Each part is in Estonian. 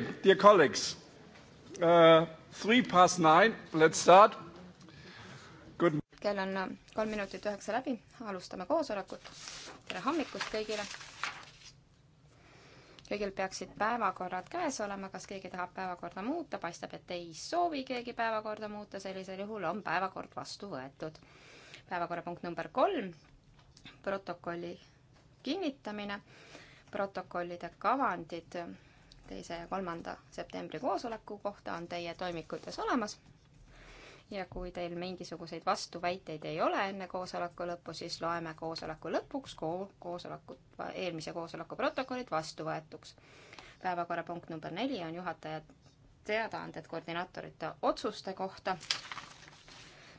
Okay, dear colleagues, uh, three past nine, let's start. Good. kell on uh, kolm minutit üheksa läbi, alustame koosolekut. tere hommikust kõigile. kõigil peaksid päevakorrad käes olema, kas keegi tahab päevakorda muuta, paistab, et ei soovi keegi päevakorda muuta, sellisel juhul on päevakord vastu võetud. päevakorrapunkt number kolm, protokolli kinnitamine, protokollide kavandid teise ja kolmanda septembri koosoleku kohta on teie toimikutes olemas. ja kui teil mingisuguseid vastuväiteid ei ole enne koosoleku lõppu, siis loeme koosoleku lõpuks ko koosoleku, eelmise koosoleku protokollid vastuvõetuks. päevakorrapunkt number neli on juhataja teadaanded koordinaatorite otsuste kohta.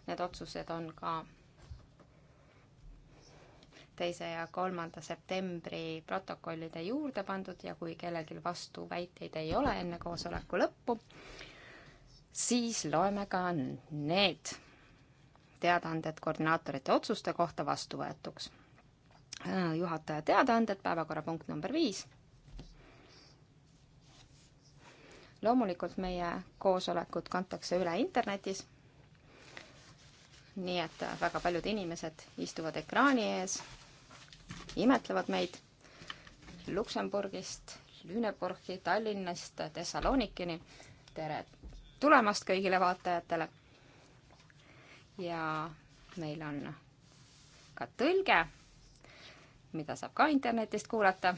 Need otsused on ka teise ja kolmanda septembri protokollide juurde pandud ja kui kellelgi vastuväiteid ei ole enne koosoleku lõppu, siis loeme ka need teadaanded koordinaatorite otsuste kohta vastu võetuks. juhataja teadaanded, päevakorrapunkt number viis. loomulikult meie koosolekud kantakse üle internetis nii et väga paljud inimesed istuvad ekraani ees imetlevad meid Luksemburgist, Lüneburgi, Tallinnast Thessalonikini. tere tulemast kõigile vaatajatele. ja meil on ka tõlge, mida saab ka internetist kuulata.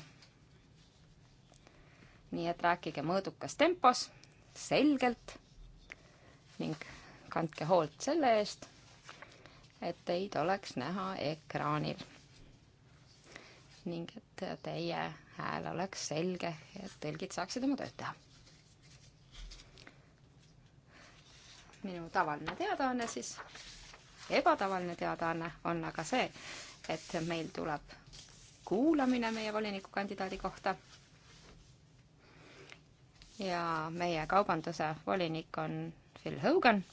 nii et rääkige mõõdukas tempos, selgelt ning kandke hoolt selle eest, et teid oleks näha ekraanil ning et teie hääl oleks selge, et tõlgid saaksid oma tööd teha. minu tavaline teadaanne siis, ebatavaline teadaanne on aga see, et meil tuleb kuulamine meie volinikukandidaadi kohta. ja meie kaubanduse volinik on Phil Hogan.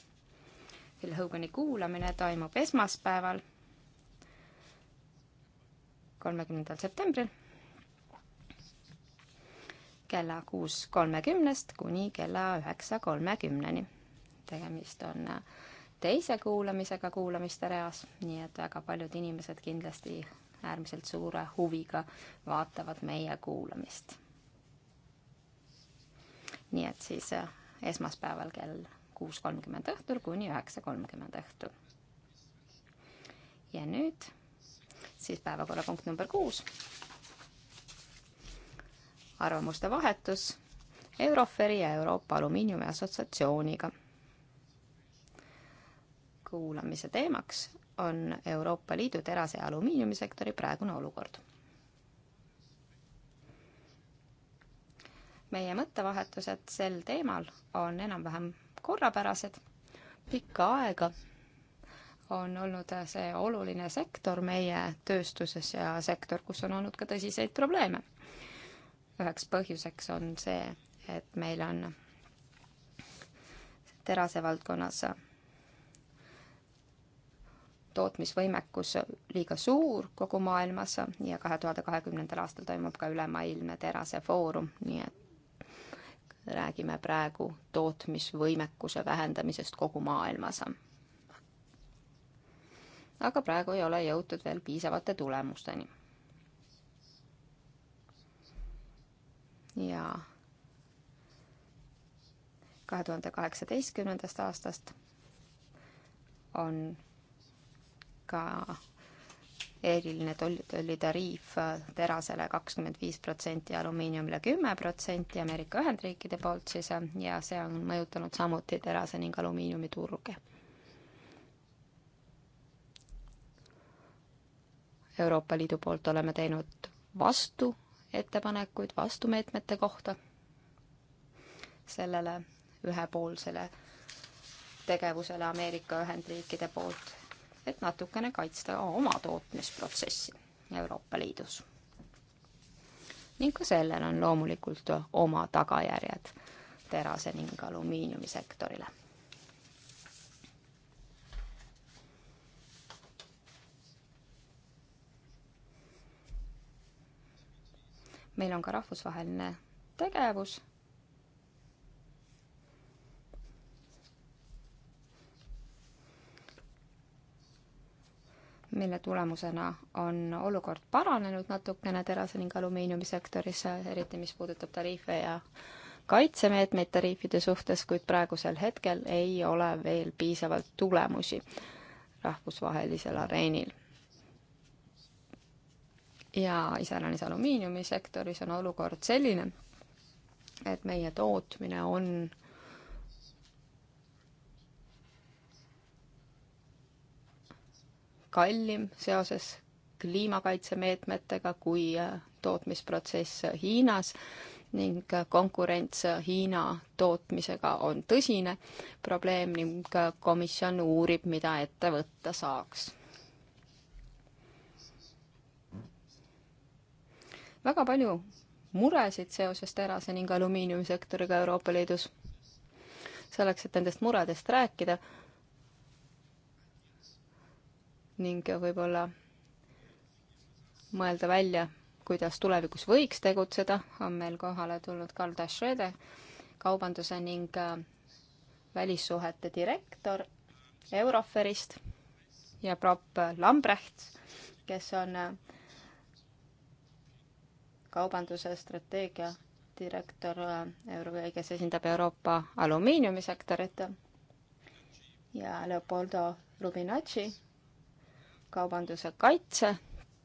Phil Hogani kuulamine toimub esmaspäeval kolmekümnendal septembril kella kuus kolmekümnest kuni kella üheksa kolmekümneni. tegemist on äh, teise kuulamisega kuulamiste reas, nii et väga paljud inimesed kindlasti äärmiselt suure huviga vaatavad meie kuulamist. nii et siis äh, esmaspäeval kell kuus kolmkümmend õhtul kuni üheksa kolmkümmend õhtul. ja nüüd siis päevakorrapunkt number kuus. arvamuste vahetus Euroferi ja Euroopa Alumiiniumi Assotsiatsiooniga. kuulamise teemaks on Euroopa Liidu terase ja alumiiniumisektori praegune olukord. meie mõttevahetused sel teemal on enam-vähem korrapärased. pikka aega on olnud äh, see oluline sektor meie tööstuses ja sektor, kus on olnud ka tõsiseid probleeme. üheks põhjuseks on see, et meil on terase valdkonnas tootmisvõimekus liiga suur kogu maailmas ja kahe tuhande kahekümnendal aastal toimub ka ülemaailmne terasefoorum, nii et räägime praegu tootmisvõimekuse vähendamisest kogu maailmas aga praegu ei ole jõutud veel piisavate tulemusteni. ja kahe tuhande kaheksateistkümnendast aastast on ka eriline toll-, tollitariif äh, terasele kakskümmend viis protsenti, alumiiniumile kümme protsenti Ameerika Ühendriikide poolt siis äh, ja see on mõjutanud samuti terase ning alumiiniumi turge. Euroopa Liidu poolt oleme teinud vastu ettepanekuid vastumeetmete kohta sellele ühepoolsele tegevusele Ameerika Ühendriikide poolt, et natukene kaitsta oma tootmisprotsessi Euroopa Liidus. ning ka sellel on loomulikult oma tagajärjed terase ning alumiiniumisektorile meil on ka rahvusvaheline tegevus mille tulemusena on olukord paranenud natukene terase ning alumiiniumisektoris, eriti mis puudutab tariife ja kaitsemeetmeid tariifide suhtes, kuid praegusel hetkel ei ole veel piisavalt tulemusi rahvusvahelisel areenil ja iseäranis alumiiniumisektoris on olukord selline, et meie tootmine on kallim seoses kliimakaitsemeetmetega kui äh, tootmisprotsess Hiinas ning äh, konkurents Hiina tootmisega on tõsine probleem ning äh, komisjon uurib, mida ette võtta saaks väga palju muresid seoses terase ning alumiiniumisektoriga Euroopa Liidus. selleks, et nendest muredest rääkida ning võib-olla mõelda välja, kuidas tulevikus võiks tegutseda, on meil kohale tulnud Karl Taschrede, kaubanduse ning äh, välissuhete direktor Euroferist ja Prop Lambrecht, kes on äh, kaubanduse strateegia direktor äh, Euro-, äh, kes esindab Euroopa alumiiniumisektorit ja Leopoldo Rubinacci, kaubanduse kaitse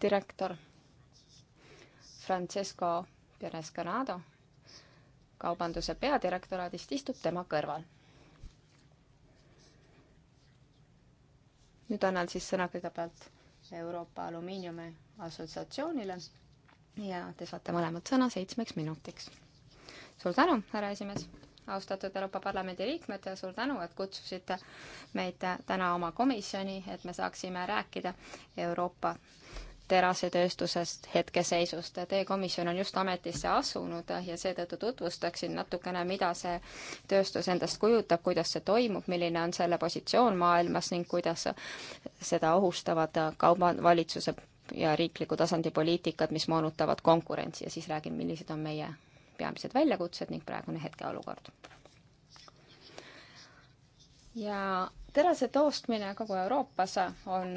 direktor, Francesco Perez-Canado, kaubanduse peadirektoraadist istub tema kõrval nüüd annan siis sõna kõigepealt Euroopa Alumiiniumi Assotsiatsioonile ja te saate mõlemad sõna seitsmeks minutiks. suur tänu, härra esimees, austatud Euroopa Parlamendi liikmed ja suur tänu, et kutsusite meid täna oma komisjoni, et me saaksime rääkida Euroopa terasetööstusest hetkeseisust. Teie komisjon on just ametisse asunud ja seetõttu tutvustaksin natukene, mida see tööstus endast kujutab, kuidas see toimub, milline on selle positsioon maailmas ning kuidas seda ohustavad kaubavalitsuse ja riikliku tasandi poliitikad, mis moonutavad konkurentsi ja siis räägin, millised on meie peamised väljakutsed ning praegune hetkeolukord. ja terase toostmine kogu Euroopas on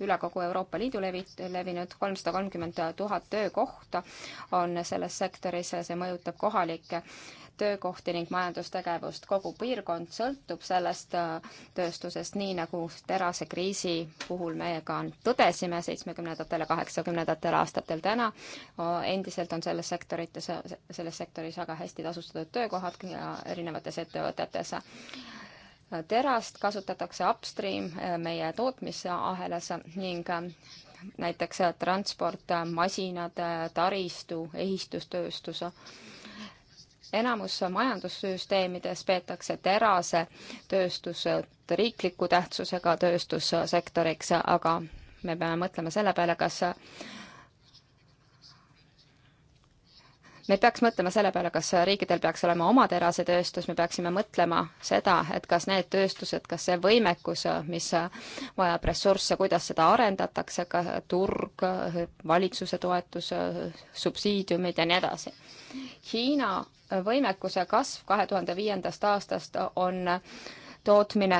üle kogu Euroopa Liidu levit-, levinud kolmsada kolmkümmend tuhat töökohta on selles sektoris, see mõjutab kohalikke töökohti ning majandustegevust. kogu piirkond sõltub sellest äh, tööstusest, nii nagu terase kriisi puhul meie ka tõdesime seitsmekümnendatel ja kaheksakümnendatel aastatel. täna äh, endiselt on selles sektorites, selles sektoris väga hästi tasustatud töökohad ja erinevates ettevõtetes äh, terast kasutatakse upstream meie tootmisahelas ning näiteks transport, masinad, taristu, ehistustööstus enamus majandussüsteemides peetakse terase tööstused riikliku tähtsusega tööstussektoriks, aga me peame mõtlema selle peale, kas me peaks mõtlema selle peale, kas riikidel peaks olema oma terasetööstus, me peaksime mõtlema seda, et kas need tööstused, kas see võimekus, mis vajab ressursse, kuidas seda arendatakse, ka turg, valitsuse toetus, subsiidiumid ja nii edasi. Hiina võimekuse kasv kahe tuhande viiendast aastast on tootmine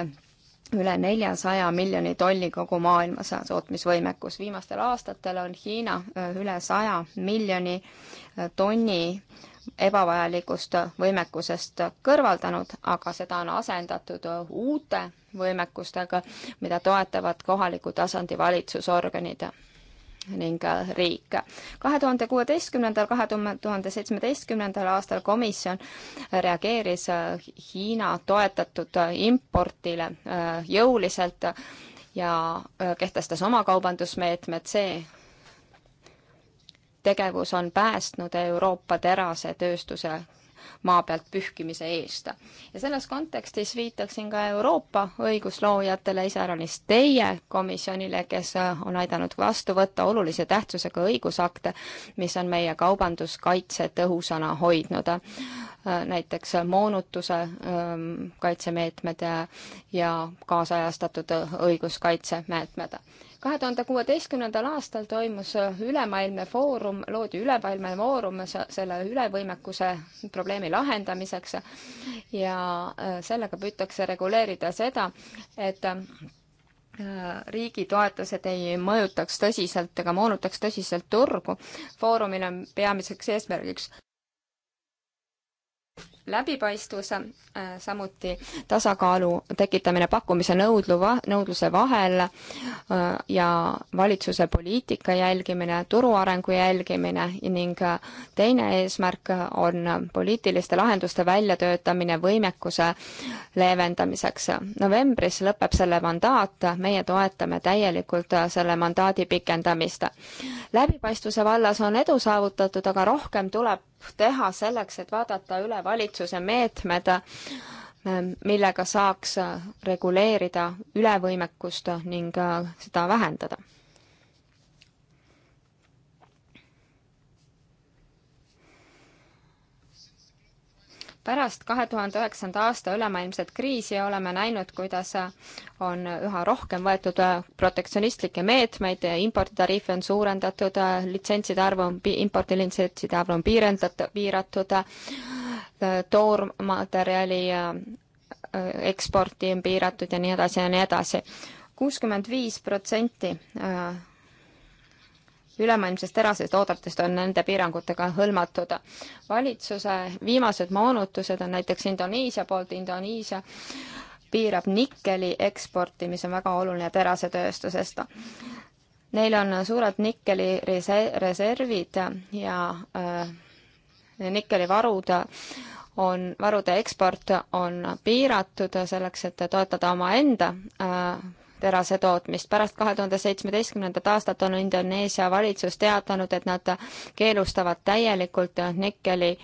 üle neljasaja miljoni tolli kogu maailmas tootmisvõimekus. viimastel aastatel on Hiina üle saja miljoni tonni ebavajalikust võimekusest kõrvaldanud, aga seda on asendatud uute võimekustega, mida toetavad kohaliku tasandi valitsusorganid ning äh, riik. kahe tuhande kuueteistkümnendal, kahe tuhande seitsmeteistkümnendal aastal komisjon äh, reageeris äh, Hiina toetatud impordile jõuliselt ja kehtestas oma kaubandusmeetmed, see tegevus on päästnud Euroopa terasetööstuse maa pealt pühkimise eest. ja selles kontekstis viitaksin ka Euroopa õigusloojatele, iseäranis teie komisjonile, kes äh, on aidanud vastu võtta olulise tähtsusega õigusakte, mis on meie kaubanduskaitse tõhusana hoidnud äh, näiteks moonutuse ähm, kaitsemeetmed ja kaasajastatud õiguskaitsemeetmed kahe tuhande kuueteistkümnendal aastal toimus ülemaailmne foorum, loodi ülemaailmne foorum selle ülevõimekuse probleemi lahendamiseks ja äh, sellega püütakse reguleerida seda, et äh, riigi toetused ei mõjutaks tõsiselt ega moonutaks tõsiselt turgu. Foorumil on peamiseks eesmärgiks läbipaistvus, äh, samuti tasakaalu tekitamine pakkumise nõudlu, nõudluse vahel äh, ja valitsuse poliitika jälgimine, turu arengu jälgimine ning äh, teine eesmärk on poliitiliste lahenduste väljatöötamine võimekuse leevendamiseks. novembris lõpeb selle mandaat, meie toetame täielikult selle mandaadi pikendamist. läbipaistvuse vallas on edu saavutatud, aga rohkem tuleb teha selleks, et vaadata üle valitsus võrdsuse meetmed, ähm, millega saaks reguleerida ülevõimekust ning äh, seda vähendada. pärast kahe tuhande üheksanda aasta ülemaailmset kriisi oleme näinud, kuidas äh, on üha rohkem võetud äh, protektsionistlikke meetmeid, imporditariife on suurendatud, litsentside arvu on, impordilitsentside arv on piirendatud, piiratud, piiratud Äh, toormaterjali äh, eksporti on piiratud ja nii edasi ja nii edasi. kuuskümmend viis protsenti äh, ülemaailmsest terasest oodatest on nende piirangutega hõlmatud. valitsuse viimased moonutused on näiteks Indoneesia poolt, Indoneesia piirab nikkeli eksporti, mis on väga oluline terasetööstusest. Neil on suured nikkeli reservid ja äh, nikkeli varud on, varude eksport on piiratud selleks, et toetada omaenda äh, terase tootmist. pärast kahe tuhande seitsmeteistkümnendat aastat on Indoneesia valitsus teatanud, et nad keelustavad täielikult nikkeli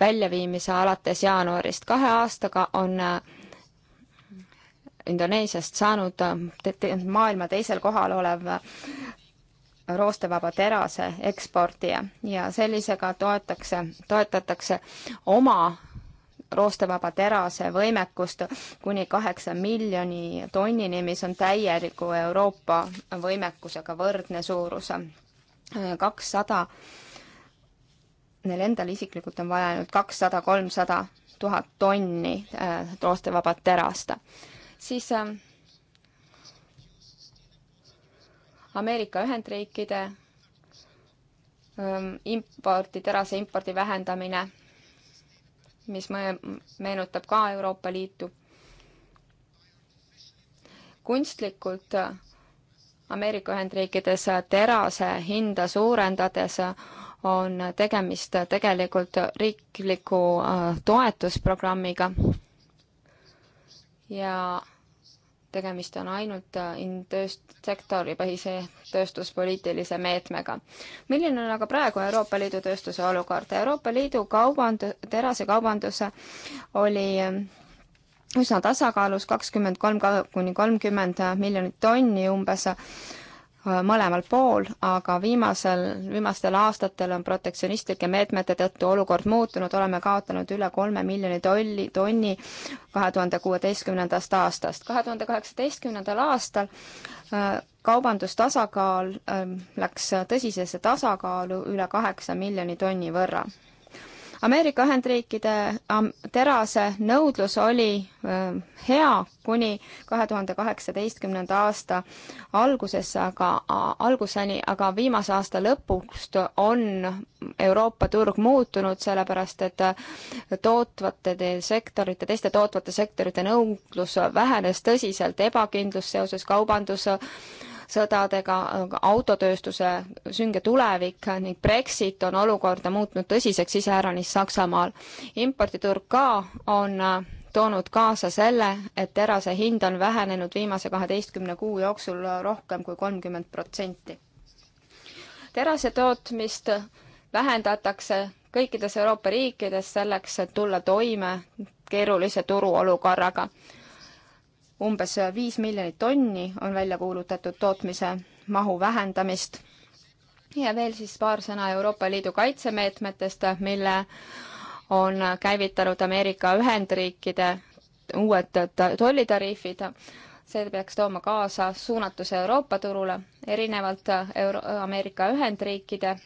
väljaviimise alates jaanuarist. kahe aastaga on äh, Indoneesiast saanud maailma teisel kohal olev roostevaba terase eksportija ja sellisega toetakse, toetatakse oma roostevaba terase võimekust kuni kaheksa miljoni tonnini, mis on täieliku Euroopa võimekusega võrdne suurus. kakssada, neil endal isiklikult on vaja ainult kakssada, kolmsada tuhat tonni äh, roostevabat terast. siis äh, Ameerika Ühendriikide ähm, impordi, terase impordi vähendamine, mis meenutab ka Euroopa Liitu. kunstlikult Ameerika Ühendriikides terase hinda suurendades on tegemist tegelikult riikliku äh, toetusprogrammiga ja tegemist on ainult tööst-, äh, sektoripõhise tööstuspoliitilise meetmega. milline on aga praegu Euroopa Liidu tööstuse olukord? Euroopa Liidu kaubandu-, terasekaubandus oli äh, üsna tasakaalus, kakskümmend kolm kuni kolmkümmend äh, miljonit tonni umbes Äh, mõlemal pool, aga viimasel, viimastel aastatel on protektsionistlike meetmete tõttu olukord muutunud, oleme kaotanud üle kolme miljoni tolli, tonni kahe tuhande kuueteistkümnendast aastast. kahe tuhande kaheksateistkümnendal aastal äh, kaubandustasakaal ähm, läks tõsisesse tasakaalu üle kaheksa miljoni tonni võrra Ameerika Ühendriikide terase nõudlus oli hea kuni kahe tuhande kaheksateistkümnenda aasta algusesse, aga alguseni, aga viimase aasta lõpust on Euroopa turg muutunud, sellepärast et tootvate sektorite, teiste tootvate sektorite nõudlus vähenes tõsiselt, ebakindlus seoses kaubandus sõdadega, autotööstuse sünge tulevik ning Brexit on olukorda muutnud tõsiseks iseäranis Saksamaal. imporditurg ka on äh, toonud kaasa selle, et terase hind on vähenenud viimase kaheteistkümne kuu jooksul rohkem kui kolmkümmend protsenti. terase tootmist vähendatakse kõikides Euroopa riikides selleks, et tulla toime keerulise turuolukorraga umbes viis miljonit tonni on välja kuulutatud tootmise mahu vähendamist. ja veel siis paar sõna Euroopa Liidu kaitsemeetmetest, mille on käivitanud Ameerika Ühendriikide uued tollitariifid. see peaks tooma kaasa suunatuse Euroopa turule, erinevalt Euro Ameerika Ühendriikide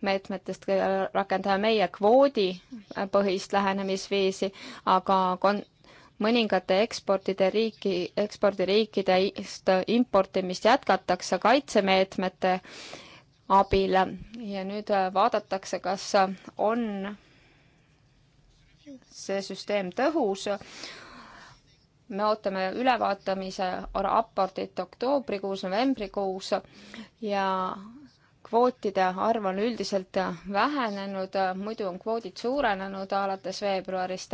meetmetest rakendame meie kvoodipõhist lähenemisviisi, aga kon-, mõningate eksportide riiki, ekspordiriikidest importimist jätkatakse kaitsemeetmete abil ja nüüd äh, vaadatakse, kas on see süsteem tõhus. me ootame ülevaatamise raportit oktoobrikuus, novembrikuus ja kvootide arv on üldiselt vähenenud, muidu on kvoodid suurenenud alates veebruarist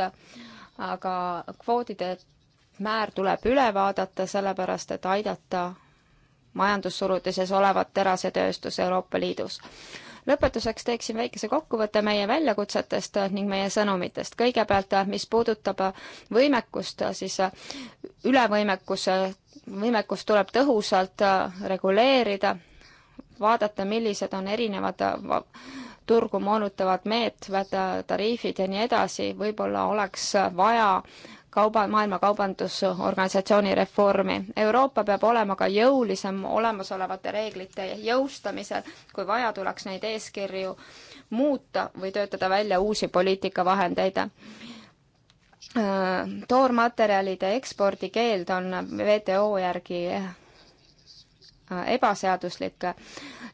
aga kvoodide määr tuleb üle vaadata, sellepärast et aidata majandussurutises olevat terasetööstus Euroopa Liidus. lõpetuseks teeksin väikese kokkuvõtte meie väljakutsetest ning meie sõnumitest. kõigepealt, mis puudutab võimekust, siis ülevõimekus, võimekust tuleb tõhusalt reguleerida, vaadata, millised on erinevad turgu moonutavad meetmed, tariifid ja nii edasi, võib-olla oleks vaja kauba, Maailma Kaubandusorganisatsiooni reformi. Euroopa peab olema ka jõulisem olemasolevate reeglite jõustamisel, kui vaja, tuleks neid eeskirju muuta või töötada välja uusi poliitikavahendeid. Äh, toormaterjalide ekspordikeeld on WTO järgi ebaseaduslik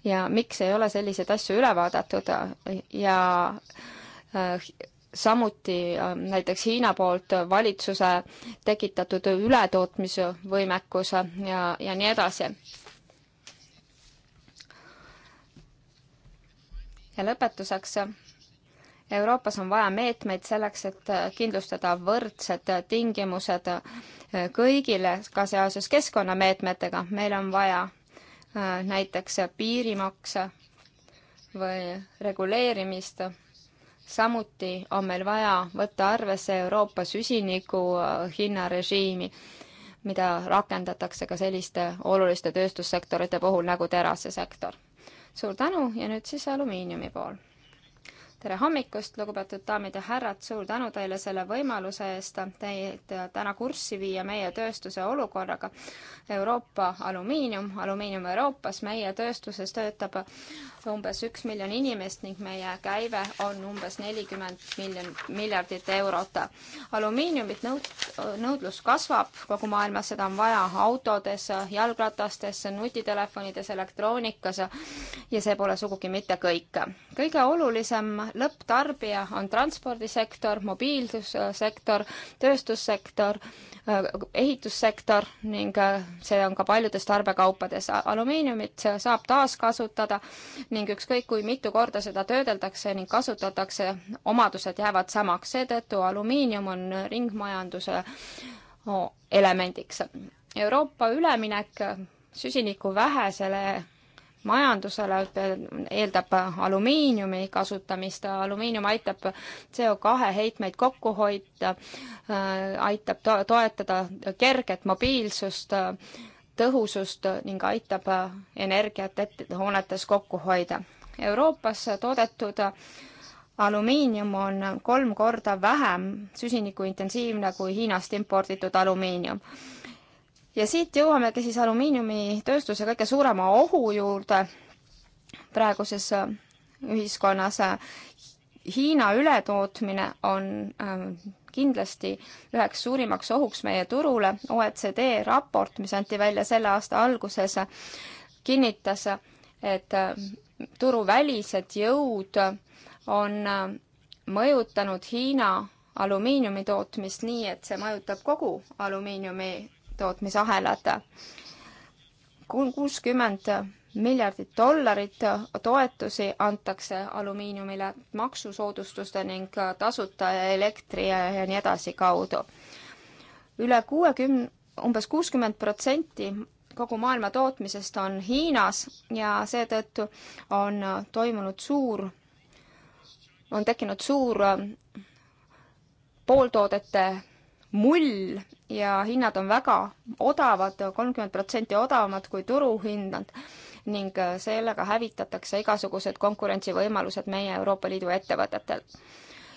ja miks ei ole selliseid asju üle vaadatud ja äh, samuti äh, näiteks Hiina poolt valitsuse tekitatud ületootmisvõimekus ja, ja nii edasi. ja lõpetuseks Euroopas on vaja meetmeid selleks, et kindlustada võrdsed tingimused kõigile ka seoses keskkonnameetmetega. meil on vaja Äh, näiteks piirimakse või reguleerimist. samuti on meil vaja võtta arvesse Euroopa süsiniku äh, hinnarežiimi, mida rakendatakse ka selliste oluliste tööstussektorite puhul nagu terasesektor. suur tänu ja nüüd siis alumiiniumi pool tere hommikust, lugupeetud daamid ja härrad, suur tänu teile selle võimaluse eest teid täna kurssi viia meie tööstuse olukorraga. Euroopa alumiinium, alumiinium Euroopas, meie tööstuses töötab umbes üks miljon inimest ning meie käive on umbes nelikümmend miljon, miljardit eurot. alumiiniumit nõud-, nõudlus kasvab kogu maailmas, seda on vaja autodes, jalgratastes, nutitelefonides, elektroonikas ja see pole sugugi mitte kõik. kõige olulisem lõpptarbija on transpordisektor, mobiilsussektor, tööstussektor, ehitussektor ning see on ka paljudes tarbekaupades. alumiiniumit saab taaskasutada ning ükskõik kui mitu korda seda töödeldakse ning kasutatakse, omadused jäävad samaks, seetõttu alumiinium on ringmajanduse elemendiks. Euroopa üleminek süsiniku vähesele majandusele eeldab alumiiniumi kasutamist, alumiinium aitab CO2 heitmeid kokku hoida, äh, aitab toetada kerget mobiilsust äh,, tõhusust ning aitab energiat ette, hoonetes kokku hoida. Euroopas toodetud alumiinium on kolm korda vähem süsinikuintensiivne kui Hiinast imporditud alumiinium. ja siit jõuamegi siis alumiiniumitööstuse kõige suurema ohu juurde praeguses äh, ühiskonnas. Hiina ületootmine on ähm, kindlasti üheks suurimaks ohuks meie turule. OECD raport, mis anti välja selle aasta alguses, kinnitas, et äh, turuvälised jõud on äh, mõjutanud Hiina alumiiniumi tootmist nii, et see mõjutab kogu alumiiniumi tootmisahelat. kuuskümmend miljardit dollarit toetusi antakse alumiiniumile maksusoodustuste ning tasuta elektri ja, ja nii edasi kaudu. üle kuuekümne, umbes kuuskümmend protsenti kogu maailma tootmisest on Hiinas ja seetõttu on toimunud suur, on tekkinud suur äh, pooltoodete mull ja hinnad on väga odavad, kolmkümmend protsenti odavamad kui turuhinnad ning äh, sellega hävitatakse igasugused konkurentsivõimalused meie Euroopa Liidu ettevõtetel.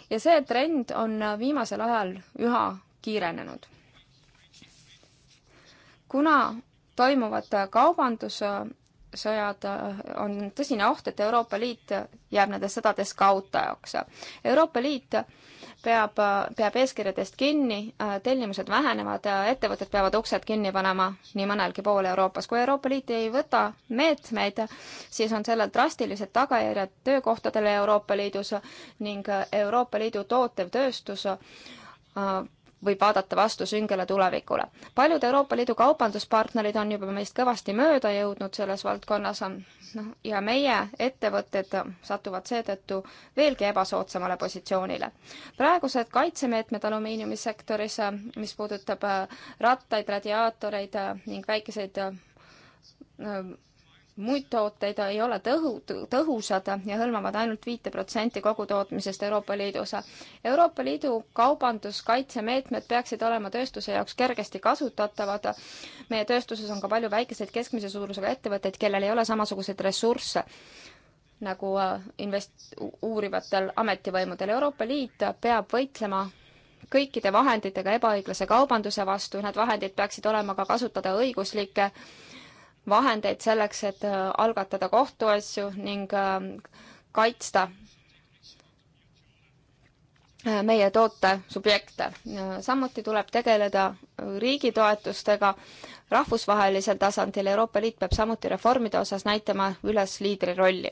ja see trend on äh, viimasel ajal üha kiirenenud. kuna toimuvad äh, kaubandussõjad, on tõsine oht, et Euroopa Liit jääb nendes sõdades kaotajaks. Euroopa Liit peab, peab eeskirjadest kinni, äh, tellimused vähenevad, äh, ettevõtted peavad uksed kinni panema nii mõnelgi pool Euroopas. kui Euroopa Liit ei võta meetmeid, siis on sellel drastilised tagajärjed töökohtadele Euroopa Liidus ning äh, Euroopa Liidu tootev tööstus võib vaadata vastu süngele tulevikule. paljud Euroopa Liidu kaubanduspartnerid on juba meist kõvasti mööda jõudnud selles valdkonnas, noh, ja meie ettevõtted satuvad seetõttu veelgi ebasoodsamale positsioonile. praegused kaitsemeetmed alumiiniumisektoris, mis puudutab rattaid, radiaatoreid ning väikeseid muid tooteid ei ole tõhu-, tõhusad ja hõlmavad ainult viite protsenti kogutootmisest Euroopa Liidus. Euroopa Liidu kaubanduskaitsemeetmed peaksid olema tööstuse jaoks kergesti kasutatavad. meie tööstuses on ka palju väikeseid keskmise suurusega ettevõtteid, kellel ei ole samasuguseid ressursse nagu äh, invest-, uurivatel ametivõimudel. Euroopa Liit peab võitlema kõikide vahenditega ebaõiglase kaubanduse vastu, need vahendid peaksid olema ka kasutada õiguslike vahendeid selleks, et äh, algatada kohtuasju ning äh, kaitsta äh, meie toote subjekte. samuti tuleb tegeleda riigi toetustega rahvusvahelisel tasandil. Euroopa Liit peab samuti reformide osas näitama üles liidri rolli.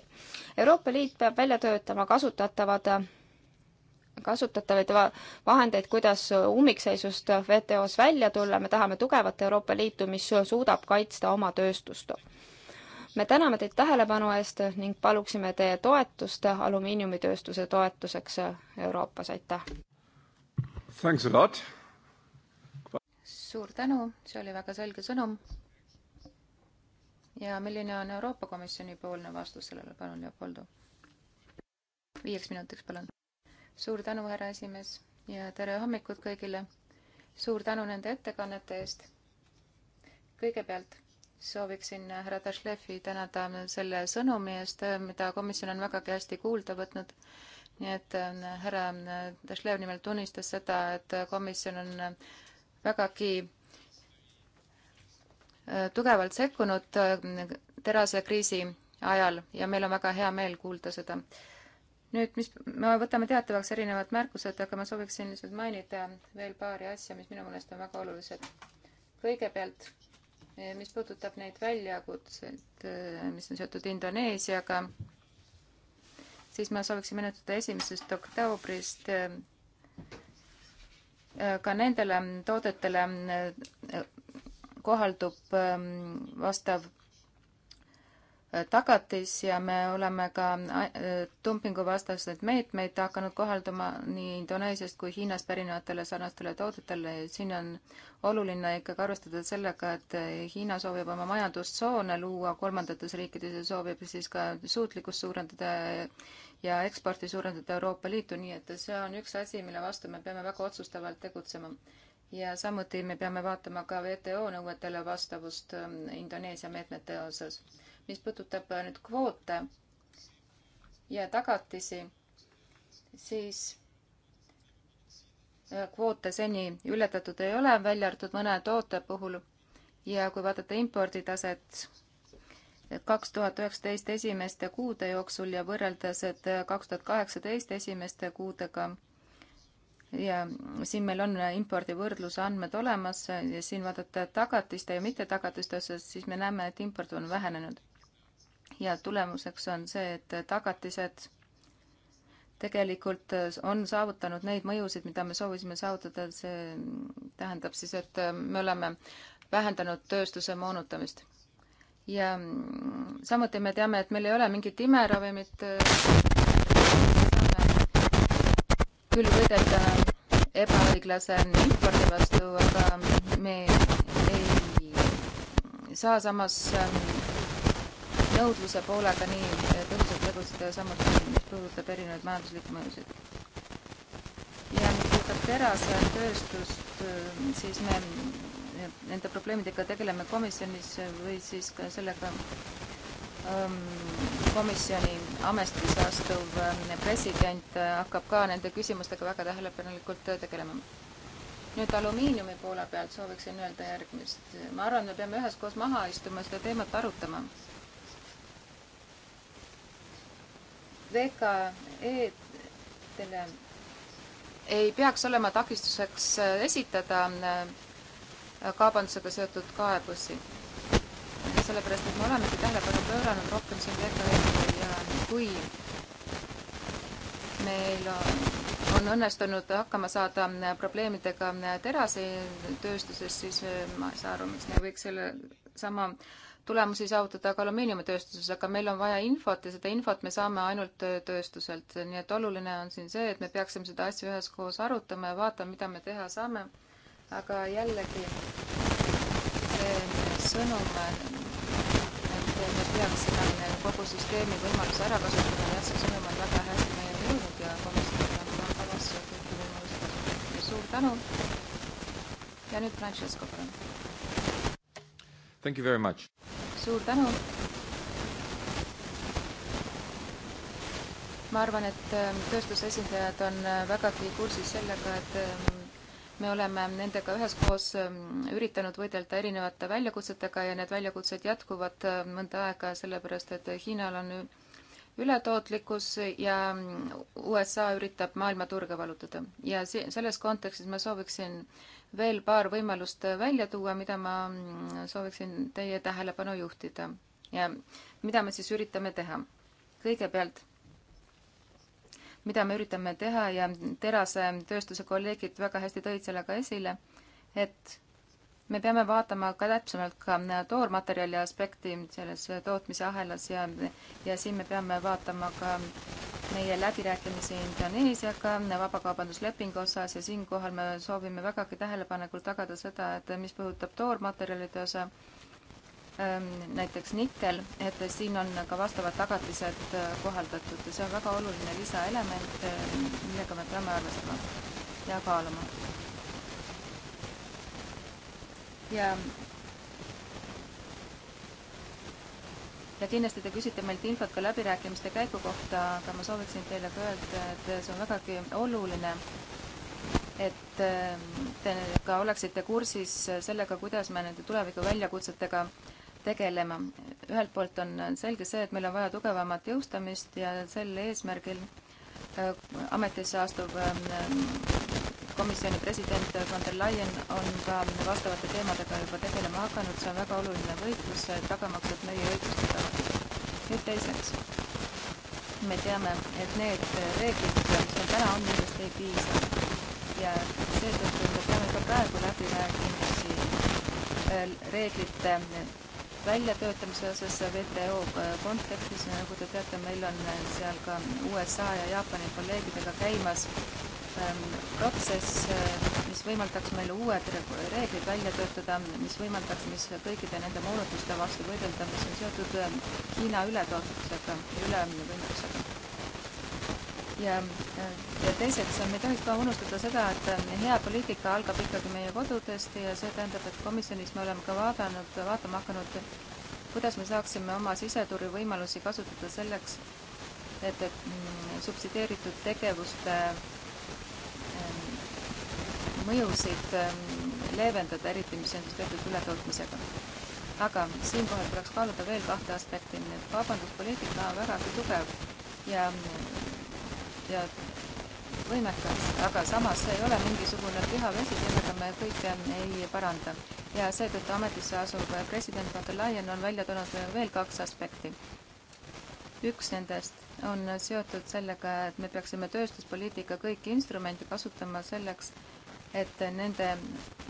Euroopa Liit peab välja töötama kasutatavad kasutatavaid vahendeid, kuidas ummikseisust WTO-s välja tulla, me tahame tugevat Euroopa Liitu, mis suudab kaitsta oma tööstust. me täname teid tähelepanu eest ning paluksime teie toetust alumiiniumitööstuse toetuseks Euroopas, aitäh! suur tänu, see oli väga selge sõnum. ja milline on Euroopa Komisjoni poolne vastus sellele, palun, Leopoldo? viieks minutiks, palun suur tänu, härra esimees ja tere hommikut kõigile. suur tänu nende ettekannete eest. kõigepealt sooviksin härra Tašlefi tänada selle sõnumi eest, mida komisjon on vägagi hästi kuulda võtnud. nii et ähm, härra äh, Tašlev nimelt tunnistas seda, et komisjon on äh, vägagi äh, tugevalt sekkunud terasekriisi ajal ja meil on väga hea meel kuulda seda nüüd, mis, me võtame teatavaks erinevad märkused, aga ma sooviksin lihtsalt mainida veel paari asja, mis minu meelest on väga olulised. kõigepealt, eh, mis puudutab neid väljakutseid, eh, mis on seotud Indoneesiaga, siis ma sooviksin meenutada esimesest oktoobrist eh, ka nendele toodetele kohaldub vastav tagatis ja me oleme ka äh, dumpinguvastaseid meetmeid hakanud kohaldama nii Indoneesiast kui Hiinast pärinevatele sarnastele toodetele. siin on oluline ikkagi arvestada sellega, et äh, Hiina soovib oma majandustsoone luua kolmandates riikides ja soovib siis ka suutlikkust suurendada ja eksporti suurendada Euroopa Liitu, nii et see on üks asi, mille vastu me peame väga otsustavalt tegutsema ja samuti me peame vaatama ka WTO nõuetele vastavust ähm, Indoneesia meetmete osas mis puudutab äh, nüüd kvoote ja tagatisi, siis äh, kvoote seni ületatud ei ole, välja arvatud mõne toote puhul. ja kui vaadata imporditaset äh, kaks tuhat üheksateist esimeste kuude jooksul ja võrrelda seda kaks tuhat kaheksateist esimeste kuudega, ja siin meil on impordi võrdluse andmed olemas ja siin vaadata tagatiste ja mittetagatiste osas, siis me näeme, et import on vähenenud ja tulemuseks on see, et tagatised tegelikult on saavutanud neid mõjusid, mida me soovisime saavutada, see tähendab siis, et me oleme vähendanud tööstuse moonutamist. ja samuti me teame, et meil ei ole mingit imeravimit, küll võidelda ebaõiglase impordi vastu, aga me ei saa samas nõudluse poolega nii tõhusalt eh, tegutseda ja samuti, mis puudutab erinevaid majanduslikke mõjusid. ja mis puudutab terasetööstust, eh, siis me nende probleemidega tegeleme komisjonis eh, või siis ka sellega ehm, komisjoni ametisse astuv president hakkab ka nende küsimustega väga tähelepanelikult tegelema nüüd alumiiniumi poole pealt sooviksin öelda järgmist. ma arvan, me peame üheskoos maha istuma, seda teemat arutama, VKE-dele ei peaks olema takistuseks äh, esitada äh, kaubandusega seotud kaebusi. sellepärast, et me olemegi tähelepanu pööranud rohkem siin VKE-dele ja kui meil on, on õnnestunud hakkama saada äh, probleemidega terasetööstuses, siis ma ei saa aru, miks me ei võiks selle sama tulemusi saavutada ka alumiiniumitööstuses, aga meil on vaja infot ja seda infot me saame ainult tööstuselt, nii et oluline on siin see, et me peaksime seda asja üheskoos arutama ja vaatama, mida me teha saame. aga jällegi see sõnum, et me peaksime kogu süsteemi võimalusi ära kasutama, jah, see sõnum on väga hästi meieni jõudnud ja komisjonil on kavas kõiki võimalusi kasutada. suur tänu ja nüüd Francesco, palun. Thank you very much. suur tänu. ma arvan, et ähm, tööstuse esindajad on äh, vägagi kursis sellega, et ähm, me oleme nendega üheskoos ähm, üritanud võidelda erinevate väljakutsetega ja need väljakutsed jätkuvad mõnda aega, sellepärast et äh, Hiinal on ületootlikkus ja USA üritab maailma turge vallutada ja selles kontekstis ma sooviksin äh, veel paar võimalust välja tuua, mida ma mm, sooviksin teie tähelepanu juhtida ja mida me siis üritame teha. kõigepealt, mida me üritame teha ja Terase tööstuse kolleegid väga hästi tõid selle ka esile, et me peame vaatama ka täpsemalt ka äh, toormaterjali aspekti selles äh, tootmise ahelas ja, ja siin me peame vaatama ka meie läbirääkimisi Indoneesiaga vabakaubanduslepingu osas ja siinkohal me soovime vägagi tähelepanelikult tagada seda, et mis puudutab toormaterjalide osa, ähm, näiteks nikkel, et siin on ka vastavad tagatised äh, kohaldatud ja see on väga oluline lisaelement, millega me peame arvestama ja kaaluma ja ja kindlasti te küsite meilt infot ka läbirääkimiste käigu kohta, aga ma sooviksin teile ka öelda, et see on vägagi oluline, et ähm, te ka oleksite kursis sellega, kuidas me nende tuleviku väljakutsetega tegelema. ühelt poolt on selge see, et meil on vaja tugevamat jõustamist ja sel eesmärgil äh, ametisse astuv ähm, komisjoni president von der Leyen on ka vastavate teemadega juba tegelema hakanud, see on väga oluline võitlus, tagamaks, et meie õigust tagatud. nüüd teiseks, me teame, et need reeglid, mis meil täna on, nendest ei piisa ja seetõttu me peame ka praegu läbirääkimisi äh, reeglite väljatöötamise osas WTO kontekstis, nagu te teate, meil on äh, seal ka USA ja Jaapani kolleegidega käimas Ähm, protsess, äh, mis võimaldaks meil uued reeglid välja töötada, mis võimaldaks mis kõikide nende moonutuste vastu võidelda, mis on seotud ähm, Hiina ületootmisega ja ülevõimsusega. Äh, ja, ja teiseks, äh, me ei tohiks ka unustada seda, et hea poliitika algab ikkagi meie kodudest ja see tähendab, et komisjonis me oleme ka vaadanud, vaatama hakanud, kuidas me saaksime oma siseturu võimalusi kasutada selleks, et, et mm, subsideeritud tegevuste mõjusid ähm, leevendada, eriti mis on siis tehtud ületootmisega. aga siinkohal tuleks kaaluda veel kahte aspekti. kaubanduspoliitika on vägagi tugev ja, ja võimekas, aga samas see ei ole mingisugune püha vesi, sellega me kõike ei paranda. ja seetõttu ametisse asuv president von der Leyen on välja toonud veel kaks aspekti üks nendest on seotud sellega, et me peaksime tööstuspoliitika kõiki instrumente kasutama selleks, et nende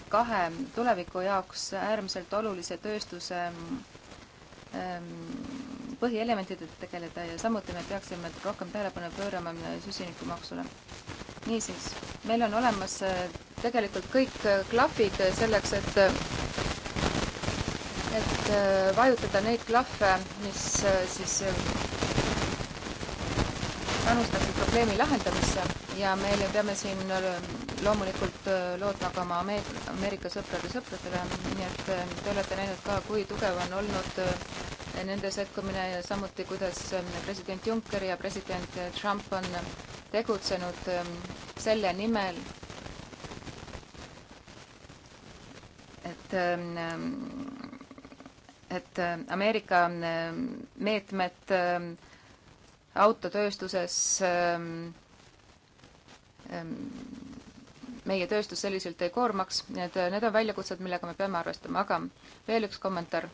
kahe tuleviku jaoks äärmiselt olulise tööstuse ähm, ähm, põhielementidega tegeleda ja samuti me peaksime rohkem tähelepanu pöörama süsinikumaksule. niisiis, meil on olemas äh, tegelikult kõik äh, klahvid selleks, et, et äh, vajutada neid klahve, mis siis panustaksid probleemi lahendamisse ja me peame siin loomulikult äh, lootma ka oma Ameerika sõprade sõpradele, nii et äh, te olete näinud ka, kui tugev on olnud äh, nende sekkumine ja samuti, kuidas ähm, president Juncker ja president Trump on tegutsenud ähm, selle nimel, et ähm, et Ameerika meetmed autotööstuses ähm, ähm, meie tööstus selliselt ei koormaks, nii et äh, need on väljakutsed, millega me peame arvestama, aga veel üks kommentaar.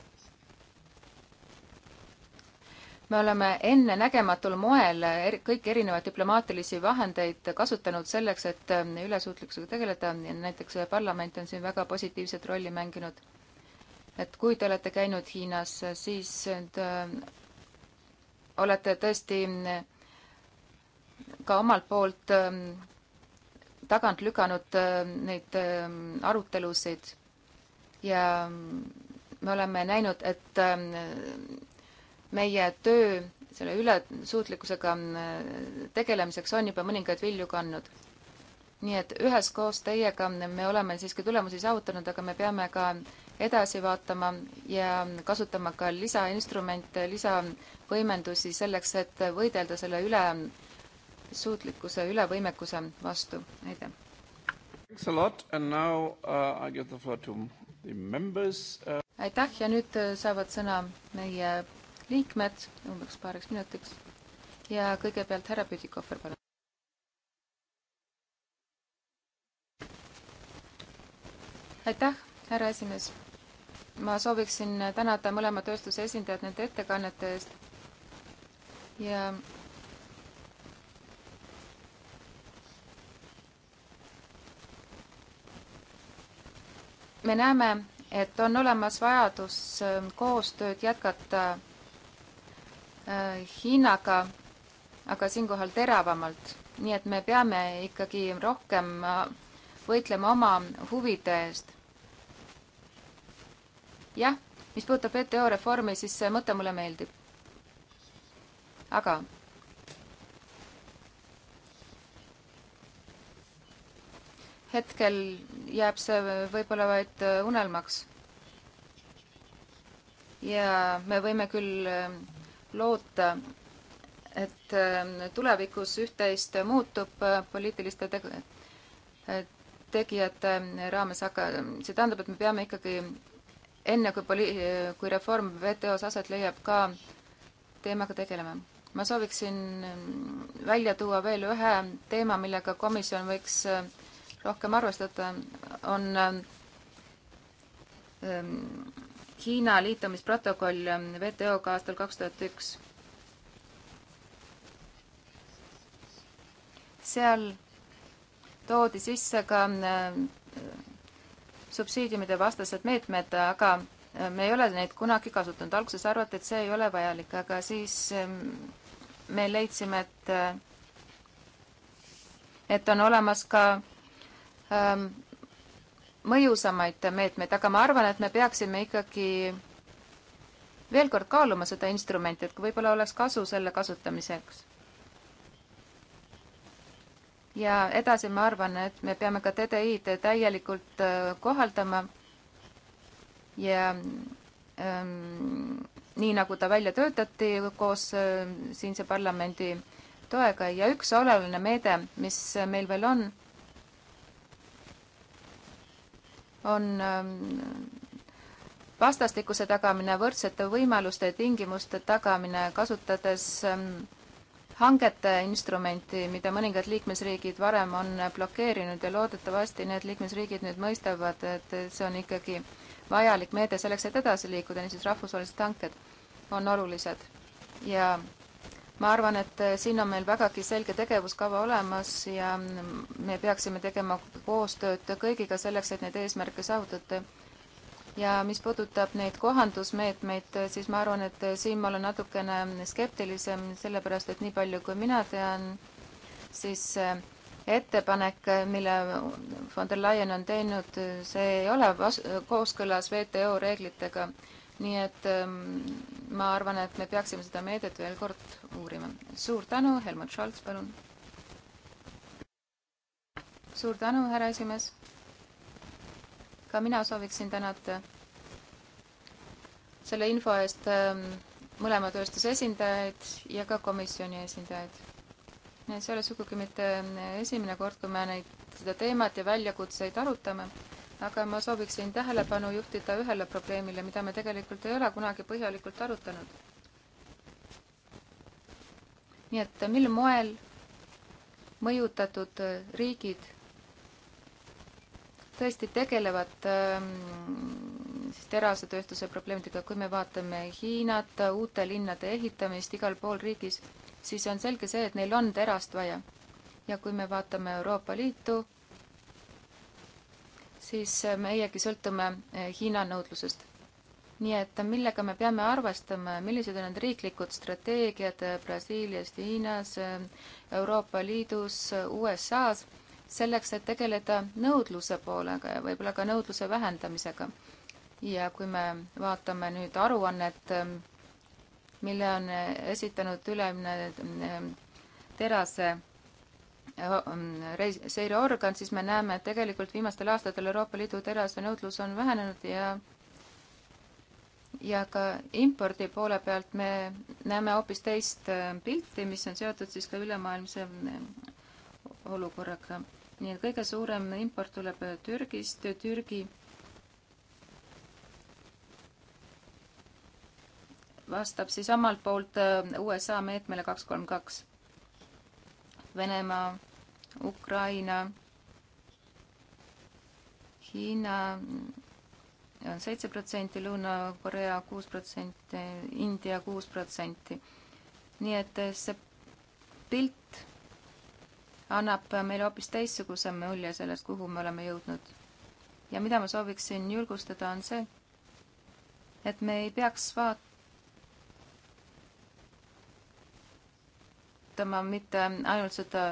me oleme ennenägematul moel er, kõiki erinevaid diplomaatilisi vahendeid kasutanud selleks, et äh, ülesuutlikkusega tegeleda, näiteks äh, parlament on siin väga positiivset rolli mänginud. et kui te olete käinud Hiinas, siis te olete tõesti ka omalt poolt tagant lükanud äh, neid äh, arutelusid ja me oleme näinud, et äh, meie töö selle ülesuutlikkusega tegelemiseks on juba mõningaid vilju kandnud. nii et üheskoos teiega me oleme siiski tulemusi saavutanud, aga me peame ka edasi vaatama ja kasutama ka lisainstrumente, lisavõimendusi selleks, et võidelda selle üle suutlikkuse üle võimekuse vastu. aitäh! Uh, uh, aitäh ja nüüd uh, saavad sõna meie liikmed umbes paariks minutiks ja kõigepealt härra Pütikohver, palun. aitäh, härra esimees. ma sooviksin tänada mõlema tööstuse esindajad nende ettekannete eest ja me näeme, et on olemas vajadus ähm, koostööd jätkata äh, Hiinaga, aga siinkohal teravamalt. nii et me peame ikkagi rohkem äh, võitlema oma huvide eest. jah, mis puudutab WTO reformi, siis see mõte mulle meeldib. aga hetkel jääb see võib-olla vaid äh, unelmaks. ja me võime küll äh, loota, et äh, tulevikus üht-teist muutub poliitiliste teg tegijate raames, aga see tähendab, et me peame ikkagi enne, kui poli-, kui reform WTO-s aset leiab, ka teemaga tegelema ma sooviksin välja tuua veel ühe teema, millega komisjon võiks rohkem arvestada, on ähm, ähm, Hiina liitumisprotokoll ähm, WTO-ga aastal kaks tuhat üks. seal toodi sisse ka subsiidiumide vastased meetmed, aga me ei ole neid kunagi kasutanud. alguses arvati, et see ei ole vajalik, aga siis me leidsime, et, äh, et on olemas ka Ähm, mõjusamaid meetmeid, aga ma arvan, et me peaksime ikkagi veel kord kaaluma seda instrumenti, et võib-olla oleks kasu selle kasutamiseks. ja edasi ma arvan, et me peame ka TDI-d täielikult äh, kohaldama ja ähm, nii, nagu ta välja töötati koos äh, siinse parlamendi toega ja üks oluline meede, mis meil veel on on ähm, vastastikuse tagamine, võrdsete võimaluste tingimuste tagamine, kasutades ähm, hangete instrumenti, mida mõningad liikmesriigid varem on blokeerinud ja loodetavasti need liikmesriigid nüüd mõistavad, et see on ikkagi vajalik meede selleks, et edasi liikuda, niisiis rahvusvahelised hanked on olulised ja ma arvan, et äh, siin on meil vägagi selge tegevuskava olemas ja me peaksime tegema koostööd kõigiga selleks, et neid eesmärke saavutada. ja mis puudutab neid kohandusmeetmeid, siis ma arvan, et äh, siin ma olen natukene skeptilisem, sellepärast et nii palju, kui mina tean, siis äh, ettepanek, mille von der Leyen on teinud, see ei ole kooskõlas WTO reeglitega nii et ähm, ma arvan, et me peaksime seda meedet veel kord uurima. suur tänu, Helmut Scholz, palun. suur tänu, härra esimees. ka mina sooviksin tänada selle info eest ähm, mõlema tööstuse esindajaid ja ka komisjoni esindajaid. see ei ole sugugi mitte ähm, esimene kord, kui me neid, seda teemat ja väljakutseid arutame aga ma sooviksin tähelepanu juhtida ühele probleemile, mida me tegelikult ei ole kunagi põhjalikult arutanud. nii et mil moel mõjutatud riigid tõesti tegelevad ähm, siis terasetööstuse probleemidega, kui me vaatame Hiinat, uute linnade ehitamist igal pool riigis, siis on selge see, et neil on terast vaja. ja kui me vaatame Euroopa Liitu, siis meiegi sõltume eh, Hiina nõudlusest. nii et millega me peame arvestama, millised on need riiklikud strateegiad eh, Brasiilias, Hiinas, eh, Euroopa Liidus, USA-s, selleks, et tegeleda nõudluse poolega ja võib-olla ka nõudluse vähendamisega. ja kui me vaatame nüüd aruannet, mille on esitanud ülemine terase seireorgan, siis me näeme, et tegelikult viimastel aastatel Euroopa Liidu terase nõudlus on vähenenud ja ja ka impordi poole pealt me näeme hoopis teist äh, pilti, mis on seotud siis ka ülemaailmse äh, olukorraga. nii et kõige suurem import tuleb äh, Türgist, Türgi vastab siis omalt poolt USA meetmele kaks kolm kaks Venemaa, Ukraina, Hiina on seitse protsenti, Lõuna-Korea kuus protsenti, India kuus protsenti. nii et eh, see pilt annab meile hoopis teistsuguse mulje sellest, kuhu me oleme jõudnud. ja mida ma sooviksin julgustada, on see, et me ei peaks vaat-, vaatama mitte ainult seda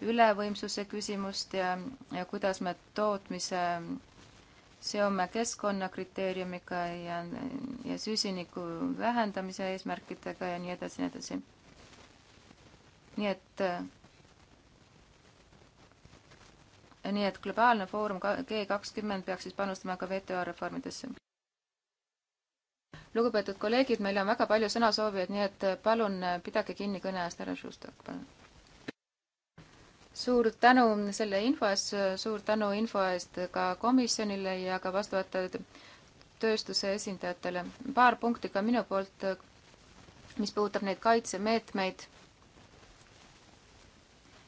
ülevõimsuse küsimust ja, ja kuidas me tootmise seome keskkonnakriteeriumiga ja, ja süsiniku vähendamise eesmärkidega ja nii edasi, nii edasi. nii et, nii et globaalne foorum G kakskümmend peaks siis panustama ka WTO reformidesse lugupeetud kolleegid, meil on väga palju sõnasoovijaid, nii et palun eh, pidage kinni kõne eest, härra Šustak, palun. suur tänu selle info eest, suur tänu info eest ka komisjonile ja ka vastavate tööstuse esindajatele. paar punkti ka minu poolt, mis puudutab neid kaitsemeetmeid,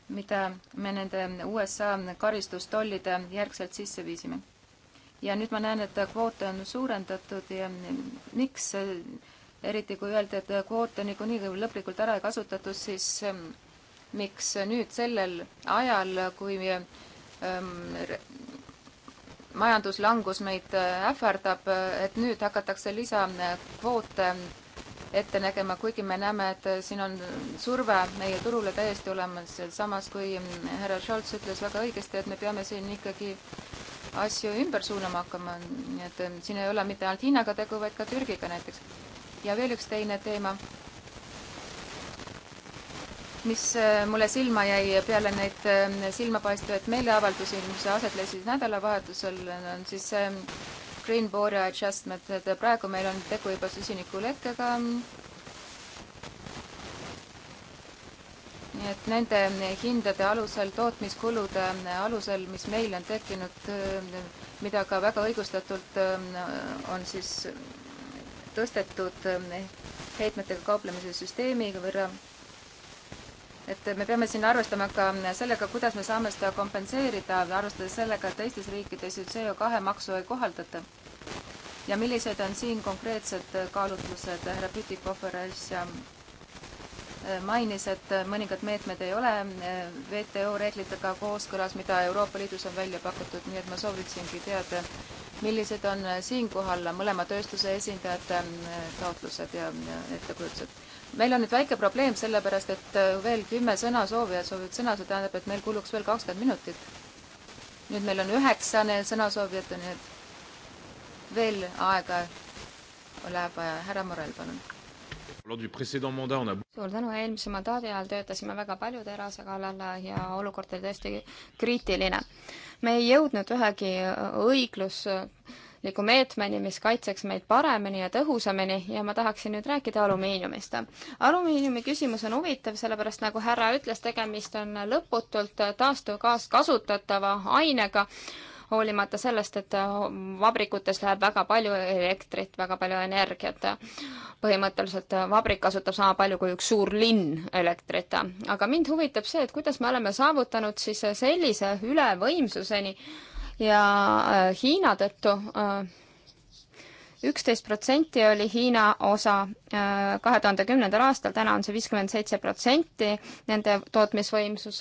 mida me nende USA karistustollide järgselt sisse viisime ja nüüd ma näen, et kvoote on suurendatud ja miks, eriti kui öeldi, et kvoote niikuinii lõplikult ära ei kasutatud, siis ähm, miks nüüd sellel ajal, kui ähm, majanduslangus meid äh, ähvardab, et nüüd hakatakse lisakvoote äh, ette nägema, kuigi me näeme, et äh, siin on surve meie turule täiesti olemas, samas kui ähm, härra Scholz ütles väga õigesti, et me peame siin ikkagi asju ümber suunama hakkama, nii et ähm, siin ei ole mitte ainult Hiinaga tegu, vaid ka Türgiga näiteks. ja veel üks teine teema, mis äh, mulle silma jäi peale neid ähm, silmapaistvaid meeleavaldusi, mis aset leidsid nädalavahetusel, on siis see ähm, Green Border Adjustment, et praegu meil on tegu juba süsinikulekkega nii et nende hindade alusel, tootmiskulude alusel, mis meil on tekkinud, mida ka väga õigustatult äh, on siis tõstetud äh, heitmetega kauplemise süsteemi võrra, et me peame siin arvestama ka sellega, kuidas me saame seda kompenseerida, arvestades sellega, et teistes riikides ju CO2 maksu ei kohaldata. ja millised on siin konkreetsed kaalutlused, härra Pütikofer äsja mainis, et mõningad meetmed ei ole e, WTO reeglitega kooskõlas, mida Euroopa Liidus on välja pakutud, nii et ma sooviksingi teada, millised on siinkohal mõlema tööstuse esindajate e, taotlused ja ettekujutused. meil on nüüd väike probleem, sellepärast et e, veel kümme sõna soovijat soovivad sõna, see tähendab, et meil kuluks veel kakskümmend minutit. nüüd meil on üheksa sõnasoovijat, nii et veel aega läheb vaja. härra Morel, palun suur tänu, eelmise mandaadi ajal töötasime väga palju terase kallal ja olukord oli tõesti kriitiline. me ei jõudnud ühegi õiglusliku meetmeni, mis kaitseks meid paremini ja tõhusamini ja ma tahaksin nüüd rääkida alumiiniumist. alumiiniumi küsimus on huvitav, sellepärast nagu härra ütles, tegemist on lõputult taastuvkaaskasutatava ainega hoolimata sellest, et äh, vabrikutes läheb väga palju elektrit, väga palju energiat. põhimõtteliselt äh, vabrik kasutab sama palju kui üks suur linn elektrit. aga mind huvitab see, et kuidas me oleme saavutanud siis sellise ülevõimsuseni ja äh, Hiina tõttu üksteist protsenti oli Hiina osa äh, kahe tuhande kümnendal aastal, täna on see viiskümmend seitse protsenti nende tootmisvõimsus.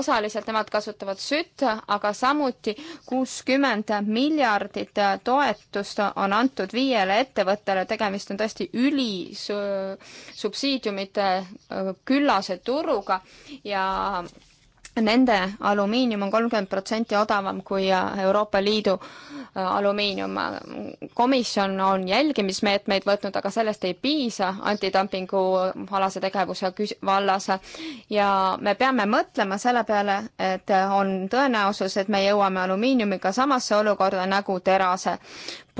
osaliselt nemad kasutavad sütt, aga samuti kuuskümmend miljardit toetust on antud viiele ettevõttele, tegemist on tõesti ülisubsiidiumite äh, küllase turuga ja nende alumiinium on kolmkümmend protsenti odavam kui äh, Euroopa Liidu äh, alumiinium. komisjon on jälgimismeetmeid võtnud, aga sellest ei piisa antidumpingu äh, alase tegevuse vallas ja me peame mõtlema selle peale, et on tõenäosus, et me jõuame alumiiniumiga samasse olukorda nagu terase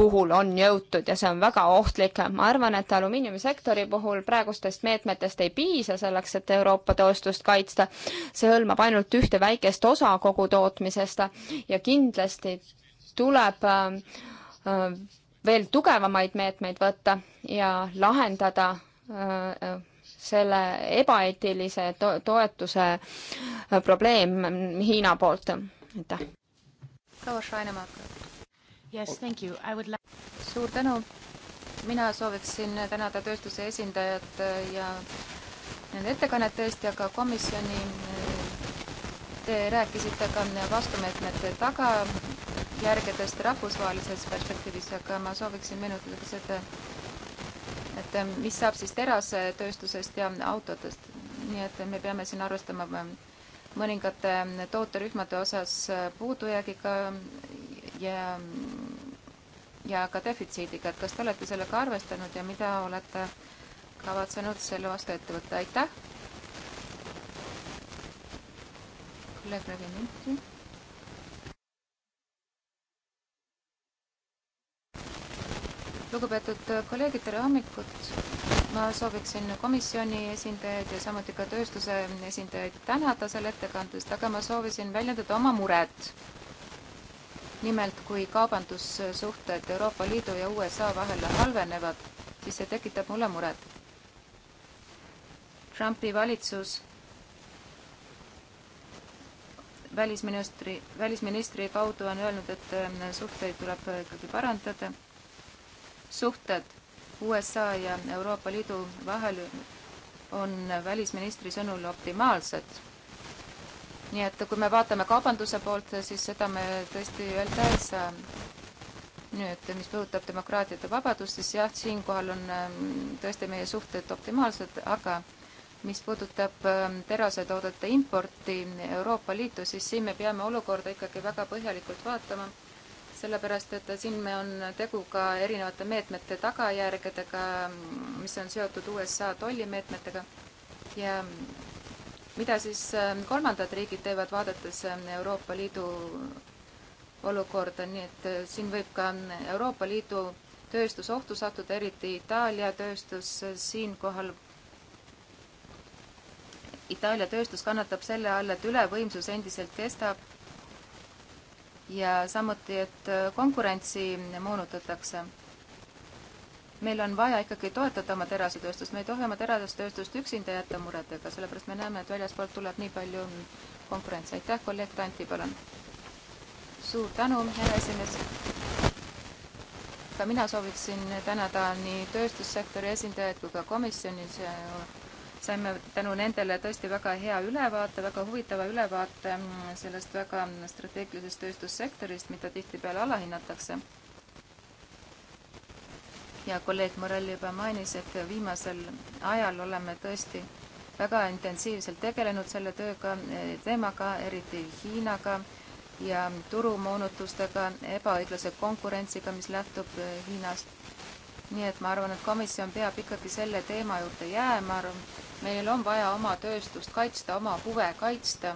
puhul on jõutud ja see on väga ohtlik. ma arvan, et alumiiniumisektori puhul praegustest meetmetest ei piisa selleks, et Euroopa tööstust kaitsta. see hõlmab ainult ainult ühte väikest osa kogu tootmisest ja kindlasti tuleb äh, äh, veel tugevamaid meetmeid võtta ja lahendada äh, selle ebaeetilise to toetuse probleem Hiina poolt. aitäh. proua Šainemaa. Yes, thank you. I would like... suur tänu. mina sooviksin tänada tööstuse esindajat ja nende ettekannete eest ja ka komisjoni Te rääkisite ka vastumeetmete tagajärgedest rahvusvahelises perspektiivis, aga ma sooviksin meenutada ka seda, et mis saab siis terasetööstusest ja autodest. nii et me peame siin arvestama mõningate tooterühmade osas puudujäägiga ja, ja ka defitsiidiga, et kas te olete sellega arvestanud ja mida olete kavatsenud selle vastu ette võtta, aitäh! Colega brevemente. lugupeetud kolleegid, tere hommikut! ma sooviksin komisjoni esindajaid ja samuti ka tööstuse esindajaid tänada selle ettekandest, aga ma soovisin väljendada oma muret. nimelt, kui kaubandussuhted Euroopa Liidu ja USA vahel halvenevad, siis see tekitab mulle muret. Trumpi valitsus välisministri, välisministri kaudu on öelnud, et ähm, suhteid tuleb ikkagi parandada. suhted USA ja Euroopa Liidu vahel on välisministri sõnul optimaalsed. nii et kui me vaatame kaubanduse poolt, siis seda me tõesti öelda ei saa. nüüd, mis puudutab demokraatiat ja vabadust, siis jah, siinkohal on ähm, tõesti meie suhted optimaalsed, aga mis puudutab ähm, terasetoodete importi Euroopa Liitu, siis siin me peame olukorda ikkagi väga põhjalikult vaatama, sellepärast et siin me on tegu ka erinevate meetmete tagajärgedega, mis on seotud USA tollimeetmetega ja mida siis ähm, kolmandad riigid teevad, vaadates ähm, Euroopa Liidu olukorda, nii et äh, siin võib ka Euroopa Liidu tööstus ohtu sattuda, eriti Itaalia tööstus äh, siinkohal Itaalia tööstus kannatab selle all, et ülevõimsus endiselt kestab ja samuti, et äh, konkurentsi moonutatakse. meil on vaja ikkagi toetada oma terasetööstust, me ei tohi oma terasetööstust üksinda jätta muredega, sellepärast me näeme, et väljaspoolt tuleb nii palju konkurentsi. aitäh, kolleeg Tanti, palun! suur tänu, härra esimees! ka mina sooviksin tänada nii tööstussektori esindajaid kui ka komisjonis saime tänu nendele tõesti väga hea ülevaate, väga huvitava ülevaate mm, sellest väga strateegilisest tööstussektorist, mida tihtipeale alahinnatakse. ja kolleeg Morell juba mainis, et viimasel ajal oleme tõesti väga intensiivselt tegelenud selle tööga, eh, teemaga, eriti Hiinaga ja turumoonutustega, ebaõiglase konkurentsiga, mis lähtub eh, Hiinast. nii et ma arvan, et komisjon peab ikkagi selle teema juurde jääma, meil on vaja oma tööstust kaitsta, oma huve kaitsta.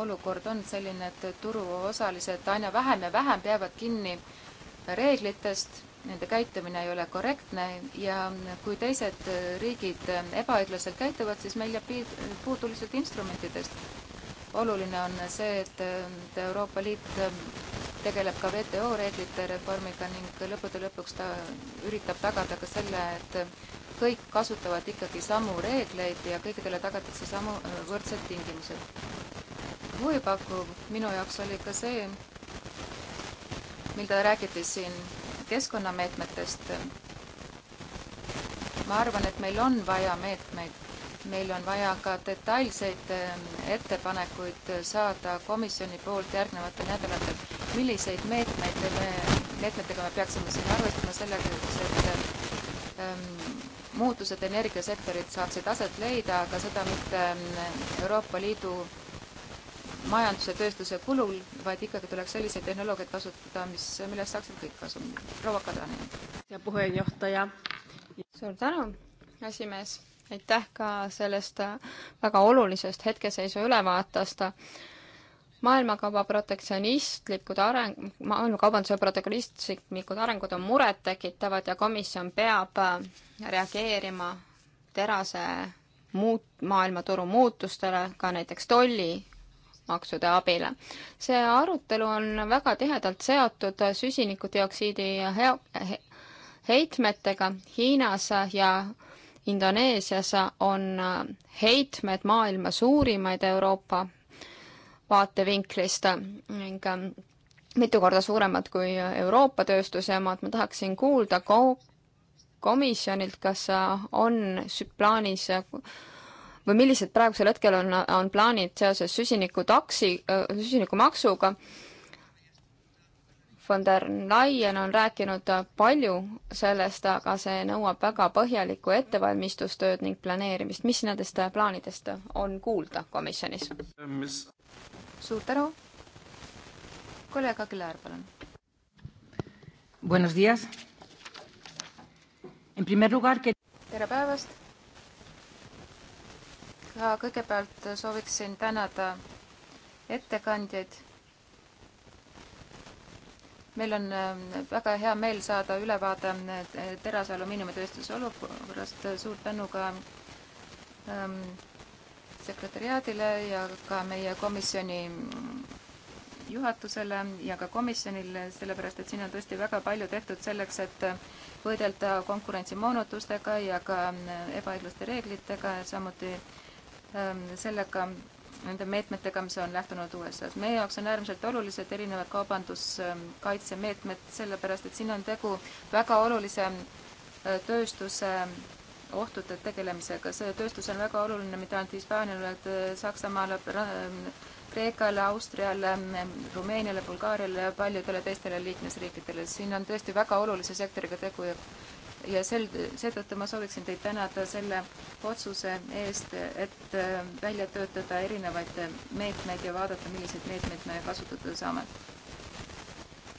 olukord on selline, et turuosalised aina vähem ja vähem peavad kinni reeglitest, nende käitumine ei ole korrektne ja kui teised riigid ebaõiglaselt käituvad, siis meil jääb puudu lihtsalt instrumentidest. oluline on see, et Euroopa Liit tegeleb ka WTO reeglite reformiga ning lõppude lõpuks ta üritab tagada ka selle, et kõik kasutavad ikkagi samu reegleid ja kõikidele tagatakse samu äh, võrdsed tingimused. huvipakkuv minu jaoks oli ka see, mida räägiti siin keskkonnameetmetest. ma arvan, et meil on vaja meetmeid, meil on vaja ka detailseid ähm, ettepanekuid saada komisjoni poolt järgnevatel nädalatel, milliseid meetmeid me, meetmetega me peaksime siin arvestama selleks, et ähm, muutused energiasektorid saaksid aset leida, aga seda mitte mm, Euroopa Liidu majanduse, tööstuse kulul, vaid ikkagi tuleks selliseid tehnoloogiaid kasutada, mis, millest saaksid kõik kasu. proua Kadanen. ja puhejuhataja. suur tänu, esimees. aitäh ka sellest väga olulisest hetkeseisu ülevaatest maailmakauba protektsionistlikud areng, maailmakaubanduse protektsionistlikud arengud on murettekitavad ja komisjon peab äh, reageerima terase muut-, maailmaturu muutustele, ka näiteks tollimaksude abile. see arutelu on väga tihedalt seotud süsinikudioksiidi he-, he, heitmetega Hiinas ja Indoneesias on äh, heitmed maailma suurimaid Euroopa vaatevinklist ning ähm, mitu korda suuremad kui Euroopa tööstuse omad, ma tahaksin kuulda ko-, komisjonilt, kas äh, on plaanis äh, või millised praegusel hetkel on, on plaanid seoses süsinikutaksi, äh, süsinikumaksuga. von der Leyen on rääkinud palju sellest, aga see nõuab väga põhjalikku ettevalmistustööd ning planeerimist. mis nendest plaanidest on kuulda komisjonis? suur tänu. kolleeg Aguilar, palun. Buenos dias. En primer lugar que... tere päevast. ka kõigepealt sooviksin tänada ettekandjaid. meil on ähm, väga hea meel saada ülevaade äh, terase alumiiniumitööstuse olukorrast. suur tänu ka ähm, sekretäriaadile ja ka meie komisjoni juhatusele ja ka komisjonile, sellepärast et siin on tõesti väga palju tehtud selleks, et võidelda konkurentsimoonutustega ja ka ebaõiglaste reeglitega, samuti ähm, sellega, nende meetmetega, mis on lähtunud USA-s. meie jaoks on äärmiselt olulised erinevad kaubanduskaitsemeetmed, ähm, sellepärast et siin on tegu väga olulise äh, tööstuse ohtude tegelemisega. see tööstus on väga oluline mitte ainult Hispaaniale, vaid äh, Saksamaale, äh, Kreekale, Austriale, ähm, Rumeeniale, Bulgaariale ja paljudele teistele liikmesriikidele. siin on tõesti väga olulise sektoriga tegu ja, ja sel, seetõttu ma sooviksin teid tänada selle otsuse eest, et äh, välja töötada erinevaid meetmeid ja vaadata, milliseid meetmeid me kasutada saame.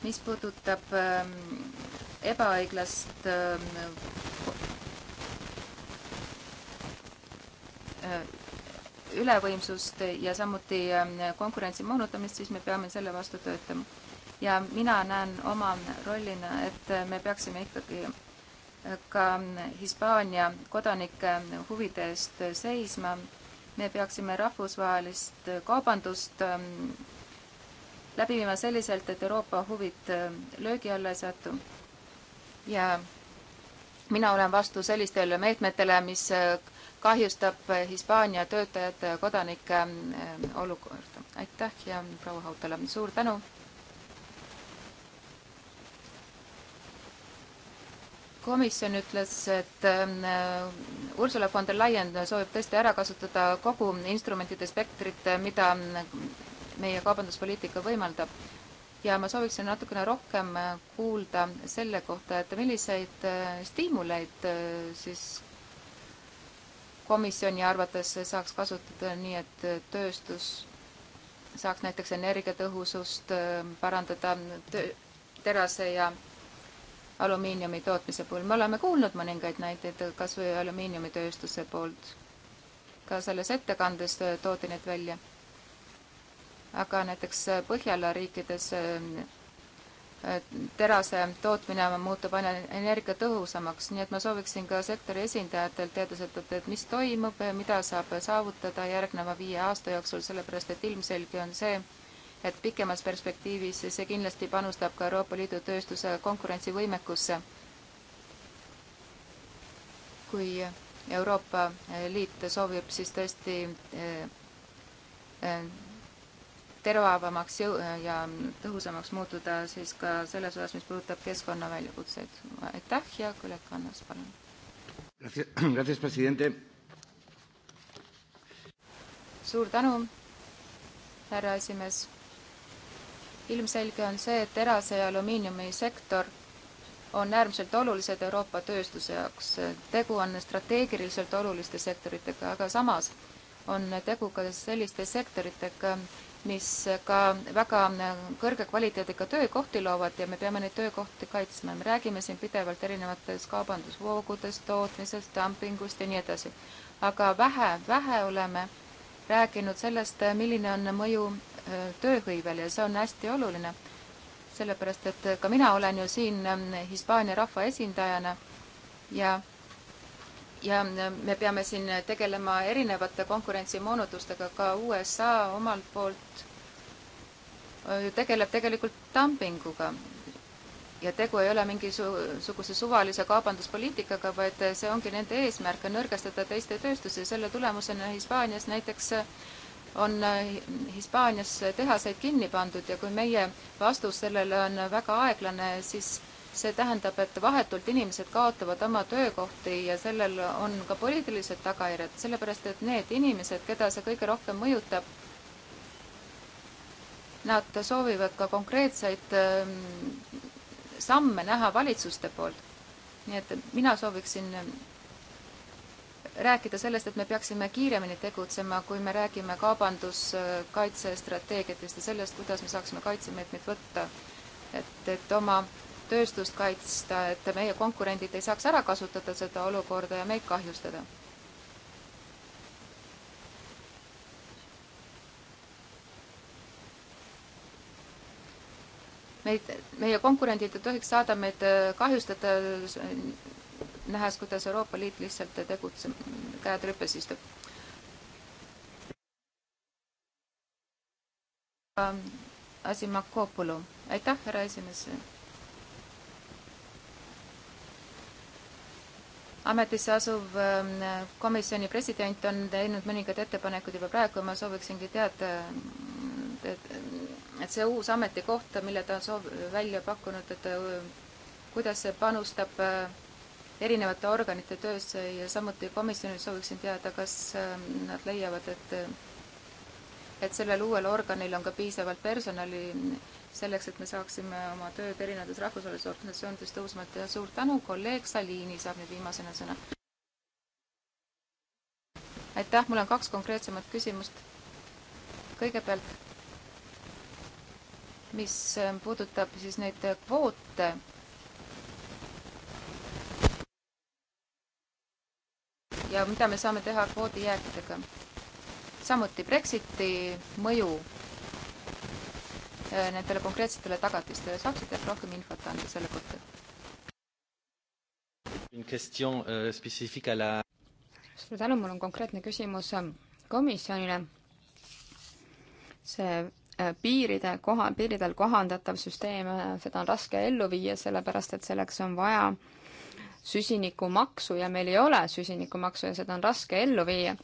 mis puudutab ähm, ebaõiglast ähm, Äh, ülevõimsust ja samuti äh, konkurentsi moonutamist, siis me peame selle vastu töötama. ja mina näen oma rollina, et me peaksime ikkagi äh, ka Hispaania kodanike huvide eest seisma. me peaksime rahvusvahelist kaubandust ähm, läbi viima selliselt, et Euroopa huvid löögi alla ei satu. ja mina olen vastu sellistele meetmetele, mis kahjustab Hispaania töötajate ja kodanike ähm, olukorda. aitäh ja proua Hautala, suur tänu! komisjon ütles, et ähm, Ursula von der Leyen soovib tõesti ära kasutada kogu instrumentide spektrit, mida meie kaubanduspoliitika võimaldab. ja ma sooviksin natukene rohkem äh, kuulda selle kohta, et milliseid äh, stiimuleid äh, siis komisjoni arvates saaks kasutada nii, et tööstus saaks näiteks energiatõhusust ähm, parandada terase ja alumiiniumi tootmise puhul. me oleme kuulnud mõningaid näiteid kas või alumiiniumitööstuse poolt. ka selles ettekandes äh, toodi need välja. aga näiteks äh, Põhjala riikides ähm, terase tootmine muutub aina energiatõhusamaks, nii et ma sooviksin ka sektori esindajatelt teada saada, et mis toimub, mida saab saavutada järgneva viie aasta jooksul, sellepärast et ilmselge on see, et pikemas perspektiivis see kindlasti panustab ka Euroopa Liidu tööstuse konkurentsivõimekusse. kui Euroopa Liit soovib siis tõesti eh, eh, teravamaks ja tõhusamaks muutuda siis ka selles osas, mis puudutab keskkonnaväljakutseid. aitäh ja kolleeg Hannes, palun. suur tänu, härra esimees. ilmselge on see, et terase ja alumiiniumi sektor on äärmiselt olulised Euroopa tööstuse jaoks. tegu on strateegiliselt oluliste sektoritega, aga samas on tegu ka selliste sektoritega, mis ka väga kõrge kvaliteediga töökohti loovad ja me peame neid töökohti kaitsma. me räägime siin pidevalt erinevatest kaubandusvoogudest, tootmisest, dumpingust ja nii edasi. aga vähe, vähe oleme rääkinud sellest, milline on mõju äh, tööhõivel ja see on hästi oluline, sellepärast et ka mina olen ju siin äh, Hispaania rahva esindajana ja ja me peame siin tegelema erinevate konkurentsimoonutustega, ka USA omalt poolt tegeleb tegelikult dumpinguga. ja tegu ei ole mingisuguse suvalise kaubanduspoliitikaga, vaid see ongi nende eesmärk, nõrgestada teiste tööstusi, selle tulemusena Hispaanias näiteks on Hispaanias tehaseid kinni pandud ja kui meie vastus sellele on väga aeglane, siis see tähendab, et vahetult inimesed kaotavad oma töökohti ja sellel on ka poliitilised tagajärjed, sellepärast et need inimesed, keda see kõige rohkem mõjutab, nad soovivad ka konkreetseid ähm, samme näha valitsuste poolt. nii et mina sooviksin ähm, rääkida sellest, et me peaksime kiiremini tegutsema, kui me räägime kaubanduskaitsestrateegiatest äh, ja sellest, kuidas me saaksime kaitsemeetmeid võtta, et, et oma tööstust kaitsta, et meie konkurendid ei saaks ära kasutada seda olukorda ja meid kahjustada. meid, meie konkurendid ei tohiks saada meid äh, kahjustada, nähes, kuidas Euroopa Liit lihtsalt tegutseb, käed rüpes istub. Ähm, Asimakopulu, aitäh, härra esimees ametisse asuv ähm, komisjoni president on teinud mõningad ettepanekud juba praegu ja ma sooviksingi teada, et, et see uus ametikoht, mille ta on soov, välja pakkunud, et äh, kuidas see panustab äh, erinevate organite töösse ja samuti komisjonil sooviksin teada, kas äh, nad leiavad, et et sellel uuel organil on ka piisavalt personali selleks, et me saaksime oma tööd erinevates rahvusvahelistes organisatsioonides tõhusalt teha. suur tänu, kolleeg Salini saab nüüd viimasena sõna. aitäh, mul on kaks konkreetsemat küsimust. kõigepealt, mis puudutab siis neid kvoote, ja mida me saame teha kvoodijääkidega. samuti Brexiti mõju Äh, nendele konkreetsetele tagatistele. saaksite ehk rohkem infot anda selle kohta? Euh, suur tänu, mul on konkreetne küsimus ähm, komisjonile. see äh, piiride koha, piiridel kohandatav süsteem, äh, seda on raske ellu viia, sellepärast et selleks on vaja süsinikumaksu ja meil ei ole süsinikumaksu ja seda on raske ellu viia.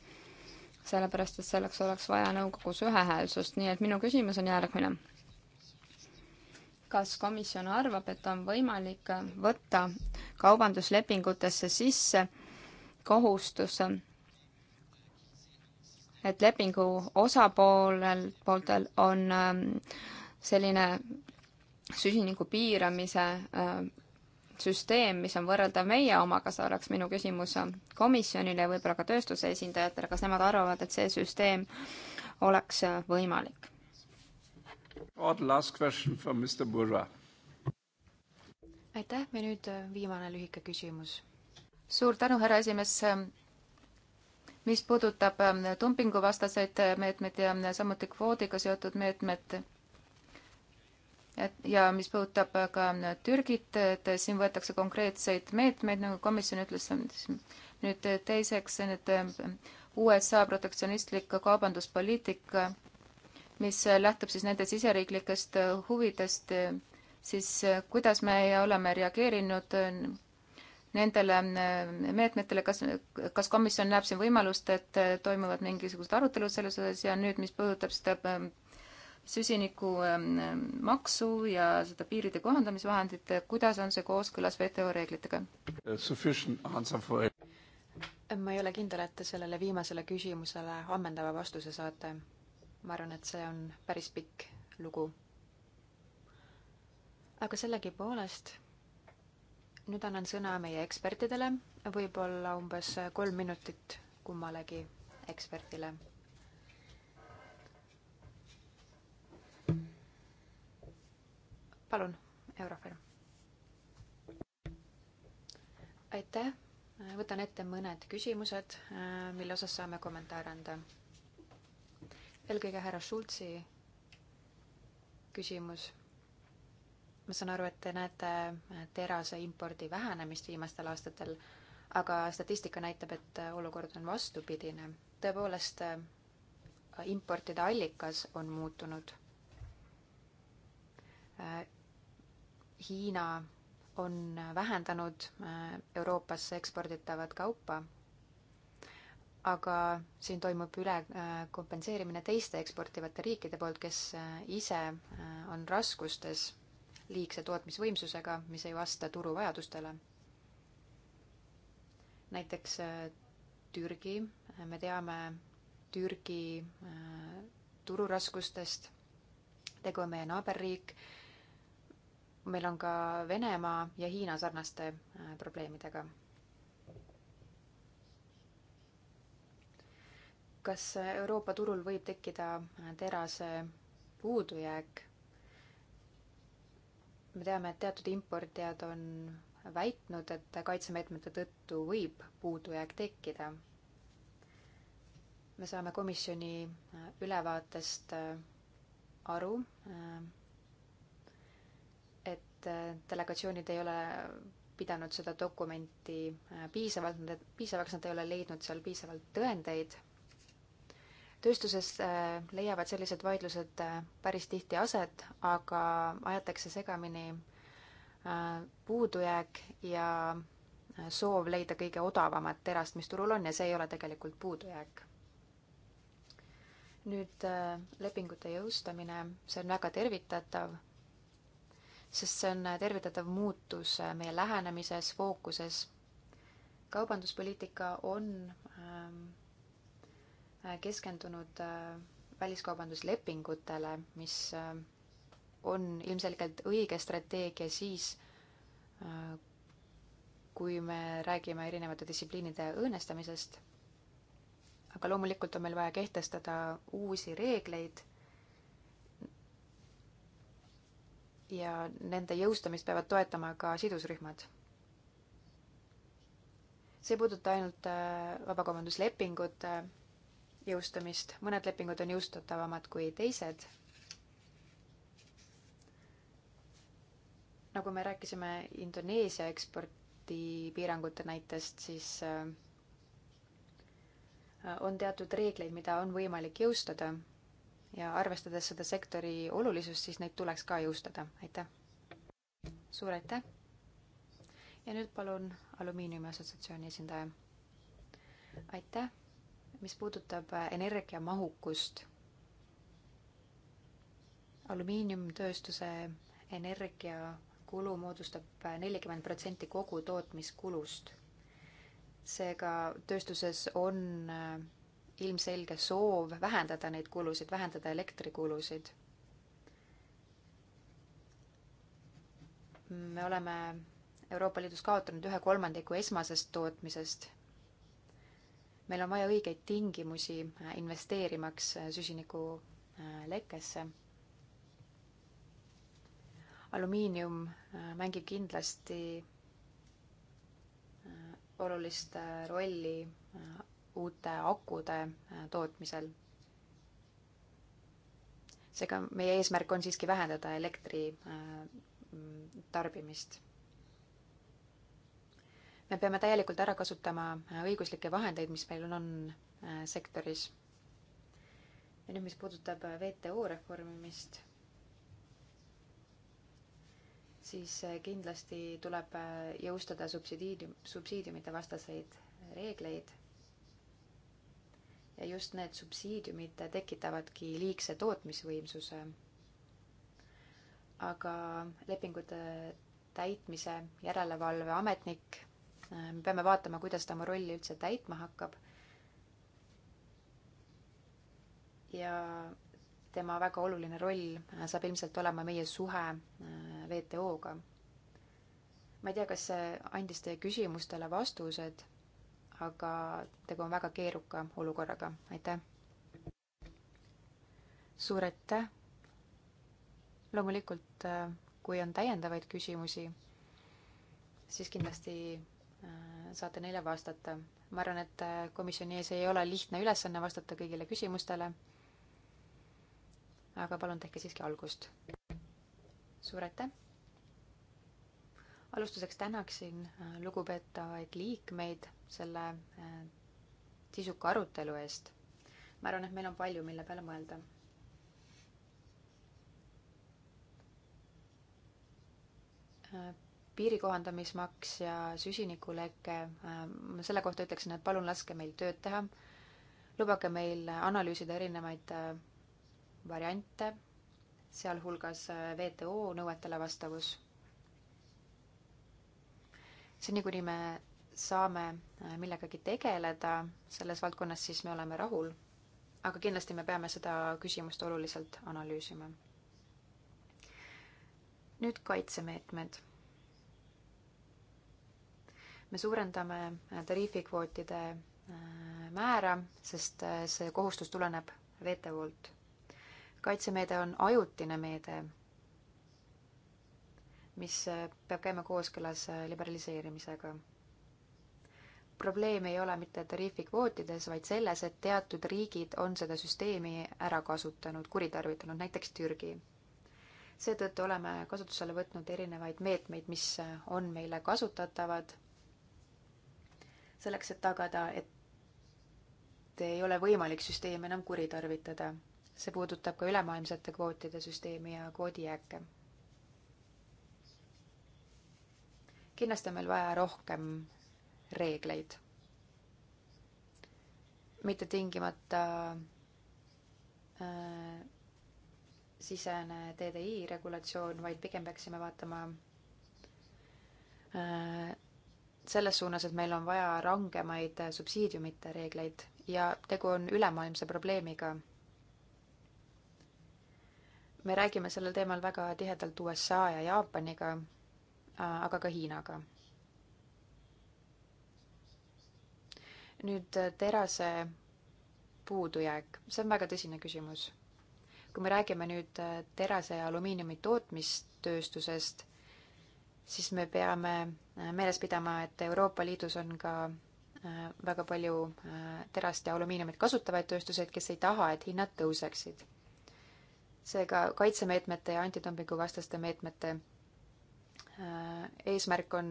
sellepärast, et selleks oleks vaja nõukogus ühehäälsust, nii et minu küsimus on järgmine kas komisjon arvab, et on võimalik võtta kaubanduslepingutesse sisse kohustus, et lepingu osapoolel, pooltel on ähm, selline süsiniku piiramise ähm, süsteem, mis on võrreldav meie omaga, see oleks minu küsimus komisjonile ja võib-olla ka tööstuse esindajatele, kas nemad arvavad, et see süsteem oleks võimalik aitäh ja nüüd äh, viimane lühike küsimus. suur tänu, härra esimees ähm, mis puudutab ähm, dumpinguvastaseid äh, meetmeid ja äh, samuti kvoodiga seotud meetmed, et ja mis puudutab ka Türgit, et siin võetakse konkreetseid meetmeid, nagu komisjon ütles, nüüd teiseks nüüd USA protektsionistlik kaubanduspoliitika mis lähtub siis nende siseriiklikest huvidest, siis kuidas me oleme reageerinud nendele meetmetele, kas, kas komisjon näeb siin võimalust, et toimuvad mingisugused arutelud selles osas ja nüüd, mis puudutab seda ähm, süsinikumaksu ähm, ja seda piiride kohandamisvahendit, kuidas on see kooskõlas WTO reeglitega? ma ei ole kindel, et te sellele viimasele küsimusele ammendava vastuse saate ma arvan, et see on päris pikk lugu. aga sellegipoolest nüüd annan sõna meie ekspertidele, võib-olla umbes kolm minutit kummalegi eksperdile. palun, Eurofirm. aitäh, võtan ette mõned küsimused, mille osas saame kommentaare anda eelkõige härra Schultzi küsimus. ma saan aru, et te näete terase impordi vähenemist viimastel aastatel, aga statistika näitab, et olukord on vastupidine. tõepoolest, importide allikas on muutunud. Hiina on vähendanud Euroopasse eksporditavat kaupa aga siin toimub ülekompenseerimine äh, teiste eksportivate riikide poolt, kes äh, ise äh, on raskustes liigse tootmisvõimsusega, mis ei vasta turuvajadustele. näiteks Türgi, me teame Türgi tururaskustest, tegu on meie naaberriik, meil on ka Venemaa ja Hiina sarnaste probleemidega kas Euroopa turul võib tekkida äh, terase puudujääk? me teame, et teatud importijad on väitnud, et kaitsemeetmete tõttu võib puudujääk tekkida. me saame komisjoni äh, ülevaatest äh, aru, et delegatsioonid ei ole pidanud seda dokumenti piisavalt, piisavaks, nad ei ole leidnud seal piisavalt tõendeid tööstuses äh, leiavad sellised vaidlused äh, päris tihti aset, aga ajatakse segamini äh, puudujääk ja soov leida kõige odavamat terast, mis turul on ja see ei ole tegelikult puudujääk. nüüd lepingute jõustamine, see on väga tervitatav, sest see on tervitatav muutus meie lähenemises, fookuses. kaubanduspoliitika on ähm, Äh, keskendunud äh, väliskaubanduslepingutele, mis äh, on ilmselgelt õige strateegia siis, kui me räägime erinevate distsipliinide õõnestamisest. aga loomulikult on meil vaja kehtestada uusi reegleid ja nende jõustamist peavad toetama ka sidusrühmad. see ei puuduta ainult vabakaubanduslepingut, jõustumist, mõned lepingud on jõustatavamad kui teised. nagu me rääkisime Indoneesia ekspordipiirangute näitest, siis äh, on teatud reegleid, mida on võimalik jõustada ja arvestades seda sektori olulisust, siis neid tuleks ka jõustada, aitäh. suur aitäh. ja nüüd palun Alumiiniumi Assotsiatsiooni esindaja. aitäh mis puudutab äh, energiamahukust, alumiiniumtööstuse energiakulu moodustab äh, nelikümmend protsenti kogu tootmiskulust. seega tööstuses on äh, ilmselge soov vähendada neid kulusid, vähendada elektrikulusid. me oleme Euroopa Liidus kaotanud ühe kolmandiku esmasest tootmisest meil on vaja õigeid tingimusi äh, investeerimaks äh, süsinikulekkesse. Äh, alumiinium mängib kindlasti olulist rolli uute akude tootmisel. seega meie eesmärk on siiski vähendada elektri tarbimist me peame täielikult ära kasutama äh, õiguslikke vahendeid, mis meil on, on äh, sektoris. ja nüüd, mis puudutab äh, WTO reformimist, siis kindlasti tuleb jõustada subsidiidium, subsiidiumite vastaseid reegleid. ja just need subsiidiumid tekitavadki liigse tootmisvõimsuse. aga lepingute täitmise järelevalveametnik me äh, peame vaatama, kuidas ta oma rolli üldse täitma hakkab. ja tema väga oluline roll äh, saab ilmselt olema meie suhe äh, WTO-ga. ma ei tea, kas see andis teie küsimustele vastused, aga tegu on väga keeruka olukorraga, aitäh. suur aitäh. loomulikult, kui on täiendavaid küsimusi, siis kindlasti Äh, saate neile vastata. ma arvan, et äh, komisjoni ees ei ole lihtne ülesanne vastata kõigile küsimustele. aga palun tehke siiski algust. suur aitäh! alustuseks tänaksin äh, lugupeetavaid liikmeid selle sisuka arutelu eest. ma arvan, et meil on palju, mille peale mõelda piiri kohandamismaks ja süsinikuleke, äh, selle kohta ütleksin, et palun laske meil tööd teha, lubage meil analüüsida erinevaid äh, variante, sealhulgas äh, WTO nõuetele vastavus. seni, kuni me saame millegagi tegeleda selles valdkonnas, siis me oleme rahul. aga kindlasti me peame seda küsimust oluliselt analüüsima. nüüd kaitsemeetmed me suurendame äh, tariifikvootide äh, määra, sest äh, see kohustus tuleneb WTO-lt. kaitsemeede on ajutine meede, mis peab käima kooskõlas liberaliseerimisega. probleem ei ole mitte tariifikvootides, vaid selles, et teatud riigid on seda süsteemi ära kasutanud, kuritarvitanud, näiteks Türgi seetõttu oleme kasutusele võtnud erinevaid meetmeid, mis on meile kasutatavad selleks, et tagada, et ei ole võimalik süsteemi enam kuritarvitada. see puudutab ka ülemaailmsete kvootide süsteemi ja kvoodijääke. kindlasti on meil vaja rohkem reegleid. mitte tingimata äh, sisene TDI regulatsioon, vaid pigem peaksime vaatama äh, selles suunas, et meil on vaja rangemaid subsiidiumite reegleid ja tegu on ülemaailmse probleemiga. me räägime sellel teemal väga tihedalt USA ja Jaapaniga, aga ka Hiinaga. nüüd äh, terase puudujääk, see on väga tõsine küsimus. kui me räägime nüüd äh, terase ja alumiiniumi tootmistööstusest siis me peame äh, meeles pidama, et Euroopa Liidus on ka äh, väga palju äh, terast ja alumiiniumit kasutavaid tööstuseid, kes ei taha, et hinnad tõuseksid. seega kaitsemeetmete ja antidumpingu vastaste meetmete eesmärk on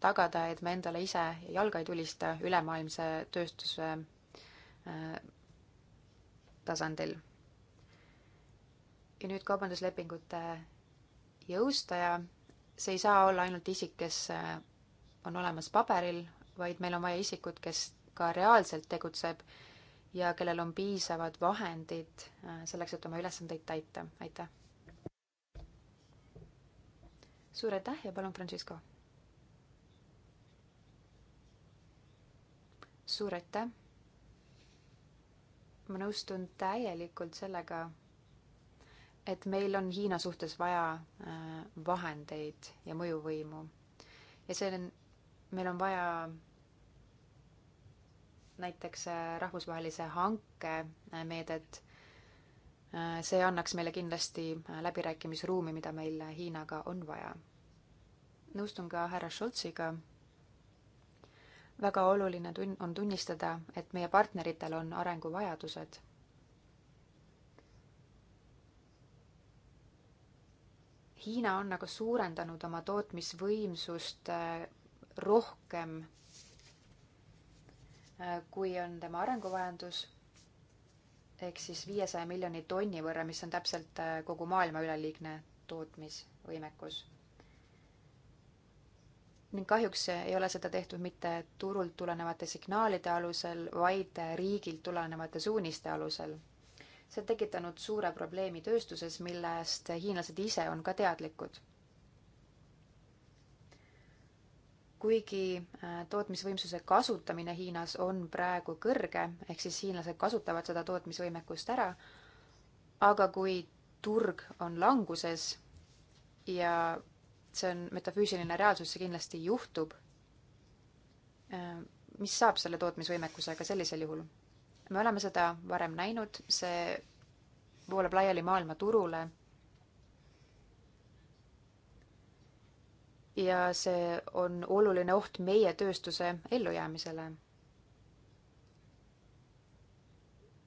tagada, et me endale ise jalga ei tulista ülemaailmse tööstuse tasandil. ja nüüd kaubanduslepingute jõustaja see ei saa olla ainult isik, kes äh, on olemas paberil, vaid meil on vaja isikut, kes ka reaalselt tegutseb ja kellel on piisavad vahendid äh, selleks, et oma ülesandeid täita. aitäh! suur aitäh ja palun, Francisco! suur aitäh! ma nõustun täielikult sellega et meil on Hiina suhtes vaja äh, vahendeid ja mõjuvõimu. ja see on, meil on vaja näiteks äh, rahvusvahelise hanke äh, meedet. see annaks meile kindlasti läbirääkimisruumi, mida meil Hiinaga on vaja. nõustun ka härra Schultziga. väga oluline tun-, on tunnistada, et meie partneritel on arenguvajadused Hiina on aga suurendanud oma tootmisvõimsust äh, rohkem, äh, kui on tema arenguvajadus, ehk siis viiesaja miljoni tonni võrra, mis on täpselt äh, kogu maailma üleliigne tootmisvõimekus. ning kahjuks ei ole seda tehtud mitte turult tulenevate signaalide alusel, vaid riigilt tulenevate suuniste alusel see on tekitanud suure probleemi tööstuses, millest hiinlased ise on ka teadlikud. kuigi äh, tootmisvõimsuse kasutamine Hiinas on praegu kõrge, ehk siis hiinlased kasutavad seda tootmisvõimekust ära, aga kui turg on languses ja see on metafüüsiline reaalsus, see kindlasti juhtub, äh, mis saab selle tootmisvõimekusega sellisel juhul? me oleme seda varem näinud, see voolab laiali maailmaturule. ja see on oluline oht meie tööstuse ellujäämisele.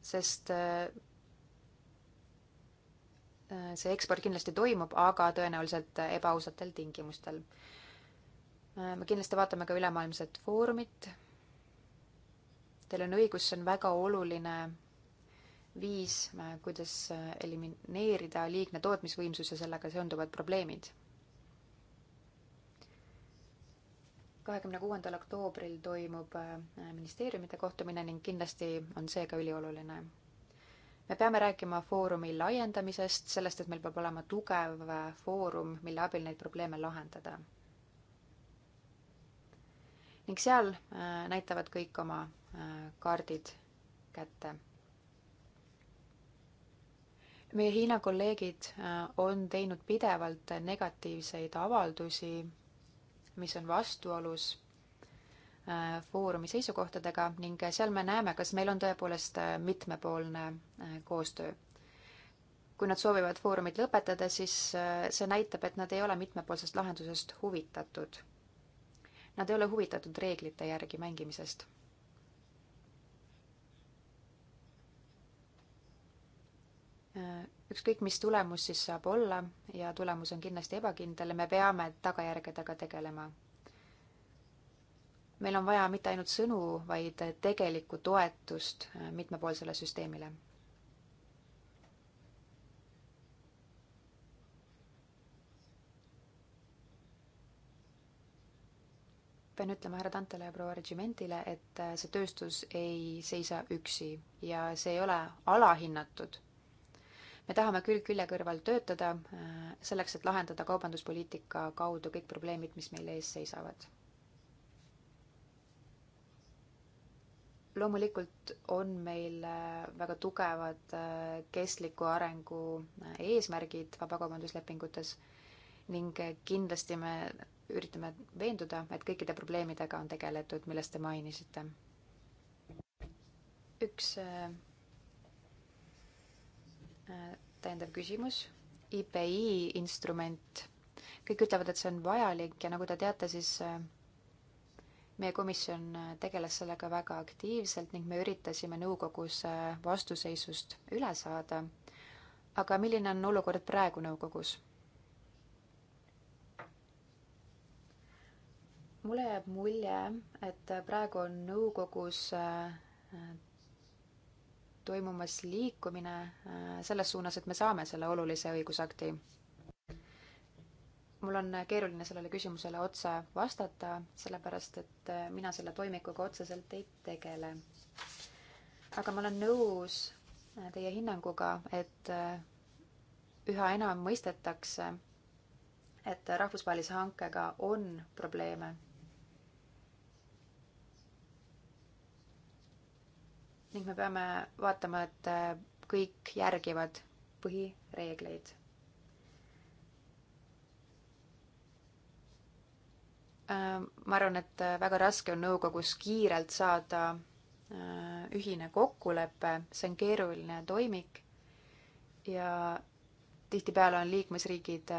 sest äh, see eksport kindlasti toimub, aga tõenäoliselt ebaausatel tingimustel. Äh, me kindlasti vaatame ka ülemaailmset foorumit Teil on õigus, see on väga oluline viis, äh, kuidas äh, elimineerida liigne tootmisvõimsus ja sellega seonduvad probleemid. kahekümne kuuendal oktoobril toimub äh, ministeeriumite kohtumine ning kindlasti on see ka ülioluline. me peame rääkima foorumi laiendamisest, sellest, et meil peab olema tugev foorum, mille abil neid probleeme lahendada ning seal näitavad kõik oma kaardid kätte. meie Hiina kolleegid äh, on teinud pidevalt negatiivseid avaldusi, mis on vastuolus äh, Foorumi seisukohtadega ning seal me näeme, kas meil on tõepoolest äh, mitmepoolne koostöö. kui nad soovivad Foorumit lõpetada, siis see näitab, et nad ei ole mitmepoolsest lahendusest huvitatud. Nad ei ole huvitatud reeglite järgi mängimisest Äh, ükskõik, mis tulemus siis saab olla ja tulemus on kindlasti ebakindel, me peame tagajärgedega tegelema. meil on vaja mitte ainult sõnu, vaid tegelikku toetust äh, mitmepoolsele süsteemile. pean ütlema härra Tantele ja proua Regimentile, et äh, see tööstus ei seisa üksi ja see ei ole alahinnatud me tahame külg külje kõrval töötada äh, selleks, et lahendada kaubanduspoliitika kaudu kõik probleemid, mis meil ees seisavad. loomulikult on meil äh, väga tugevad äh, kestliku arengu eesmärgid vabakaubanduslepingutes ning kindlasti me üritame veenduda, et kõikide probleemidega on tegeletud, millest te mainisite. üks täiendav küsimus. IPI instrument, kõik ütlevad, et see on vajalik ja nagu te teate, siis äh, meie komisjon äh, tegeles sellega väga aktiivselt ning me üritasime nõukogus äh, vastuseisust üle saada. aga milline on olukord praegu nõukogus? mulle jääb mulje, et praegu on nõukogus toimumas liikumine äh, selles suunas, et me saame selle olulise õigusakti. mul on keeruline sellele küsimusele otse vastata, sellepärast et äh, mina selle toimikuga otseselt ei tegele. aga ma olen nõus äh, teie hinnanguga, et üha enam mõistetakse, et rahvusvahelise hankega on probleeme ning me peame vaatama, et äh, kõik järgivad põhireegleid. Äh, ma arvan, et äh, väga raske on nõukogus kiirelt saada ühine kokkulepe, see on keeruline toimik ja tihtipeale on liikmesriigid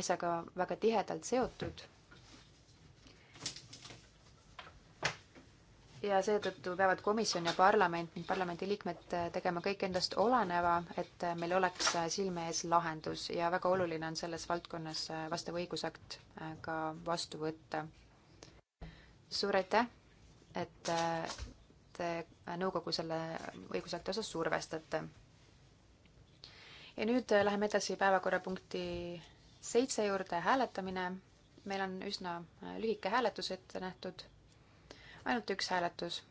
asjaga väga tihedalt seotud ja seetõttu peavad komisjon ja parlament ning parlamendiliikmed äh, tegema kõik endast oleneva, et äh, meil oleks äh, silme ees lahendus ja väga oluline on selles valdkonnas vastav õigusakt ka vastu võtta. suur aitäh, et te nõukogu selle õigusakti osas survestate. ja nüüd läheme edasi päevakorrapunkti seitse juurde, hääletamine. meil on üsna lühike hääletus ette nähtud ainult üks hääletus.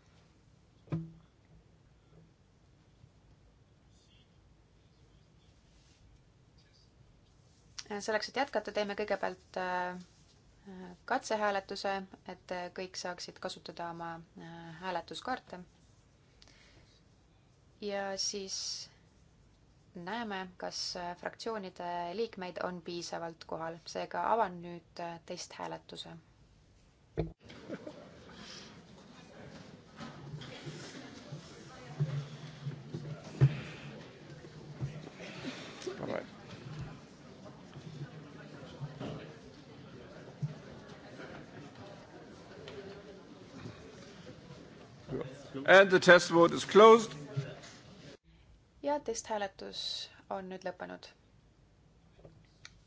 selleks, et jätkata, teeme kõigepealt äh, katsehääletuse, et kõik saaksid kasutada oma äh, hääletuskaarte. ja siis näeme, kas äh, fraktsioonide liikmeid on piisavalt kohal, seega avan nüüd testhääletuse. And the test vote is closed. ja testhääletus on nüüd lõppenud.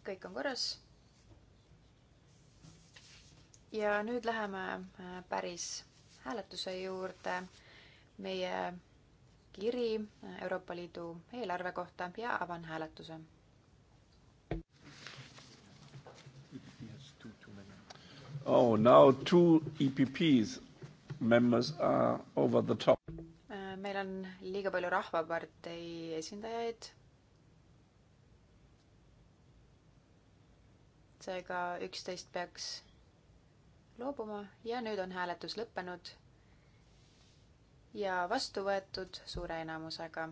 kõik on korras. ja nüüd läheme äh, päris hääletuse juurde. meie kiri äh, Euroopa Liidu eelarve kohta ja avan hääletuse. Oh, now two EPPs members are over the top. Äh, meil on liiga palju Rahvapartei esindajaid. seega üksteist peaks loobuma ja nüüd on hääletus lõppenud ja vastu võetud suure enamusega.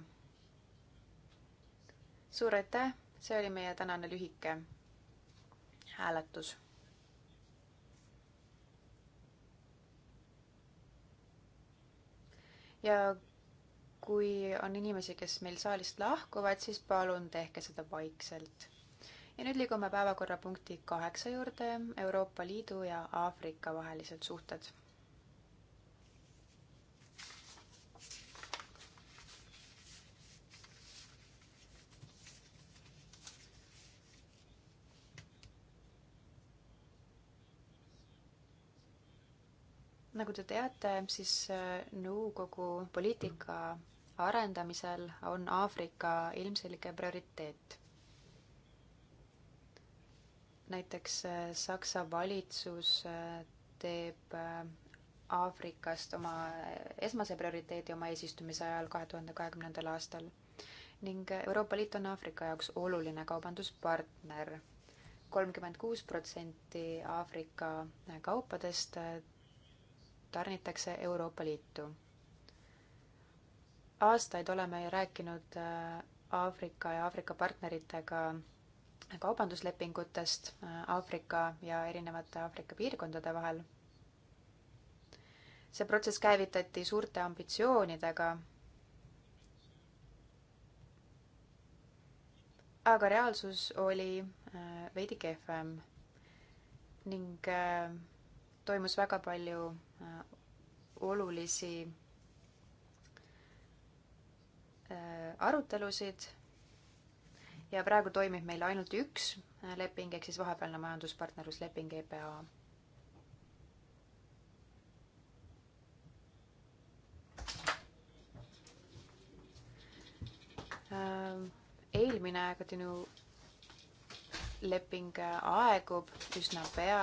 suur aitäh, see oli meie tänane lühike hääletus ja kui on inimesi, kes meil saalist lahkuvad, siis palun tehke seda vaikselt. ja nüüd liigume päevakorrapunkti kaheksa juurde, Euroopa Liidu ja Aafrika vahelised suhted nagu te teate, siis äh, nõukogu poliitika arendamisel on Aafrika ilmselge prioriteet. näiteks äh, Saksa valitsus äh, teeb Aafrikast oma esmase prioriteedi oma eesistumise ajal kahe tuhande kahekümnendal aastal ning Euroopa Liit on Aafrika jaoks oluline kaubanduspartner. kolmkümmend kuus protsenti Aafrika kaupadest tarnitakse Euroopa Liitu. aastaid oleme rääkinud äh, Aafrika ja Aafrika partneritega kaubanduslepingutest äh, Aafrika ja erinevate Aafrika piirkondade vahel. see protsess käivitati suurte ambitsioonidega aga reaalsus oli äh, veidi kehvem ning toimus väga palju Äh, olulisi äh, arutelusid ja praegu toimib meil ainult üks äh, leping, ehk siis vahepealne majanduspartnerlusleping EPA. eelmine Cotonou leping aegub üsna pea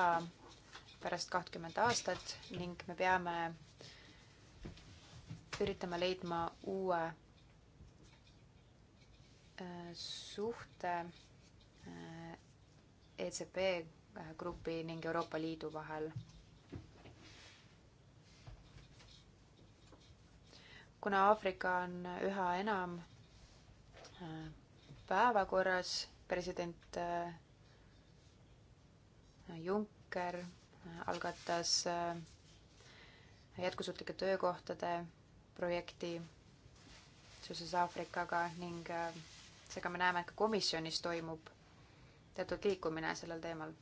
pärast kahtkümmend aastat ning me peame üritama leidma uue äh, suhte äh, ECB äh, grupi ning Euroopa Liidu vahel. kuna Aafrika on üha enam päevakorras, president Juncker algatas äh, jätkusuutlike töökohtade projekti seoses Aafrikaga ning äh, seega me näeme, et ka komisjonis toimub teatud liikumine sellel teemal.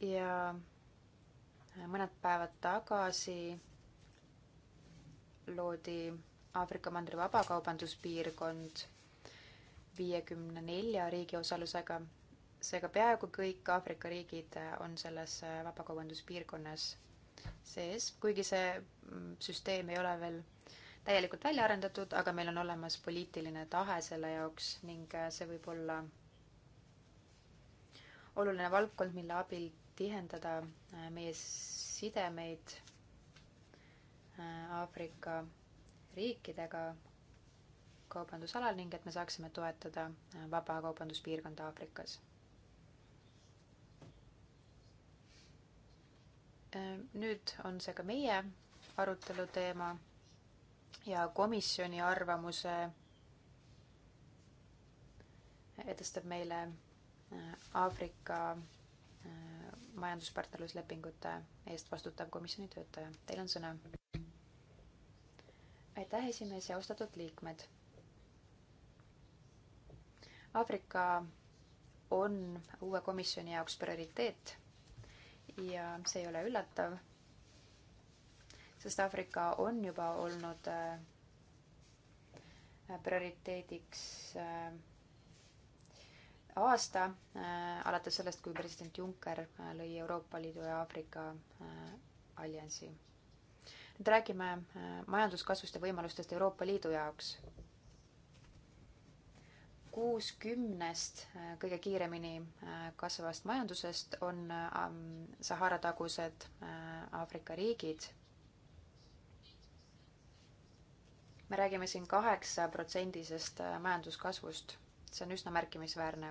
ja mõned päevad tagasi loodi Aafrika mandri vabakaubanduspiirkond viiekümne nelja riigi osalusega, seega peaaegu kõik Aafrika riigid äh, on selles äh, vabakaubanduspiirkonnas sees, kuigi see mm, süsteem ei ole veel täielikult välja arendatud, aga meil on olemas poliitiline tahe selle jaoks ning äh, see võib olla oluline valdkond, mille abil tihendada meie sidemeid Aafrika riikidega, kaubandusalal ning et me saaksime toetada äh, vabakaubanduspiirkonda Aafrikas. Äh, nüüd on see ka meie arutelu teema ja komisjoni arvamuse äh, edastab meile Aafrika majanduspartnerluslepingute eest vastutav komisjoni töötaja. Teil on sõna. aitäh, esimees ja austatud liikmed Aafrika on uue komisjoni jaoks prioriteet ja see ei ole üllatav, sest Aafrika on juba olnud äh, prioriteediks äh, aasta, äh, alates sellest, kui president Juncker lõi Euroopa Liidu ja Aafrika alliansi. nüüd räägime majanduskasvust ja võimalustest Euroopa Liidu jaoks kuus kümnest äh, kõige kiiremini äh, kasvavast majandusest on ähm, Sahara tagused äh, Aafrika riigid. me räägime siin kaheksaprotsendisest majanduskasvust, see on üsna märkimisväärne.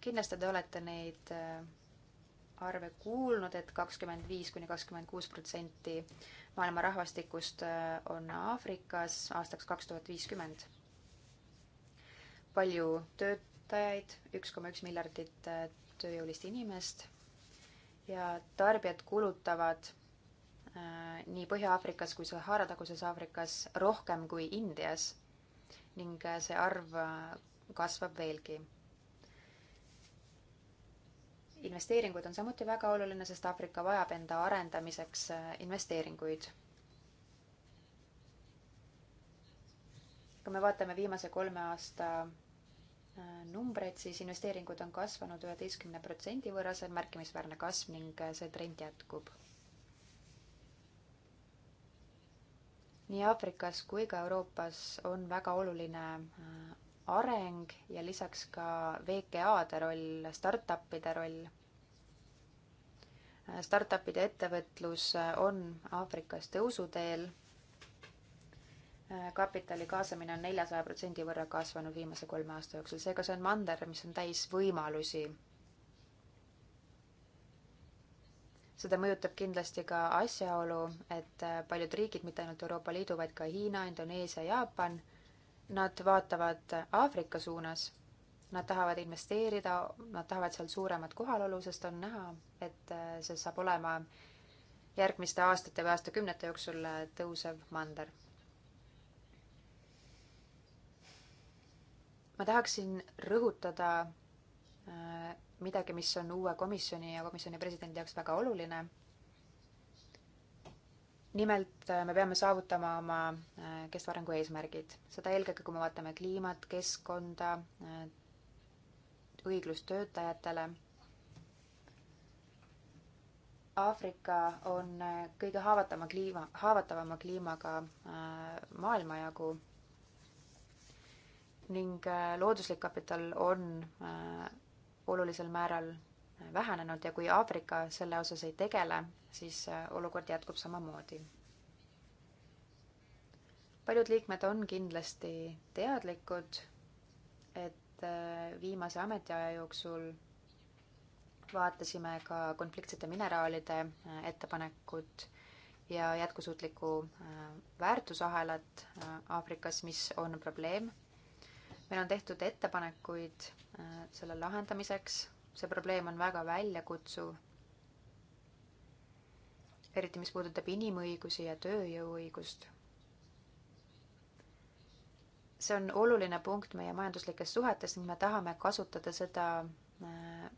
kindlasti te olete neid arve kuulnud et, et kakskümmend viis kuni kakskümmend kuus protsenti maailma rahvastikust on Aafrikas aastaks kaks tuhat viiskümmend palju töötajaid, üks koma üks miljardit äh, tööjõulist inimest ja tarbijad kulutavad äh, nii Põhja-Aafrikas kui Sahara taguses Aafrikas rohkem kui Indias ning äh, see arv kasvab veelgi. investeeringud on samuti väga oluline, sest Aafrika vajab enda arendamiseks investeeringuid kui me vaatame viimase kolme aasta äh, numbreid, siis investeeringud on kasvanud üheteistkümne protsendi võrra, see on märkimisväärne kasv ning äh, see trend jätkub. nii Aafrikas kui ka Euroopas on väga oluline äh, areng ja lisaks ka VKA-de roll, startup'ide roll. Startup'ide ettevõtlus on Aafrikas tõusuteel Äh, kapitali kaasamine on neljasaja protsendi võrra kasvanud viimase kolme aasta jooksul, seega see on mander, mis on täis võimalusi. seda mõjutab kindlasti ka asjaolu, et äh, paljud riigid, mitte ainult Euroopa Liidu, vaid ka Hiina, Indoneesia, Jaapan, nad vaatavad äh, Aafrika suunas. Nad tahavad investeerida, nad tahavad seal suuremat kohalolu, sest on näha, et see saab olema järgmiste aastate või aastakümnete jooksul tõusev mander ma tahaksin rõhutada äh, midagi, mis on uue komisjoni ja komisjoni presidendi jaoks väga oluline. nimelt äh, me peame saavutama oma äh, kestva arengu eesmärgid, seda eelkõige, kui me vaatame kliimat, keskkonda, õiglust töötajatele. Aafrika on kõige haavatavama kliima, haavatavama kliimaga maailmajagu ning äh, looduslik kapital on äh, olulisel määral äh, vähenenud ja kui Aafrika selle osas ei tegele, siis olukord jätkub samamoodi. paljud liikmed on kindlasti teadlikud, et viimase ametiaja jooksul vaatasime ka konfliktsete mineraalide ettepanekut ja jätkusuutlikku väärtusahelat Aafrikas, mis on probleem meil on tehtud ettepanekuid äh, selle lahendamiseks, see probleem on väga väljakutsuv. eriti, mis puudutab inimõigusi ja tööjõuõigust. see on oluline punkt meie majanduslikes suhetes ning me tahame kasutada seda äh,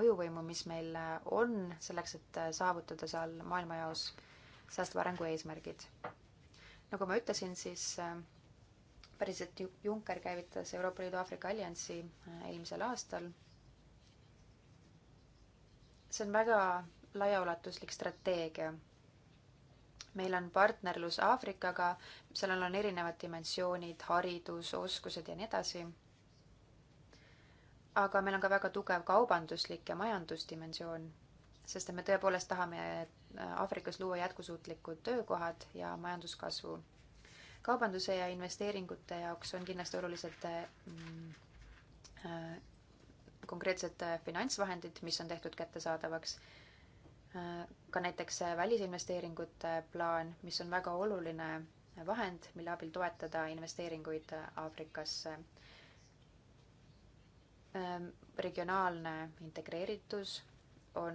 mõjuvõimu, mis meil on selleks, et äh, saavutada seal maailmajaos säästva arengu eesmärgid. nagu ma ütlesin, siis päriselt Juncker käivitas Euroopa Liidu Aafrika alliansi äh, eelmisel aastal. see on väga laiaulatuslik strateegia. meil on partnerlus Aafrikaga, sellel on erinevad dimensioonid, haridus, oskused ja nii edasi. aga meil on ka väga tugev kaubanduslik ja majandusdimensioon, sest et me tõepoolest tahame äh, Aafrikas luua jätkusuutlikud töökohad ja majanduskasvu kaubanduse ja investeeringute jaoks on kindlasti olulised äh, mm, äh, konkreetsed äh, finantsvahendid, mis on tehtud kättesaadavaks. ka näiteks välisinvesteeringute plaan, mis on väga oluline vahend, mille abil toetada investeeringuid Aafrikasse. Ähm, regionaalne integreeritus on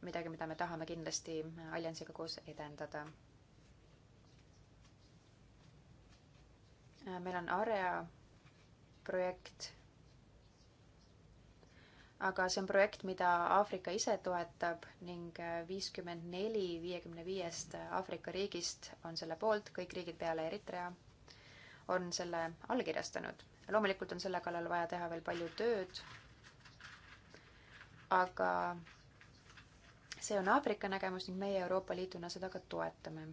midagi, mida me tahame kindlasti alliansiga koos edendada Äh, meil on Area projekt. aga see on projekt, mida Aafrika ise toetab ning äh, viiskümmend neli viiekümne viiest äh, Aafrika riigist on selle poolt, kõik riigid peale Eritrea on selle allkirjastanud. loomulikult on selle kallal vaja teha veel palju tööd. aga see on Aafrika nägemus ning meie Euroopa Liiduna seda ka toetame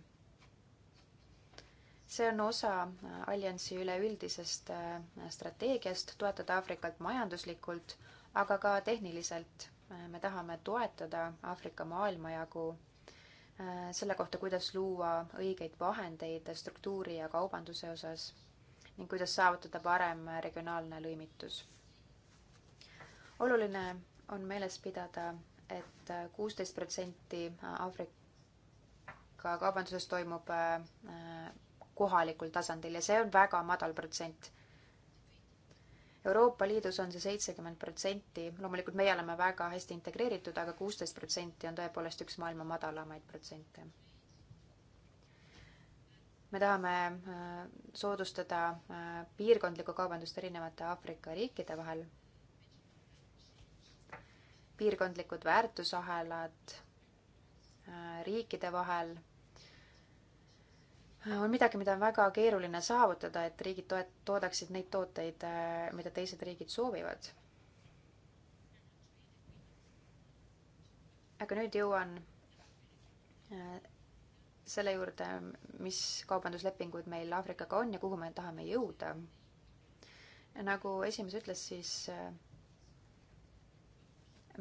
see on osa äh, alliansi üleüldisest äh, strateegiast toetada Aafrikat majanduslikult, aga ka tehniliselt. Äh, me tahame toetada Aafrika maailmajagu selle kohta, kuidas luua õigeid vahendeid struktuuri ja kaubanduse osas ning kuidas saavutada parem regionaalne lõimitus. oluline on meeles pidada et, et kuusteist protsenti Aafrika kaubanduses toimub kohalikul tasandil ja see on väga madal protsent. Euroopa Liidus on see seitsekümmend protsenti, loomulikult meie oleme väga hästi integreeritud, aga kuusteist protsenti on tõepoolest üks maailma madalamaid protsente. me tahame äh, soodustada äh, piirkondlikku kaubandust erinevate Aafrika riikide vahel. piirkondlikud väärtusahelad äh, riikide vahel on midagi, mida on väga keeruline saavutada, et riigid toet-, toodaksid neid tooteid, äh, mida teised riigid soovivad. aga nüüd jõuan äh, selle juurde, mis kaubanduslepingud meil Aafrikaga on ja kuhu me tahame jõuda. nagu esimees ütles, siis äh,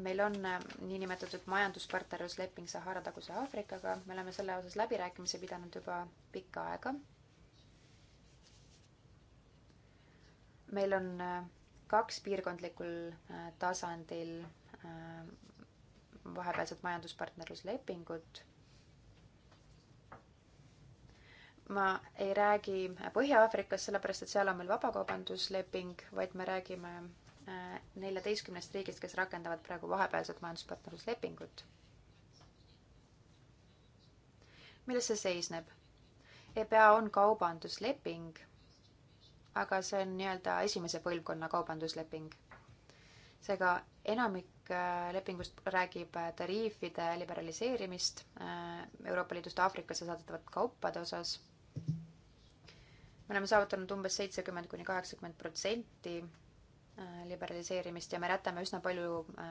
meil on äh, niinimetatud majanduspartnerlusleping Sahara taguse Aafrikaga, me oleme selle osas läbirääkimisi pidanud juba pikka aega. meil on äh, kaks piirkondlikul äh, tasandil vahepealset majanduspartnerluslepingut ma ei räägi Põhja-Aafrikast, sellepärast et seal on meil vabakaubandusleping, vaid me räägime neljateistkümnest riigist, kes rakendavad praegu vahepealset majanduspartnerluslepingut. milles see seisneb? EBA on kaubandusleping, aga see on nii-öelda esimese põlvkonna kaubandusleping. seega enamik äh, lepingust räägib äh, tariifide liberaliseerimist äh, Euroopa Liidust Aafrikasse saadetavate kaupade osas. me oleme saavutanud umbes seitsekümmend kuni kaheksakümmend protsenti Äh, liberaliseerimist ja me jätame üsna palju äh,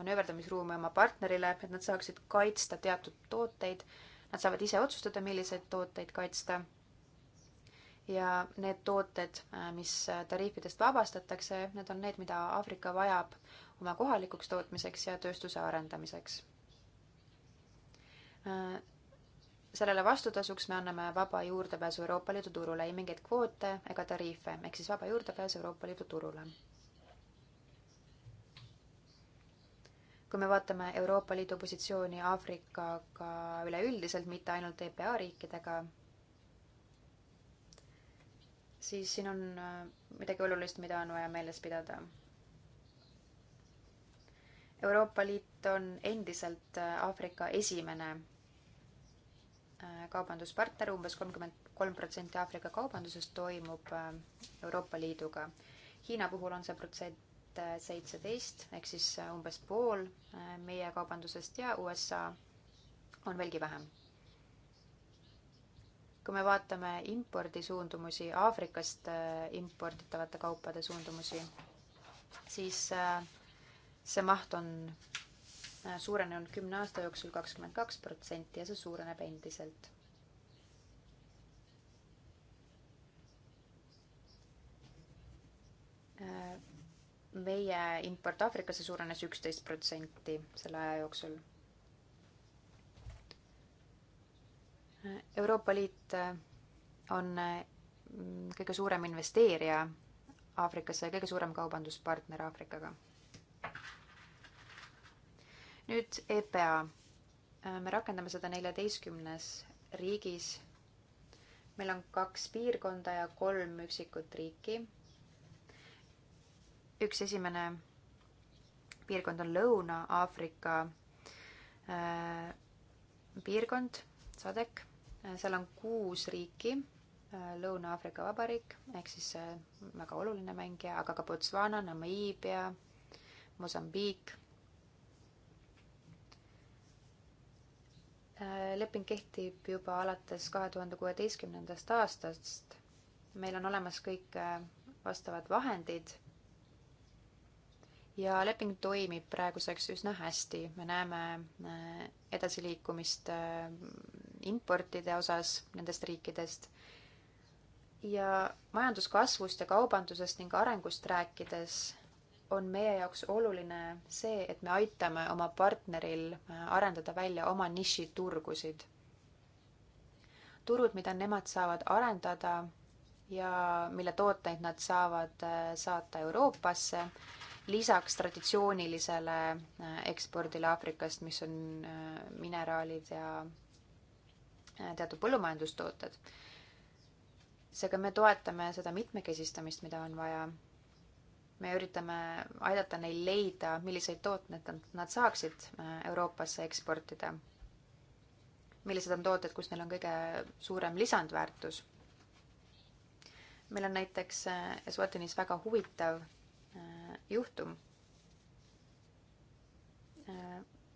manööverdamisruumi oma partnerile, et nad saaksid kaitsta teatud tooteid. Nad saavad ise otsustada, milliseid tooteid kaitsta. ja need tooted, äh, mis tariifidest vabastatakse, need on need, mida Aafrika vajab oma kohalikuks tootmiseks ja tööstuse arendamiseks. sellele vastutasuks me anname vaba juurdepääsu Euroopa Liidu turule, ei mingeid kvoote ega tariife, ehk siis vaba juurdepääs Euroopa Liidu turule kui me vaatame Euroopa Liidu positsiooni Aafrikaga üleüldiselt, mitte ainult EPA riikidega, siis siin on äh, midagi olulist, mida on vaja meeles pidada. Euroopa Liit on endiselt äh, Aafrika esimene äh, kaubanduspartner umbes, umbes kolmkümmend kolm protsenti Aafrika kaubandusest toimub Euroopa Liiduga. Hiina puhul on see protsent tuhat seitseteist ehk siis äh, umbes pool äh, meie kaubandusest ja USA on veelgi vähem. kui me vaatame impordi suundumusi, Aafrikast äh, imporditavate kaupade suundumusi, siis see maht on suurenenud kümne aasta jooksul kakskümmend kaks protsenti ja see suureneb endiselt meie import Aafrikasse suurenes üksteist protsenti selle aja jooksul. Euroopa Liit äh, on äh, kõige suurem investeerija Aafrikasse ja kõige suurem kaubanduspartner Aafrikaga. nüüd EPA. Äh, me rakendame seda neljateistkümnes riigis. meil on kaks piirkonda ja kolm üksikut riiki üks esimene piirkond on Lõuna-Aafrika äh, piirkond, SADEC, seal on kuus riiki äh,, Lõuna-Aafrika Vabariik ehk siis äh, väga oluline mängija, aga ka Botswana, Namiibia, Mosambiik äh, leping kehtib juba alates kahe tuhande kuueteistkümnendast aastast. meil on olemas kõik äh, vastavad vahendid ja leping toimib praeguseks üsna hästi, me näeme äh, edasiliikumist äh, importide osas nendest riikidest ja majanduskasvust ja kaubandusest ning arengust rääkides on meie jaoks oluline see, et me aitame oma partneril äh, arendada välja oma nišiturgusid. turud, mida nemad saavad arendada ja mille tooteid nad saavad saata Euroopasse lisaks traditsioonilisele äh, ekspordile Aafrikast, mis on äh, mineraalid ja äh, teatud põllumajandustooted. seega me toetame seda mitmekesistamist, mida on vaja. me üritame aidata neil leida, milliseid tooteid nad saaksid Euroopasse eksportida. millised on tooted, kus neil on kõige suurem lisandväärtus meil on näiteks Eswatinis väga huvitav juhtum.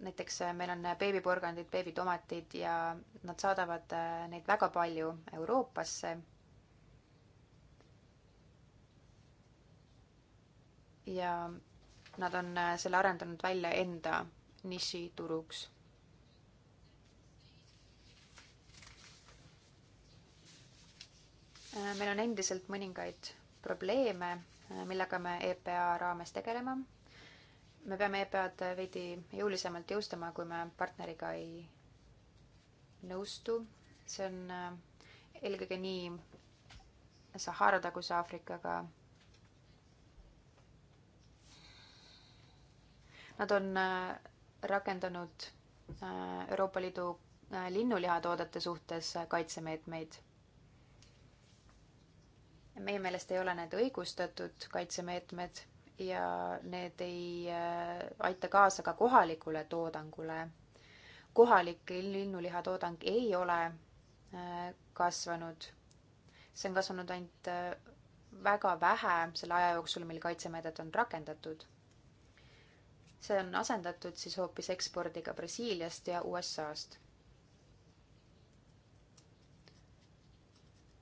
näiteks eh, meil on eh, beebipurgandid, beebitomatid ja nad saadavad eh, neid väga palju Euroopasse. ja nad on selle arendanud välja enda nišituruks meil on endiselt mõningaid probleeme Äh, millega me EPA raames tegeleme. me peame EPA-d veidi jõulisemalt jõustama, kui me partneriga ei nõustu. see on äh, eelkõige nii Sahara taguse Aafrikaga. Nad on äh, rakendanud Euroopa Liidu linnulihatoodete suhtes kaitsemeetmeid meie meelest ei ole need õigustatud kaitsemeetmed ja need ei äh, aita kaasa ka kohalikule toodangule. kohalik linnulihatoodang ei ole äh, kasvanud. see on kasvanud ainult äh, väga vähe selle aja jooksul, mil kaitsemeedet on rakendatud. see on asendatud siis hoopis ekspordiga Brasiiliast ja USA-st.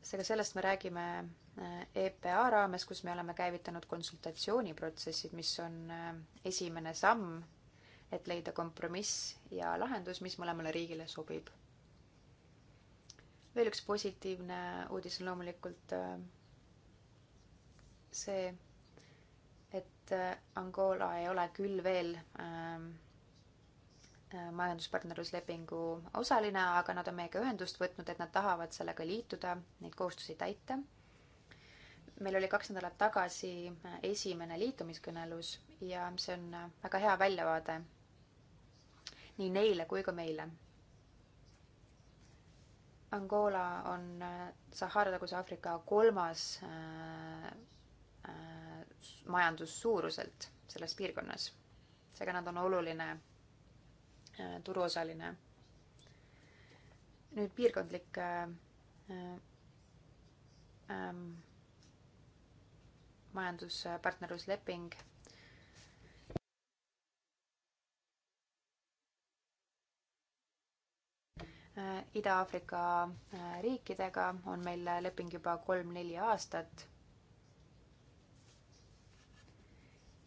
seega sellest me räägime EPA raames, kus me oleme käivitanud konsultatsiooniprotsessid, mis on äh, esimene samm, et leida kompromiss ja lahendus, mis mõlemale riigile sobib. veel üks positiivne uudis on loomulikult äh, see, et äh, Angola ei ole küll veel ähm, majanduspartnerluslepingu osaline, aga nad on meiega ühendust võtnud, et nad tahavad sellega liituda, neid kohustusi täita meil oli kaks nädalat tagasi äh, esimene liitumiskõnelus ja see on äh, väga hea väljavaade nii neile kui ka meile. Angola on äh, Sahara taguse Aafrika kolmas äh, äh, majandus suuruselt selles piirkonnas. seega nad on oluline äh, turuosaline. nüüd piirkondlik äh, äh, ähm, majanduspartnerlusleping Ida-Aafrika äh, riikidega on meil leping juba kolm-neli aastat.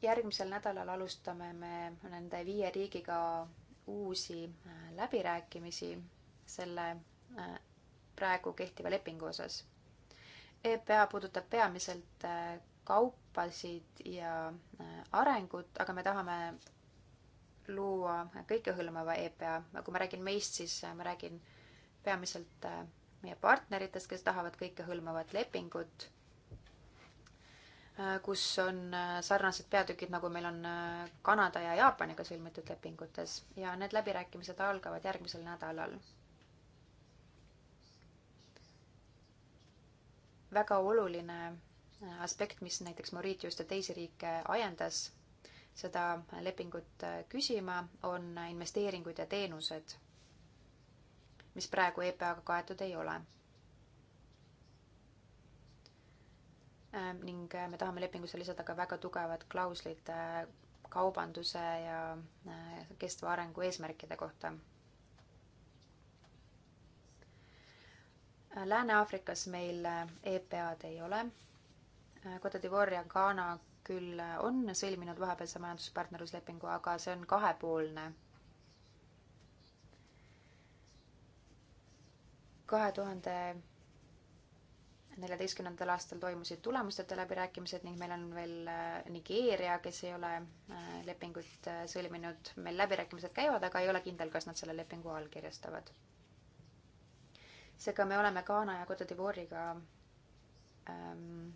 järgmisel nädalal alustame me nende viie riigiga uusi äh, läbirääkimisi selle äh, praegu kehtiva lepingu osas. EPA puudutab peamiselt kaupasid ja äh, arengut, aga me tahame luua kõikehõlmava EPA. kui ma räägin meist, siis äh, ma räägin peamiselt äh, meie partneritest, kes tahavad kõikehõlmavat lepingut, kus on sarnased peatükid, nagu meil on Kanada ja Jaapaniga sõlmitud lepingutes ja need läbirääkimised algavad järgmisel nädalal väga oluline aspekt, mis näiteks Mauritiust ja teisi riike ajendas seda lepingut äh, küsima, on investeeringud ja teenused, mis praegu EPA-ga kaetud ei ole. Äh, ning äh, me tahame lepingusse lisada ka väga tugevad klauslid kaubanduse ja kestva arengu eesmärkide kohta Lääne-Aafrikas meil EPA-d ei ole, Cote d'Ivoire ja Ghana küll on sõlminud vahepealse majanduspartnerluslepingu, aga see on kahepoolne. kahe tuhande neljateistkümnendal aastal toimusid tulemusteta läbirääkimised ning meil on veel äh, Nigeeria, kes ei ole äh, lepingut äh, sõlminud. meil läbirääkimised käivad, aga ei ole kindel, kas nad selle lepingu allkirjastavad. seega me oleme Ghana ja Cote d'Ivoire'iga ähm,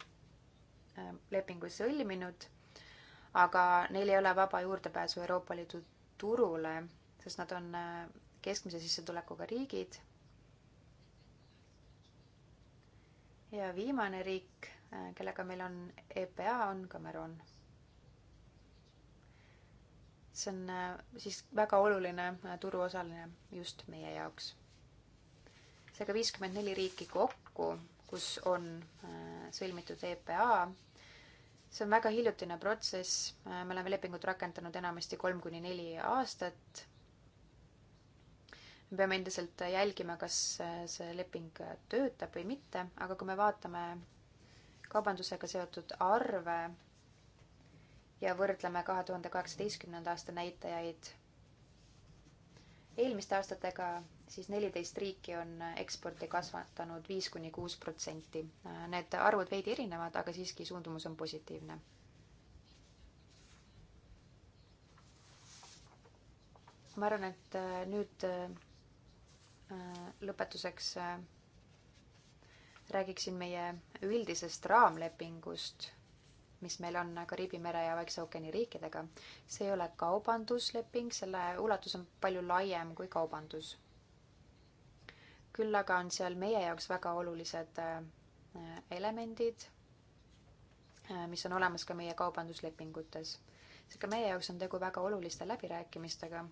Äh, lepingu sõlminud, aga neil ei ole vaba juurdepääsu Euroopa Liidu turule, sest nad on äh, keskmise sissetulekuga riigid. ja viimane riik, äh, kellega meil on EPA, on Cameroon. see on siis väga oluline turuosaline just meie jaoks. seega viiskümmend neli riiki kokku, kus on sõlmitud EPA see on väga hiljutine protsess, me oleme lepingut rakendanud enamasti kolm kuni neli aastat. me peame endiselt jälgima, kas see leping töötab või mitte, aga kui me vaatame kaubandusega seotud arve ja võrdleme kahe tuhande kaheksateistkümnenda aasta näitajaid eelmiste aastatega, siis neliteist riiki on eksporti kasvatanud viis kuni kuus protsenti. Need arvud veidi erinevad, aga siiski suundumus on positiivne. ma arvan, et äh, nüüd äh, lõpetuseks äh, räägiksin meie üldisest raamlepingust, mis meil on Kariibi mere ja Vaikse ookeani riikidega. see ei ole kaubandusleping, selle ulatus on palju laiem kui kaubandus küll aga on seal meie jaoks väga olulised äh, elemendid, äh, mis on olemas ka meie kaubanduslepingutes. seega meie jaoks on tegu väga oluliste läbirääkimistega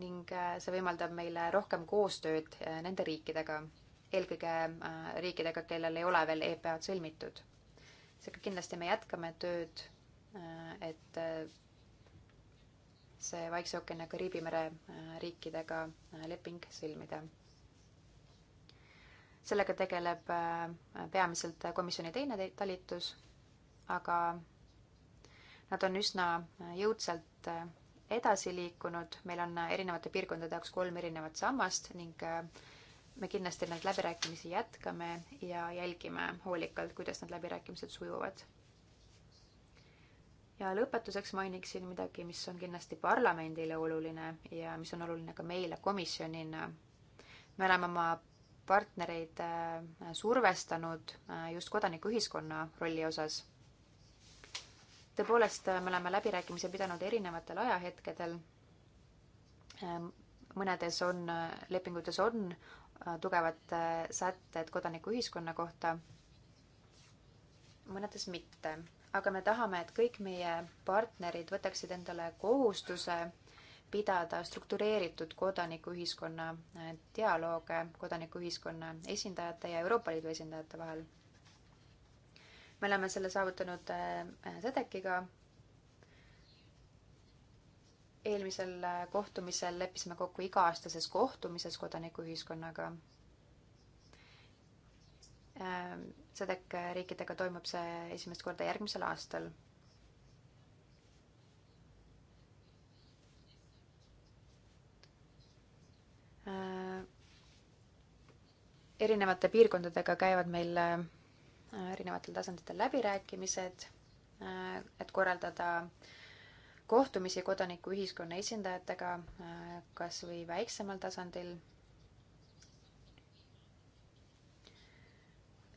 ning äh, see võimaldab meile rohkem koostööd nende riikidega, eelkõige riikidega, kellel ei ole veel EPA-d sõlmitud. seega kindlasti me jätkame tööd, et see Vaikse ookeani ja Kariibi mere äh, riikidega äh, leping sõlmida. sellega tegeleb äh, peamiselt komisjoni teine talitus, aga nad on üsna jõudsalt edasi liikunud, meil on erinevate piirkondade jaoks kolm erinevat sammast ning me kindlasti neid läbirääkimisi jätkame ja jälgime hoolikalt, kuidas need läbirääkimised sujuvad ja lõpetuseks mainiksin midagi, mis on kindlasti parlamendile oluline ja mis on oluline ka meile komisjonina. me oleme oma partnereid äh, survestanud äh, just kodanikuühiskonna rolli osas. tõepoolest, äh, me oleme läbirääkimisi pidanud erinevatel ajahetkedel. mõnedes on, lepingutes on tugevad sätted kodanikuühiskonna kohta, mõnedes mitte aga me tahame, et kõik meie partnerid võtaksid endale kohustuse pidada struktureeritud kodanikuühiskonna eh, dialoog kodanikuühiskonna esindajate ja Euroopa Liidu esindajate vahel. me oleme selle saavutanud eh, SEDEC-iga. eelmisel eh, kohtumisel leppisime kokku iga-aastases kohtumises kodanikuühiskonnaga Ehm, SEDEC riikidega toimub see esimest korda järgmisel aastal. Ehm, erinevate piirkondadega käivad meil ehm, erinevatel tasanditel läbirääkimised, et korraldada kohtumisi kodanikuühiskonna esindajatega kas või väiksemal tasandil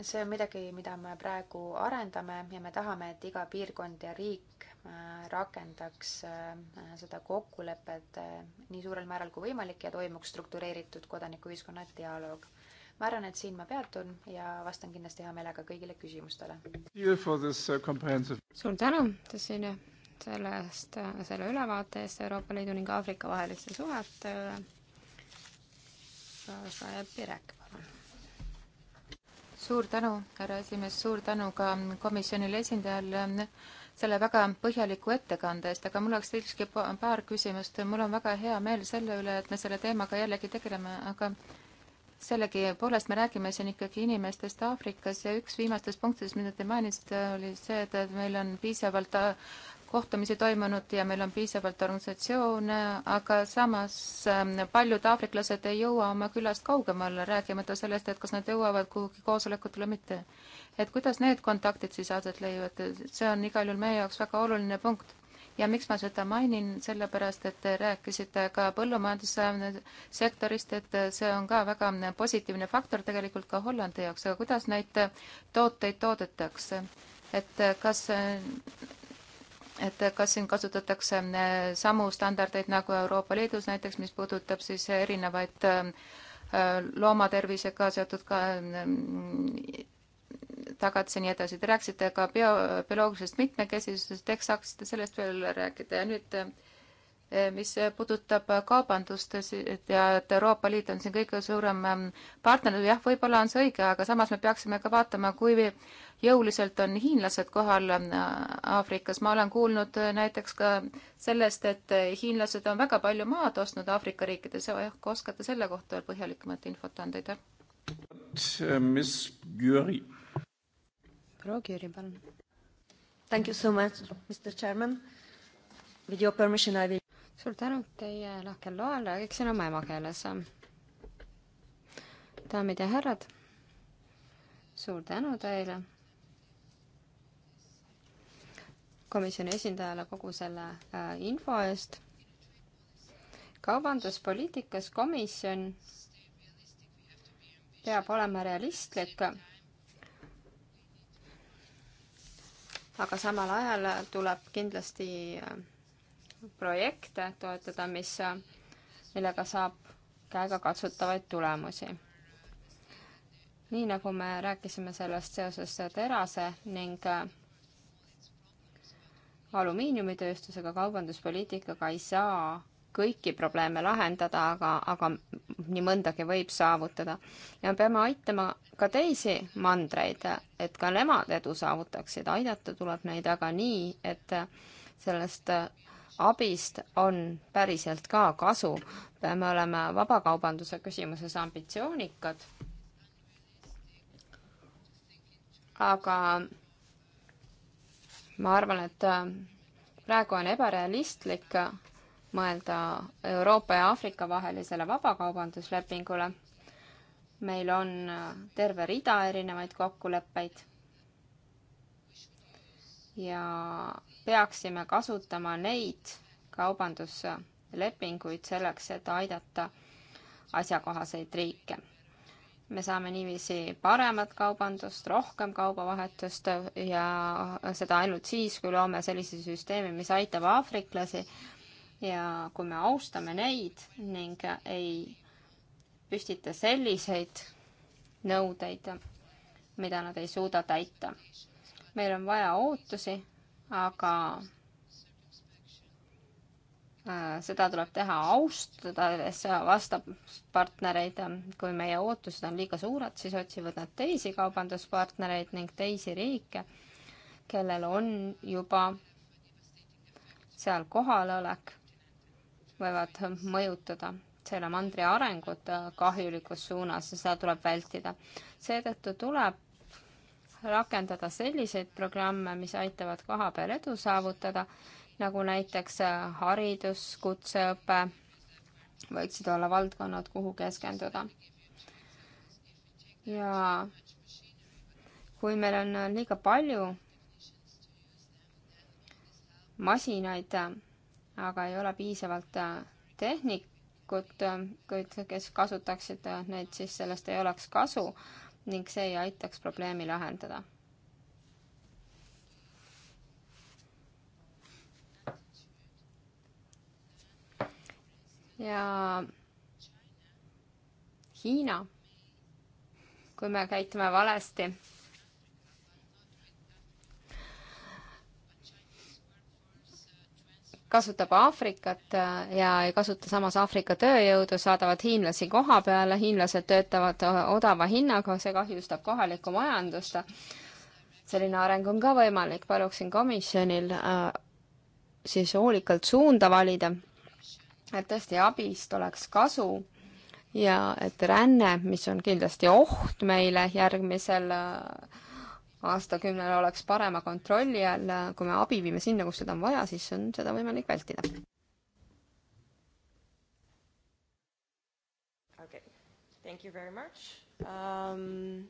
see on midagi, mida me praegu arendame ja me tahame, et iga piirkond ja riik äh, rakendaks äh, seda kokkulepet äh, nii suurel määral kui võimalik ja toimuks struktureeritud kodanikuühiskonna dialoog ma arvan, et siin ma peatun ja vastan kindlasti hea meelega kõigile küsimustele. Uh, suur tänu, Tõsine, sellest, selle ülevaate eest Euroopa Liidu ning Aafrika vaheliste suhete üle. Saeb Pirek, palun suur tänu, härra esimees, suur tänu ka komisjonile esindajale ähm, selle väga põhjaliku ettekande eest, aga mul oleks siiski paar küsimust. mul on väga hea meel selle üle, et me selle teemaga jällegi tegeleme, aga sellegipoolest me räägime siin ikkagi inimestest Aafrikas ja üks viimastest punktidest, mida te mainisite, oli see, et meil on piisavalt äh, kohtumisi toimunud ja meil on piisavalt organisatsioone, aga samas ähm, paljud aafriklased ei jõua oma külast kaugemale, rääkimata sellest, et kas nad jõuavad kuhugi koosolekutele või mitte. et kuidas need kontaktid siis aset leiavad, see on igal juhul meie jaoks väga oluline punkt. ja miks ma seda mainin, sellepärast et te rääkisite ka põllumajandussektorist, et see on ka väga positiivne faktor tegelikult ka Hollandi jaoks, aga kuidas neid tooteid toodetakse? et kas et kas siin kasutatakse äh, samu standardeid nagu Euroopa Liidus näiteks, mis puudutab siis erinevaid äh, loomatervisega seotud ka äh, tagatisi ja nii edasi. Te rääkisite ka bio, bioloogilisest mitmekesisusest, ehk saaksite sellest veel rääkida ja nüüd äh, Eh, mis puudutab kaubandust eh, ja et Euroopa Liit on siin kõige suurem ehm, partner, jah, võib-olla on see õige, aga samas me peaksime ka vaatama, kui jõuliselt on hiinlased kohal ehm, Aafrikas. ma olen kuulnud eh, näiteks ka sellest, et hiinlased on väga palju maad ostnud Aafrika riikides. ehk oskate selle kohta veel põhjalikumat infot anda, aitäh? Äh, Miss Jüri. proua Jüri, palun. Thank you so much, Mr Chairman. With your permission, I will suur tänu teie lahkel loal, räägiksin oma emakeeles. daamid ja härrad, suur tänu teile komisjoni esindajale kogu selle äh, info eest. kaubanduspoliitikas komisjon peab olema realistlik. aga samal ajal tuleb kindlasti äh, projekte toetada, mis, millega saab käegakatsutavaid tulemusi. nii nagu me rääkisime sellest seoses terase ning alumiiniumitööstusega kaubanduspoliitikaga ei saa kõiki probleeme lahendada, aga, aga nii mõndagi võib saavutada. ja me peame aitama ka teisi mandreid, et ka nemad edu saavutaksid, aidata tuleb neid aga nii, et sellest äh, abist on päriselt ka kasu. peame olema vabakaubanduse küsimuses ambitsioonikad. aga ma arvan, et äh, praegu on ebarealistlik mõelda Euroopa ja Aafrika vahelisele vabakaubanduslepingule. meil on äh, terve rida erinevaid kokkuleppeid ja peaksime kasutama neid kaubanduslepinguid selleks, et aidata asjakohaseid riike. me saame niiviisi paremat kaubandust, rohkem kaubavahetust ja seda ainult siis, kui loome sellise süsteemi, mis aitab aafriklasi ja kui me austame neid ning ei püstita selliseid nõudeid, mida nad ei suuda täita meil on vaja ootusi, aga äh, seda tuleb teha austades vastappartnereid. kui meie ootused on liiga suured, siis otsivad nad teisi kaubanduspartnereid ning teisi riike, kellel on juba seal kohalolek, võivad mõjutada selle mandri arengut kahjulikus suunas ja seda tuleb vältida. seetõttu tuleb rakendada selliseid programme, mis aitavad kohapeal edu saavutada, nagu näiteks äh, haridus, kutseõpe, võiksid olla valdkonnad, kuhu keskenduda. ja kui meil on äh, liiga palju masinaid, äh, aga ei ole piisavalt tehnikut, kuid kes kasutaksid neid, siis sellest ei oleks kasu ning see ei aitaks probleemi lahendada. ja Hiina, kui me käitume valesti kasutab Aafrikat äh, ja ei kasuta samas Aafrika tööjõudu, saadavad hiinlasi koha peale, hiinlased töötavad äh, odava hinnaga, see kahjustab kohalikku majandust. selline areng on ka võimalik, paluksin komisjonil äh, siis hoolikalt suunda valida, et tõesti abist oleks kasu ja et ränne, mis on kindlasti oht meile järgmisel äh, aastakümnel oleks parema kontrolli all, kui me abi viime sinna, kus seda on vaja, siis on seda võimalik vältida. Okay. Thank you very much um,.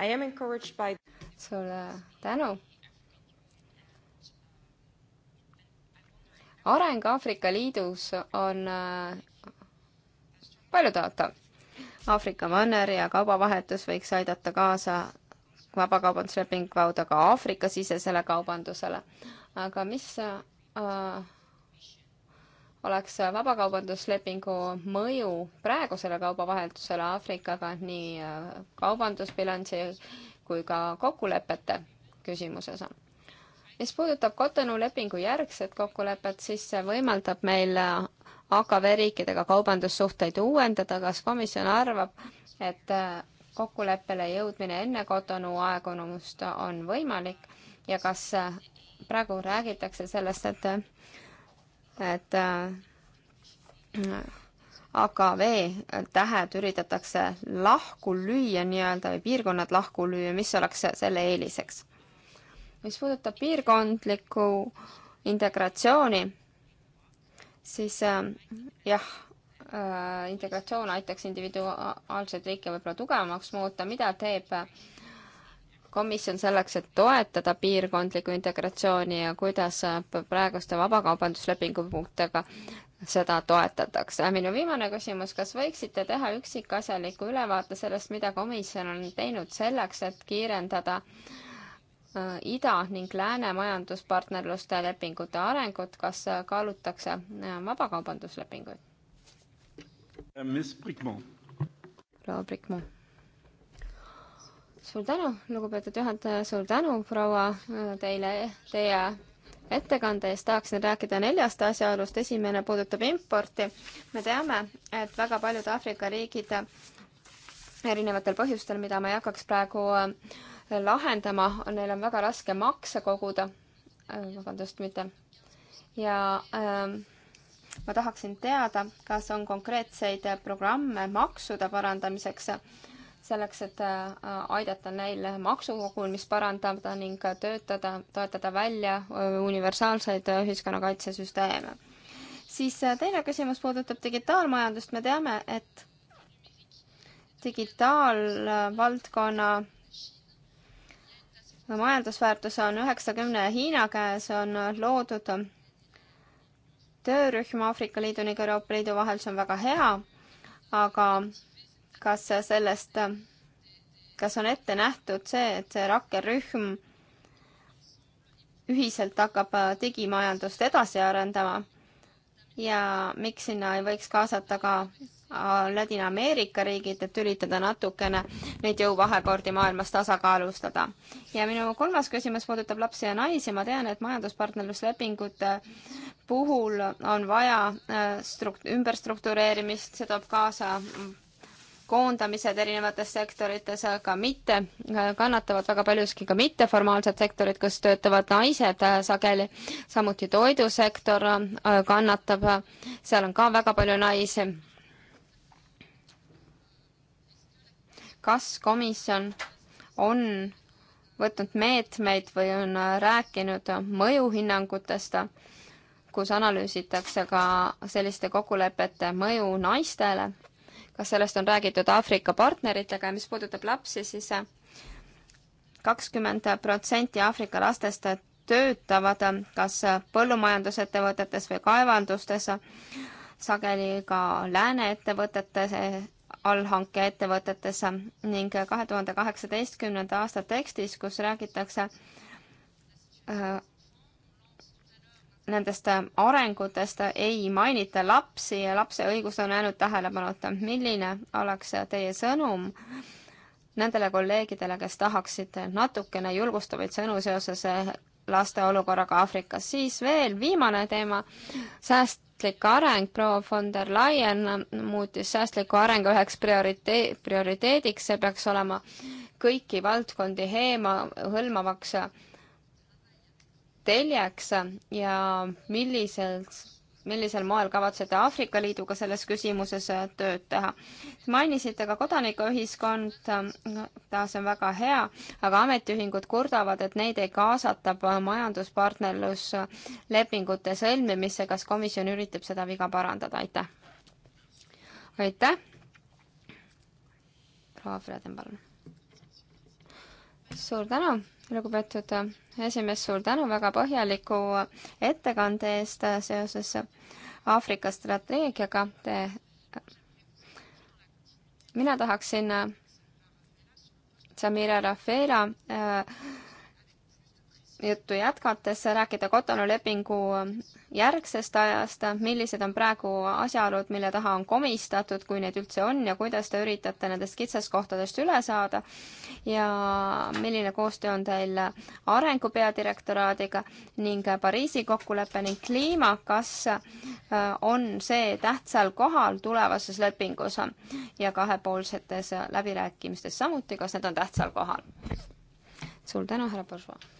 I am encouraged by. sulle tänu. areng Aafrika Liidus on äh, paljutõotav Aafrika manner ja kaubavahetus võiks aidata kaasa vabakaubandusleping kaudu ka Aafrika-sisesele kaubandusele. aga mis äh, oleks vabakaubanduslepingu mõju praegusele kaubavahetusele Aafrikaga nii äh, kaubandusbilansi kui ka kokkulepete küsimuses on? mis puudutab Cotonou lepingu järgset kokkulepet, siis see võimaldab meil äh, AKV riikidega kaubandussuhteid uuendada, kas komisjon arvab, et äh, kokkuleppele jõudmine enne Kotonu aegunumust on võimalik ja kas äh, praegu räägitakse sellest, et, et äh, AKV tähed üritatakse lahku lüüa nii-öelda või piirkonnad lahku lüüa, mis oleks selle eeliseks? mis puudutab piirkondlikku integratsiooni, siis äh, jah Äh, integratsioon aitaks individuaalseid riike võib-olla tugevamaks muuta, mida teeb komisjon selleks, et toetada piirkondlikku integratsiooni ja kuidas praeguste vabakaubanduslepingupunktidega seda toetatakse. minu viimane küsimus, kas võiksite teha üksikasjaliku ülevaate sellest, mida komisjon on teinud selleks, et kiirendada äh, ida ning lääne majanduspartnerluste lepingute arengut, kas kaalutakse äh, vabakaubanduslepinguid? Euh, proua Prikmo. suur tänu, lugupeetud juhataja, suur tänu, proua, äh, teile, teie ettekande eest tahaksin rääkida neljast asjaolust. esimene puudutab importi. me teame, et väga paljud Aafrika riigid erinevatel põhjustel, mida ma ei hakkaks praegu äh, lahendama, neil on väga raske makse koguda, äh, vabandust, mitte, ja ähm, ma tahaksin teada, kas on konkreetseid programme maksude parandamiseks, selleks, et äh, aidata neil maksukogumist parandada ning töötada, toetada välja äh, universaalseid äh, ühiskonnakaitsesüsteeme. siis teine küsimus puudutab digitaalmajandust, me teame, et digitaalvaldkonna majandusväärtus on üheksakümne Hiina käes, on loodud töörühm Aafrika Liidu ning Euroopa Liidu vahel, see on väga hea, aga kas sellest, kas on ette nähtud see, et see rakkerühm ühiselt hakkab digimajandust edasi arendama ja miks sinna ei võiks kaasata ka Ladina-Ameerika riigid, et üritada natukene neid jõuvahekordi maailmas tasakaalustada. ja minu kolmas küsimus puudutab lapsi ja naisi, ma tean, et majanduspartnerluslepingute puhul on vaja äh, struk-, ümberstruktureerimist, see toob kaasa koondamised erinevates sektorites, aga mitte, äh, kannatavad väga paljuski ka mitteformaalsed sektorid, kus töötavad naised äh, sageli. samuti toidusektor kannatab, seal on ka väga palju naisi kas komisjon on võtnud meetmeid või on rääkinud mõjuhinnangutest, kus analüüsitakse ka selliste kokkulepete mõju naistele. kas sellest on räägitud Aafrika partneritega ja mis puudutab lapsi, siis kakskümmend protsenti Aafrika lastest töötavad kas põllumajandusettevõtetes või kaevandustes, sageli ka lääne ettevõtetes allhankeettevõtetes ning kahe tuhande kaheksateistkümnenda aasta tekstis, kus räägitakse äh, nendest arengutest ei mainita lapsi ja lapse õigus on jäänud tähelepanuta. milline oleks teie sõnum nendele kolleegidele, kes tahaksid natukene julgustavaid sõnu seoses laste olukorraga Aafrikas, siis veel viimane teema, sääst-, säästlik areng, proua von der Leyen muutis säästliku arengu üheks priorite-, prioriteediks, see peaks olema kõiki valdkondi heema, hõlmavaks teljeks ja milliselt millisel moel kavatsete Aafrika Liiduga selles küsimuses äh, tööd teha. mainisite ka kodanikuühiskonda, äh, see on väga hea, aga ametiühingud kurdavad, et neid ei kaasata majanduspartnerluslepingute sõlmimisse. kas komisjon üritab seda viga parandada? aitäh! aitäh! proua Freden, palun! suur tänu! lugupeetud äh, esimees, suur tänu väga põhjaliku äh, ettekande eest äh, seoses Aafrika strateegiaga. Te, mina tahaksin Samira Rafeela äh, juttu jätkates rääkida Cotonou lepingu järgsest ajast, millised on praegu asjaolud, mille taha on komistatud, kui neid üldse on ja kuidas te üritate nendest kitsaskohtadest üle saada ja milline koostöö on teil arengu peadirektoraadiga ning Pariisi kokkulepe ning kliima, kas äh, on see tähtsal kohal tulevases lepingus ja kahepoolsetes läbirääkimistes samuti, kas need on tähtsal kohal? suur tänu, härra Bourgeois!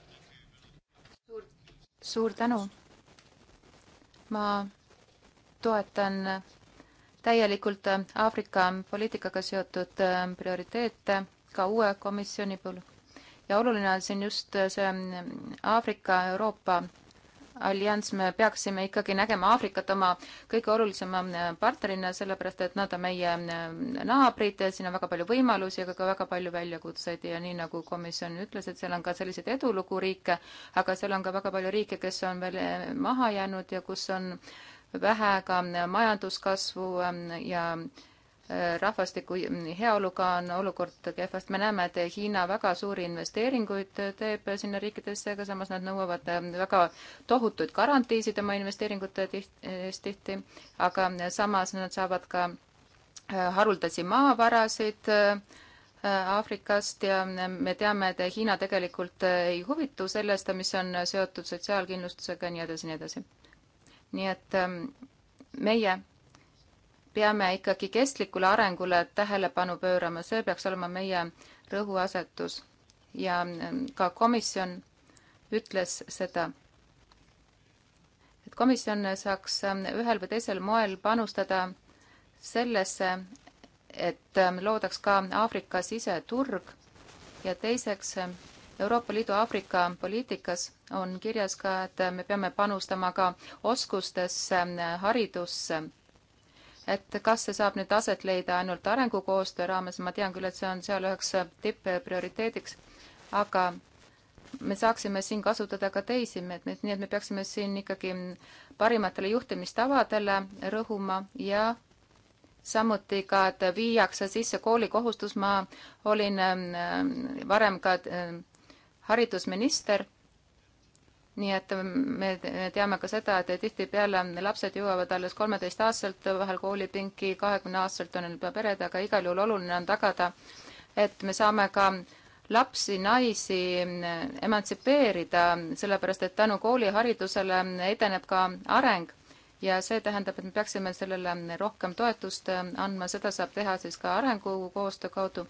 suur tänu. ma toetan täielikult Aafrika poliitikaga seotud äh, prioriteete ka uue komisjoni puhul ja oluline on siin just äh, see äh, Aafrika-Euroopa allianss, me peaksime ikkagi nägema Aafrikat oma kõige olulisema äh, partnerina, sellepärast et nad on meie äh, naabrid, siin on väga palju võimalusi, aga ka väga palju väljakutseid ja nii nagu komisjon ütles, et seal on ka selliseid edulugu riike, aga seal on ka väga palju riike, kes on veel äh, maha jäänud ja kus on vähe ka majanduskasvu ähm, ja äh, rahvastiku heaoluga on olukord kehvast. me näeme, et Hiina väga suuri investeeringuid teeb sinna riikidesse, aga samas nad nõuavad väga tohutuid garantiisid oma investeeringute eest tihti, aga samas nad saavad ka äh, haruldasi maavarasid äh, Aafrikast ja me teame, et Hiina tegelikult ei huvitu sellest, mis on seotud sotsiaalkindlustusega ja nii edasi, nii edasi. nii et ähm, meie peame ikkagi kestlikule arengule tähelepanu pöörama, see peaks olema meie rõhuasetus. ja ähm, ka komisjon ütles seda, et komisjon saaks ähm, ühel või teisel moel panustada sellesse, et ähm, loodaks ka Aafrika siseturg ja teiseks Euroopa Liidu Aafrika poliitikas on kirjas ka, et äh, me peame panustama ka oskustesse, haridusse et kas see saab nüüd aset leida ainult arengukoostöö raames, ma tean küll, et see on seal üheks tipp-prioriteediks, aga me saaksime siin kasutada ka teisi meetmeid, nii et me peaksime siin ikkagi parimatele juhtimistavadele rõhuma ja samuti ka, et viiakse sisse koolikohustus, ma olin ähm, varem ka ähm, haridusminister nii et me teame ka seda, et tihtipeale lapsed jõuavad alles kolmeteistaastaselt vahel koolipinki, kahekümneaastaselt on neil juba pered, aga igal juhul oluline on tagada, et me saame ka lapsi, naisi emantsipeerida, sellepärast et tänu kooliharidusele edeneb ka areng ja see tähendab, et me peaksime sellele rohkem toetust andma, seda saab teha siis ka arengukoostöö kaudu,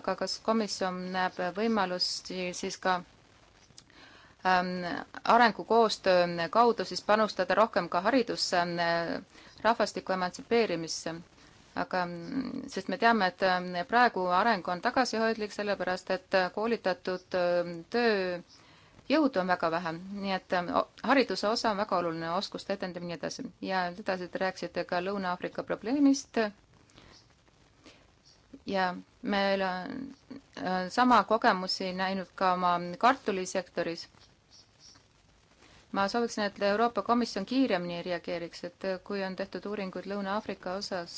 aga kas komisjon näeb võimalust siis ka Ähm, arengukoostöö ähm, kaudu siis panustada rohkem ka haridusse, ähm, rahvastiku emantsipeerimisse. aga, sest me teame, et praegu areng on tagasihoidlik, sellepärast et äh, koolitatud tööjõudu on väga vähe, nii et hariduse osa on väga oluline, oskuste etendamine ja nii edasi. ja edasi te rääkisite ka Lõuna-Aafrika probleemist ja meil on äh, sama kogemusi näinud ka oma kartulisektoris ma sooviksin, et Euroopa Komisjon kiiremini reageeriks, et kui on tehtud uuringuid Lõuna-Aafrika osas,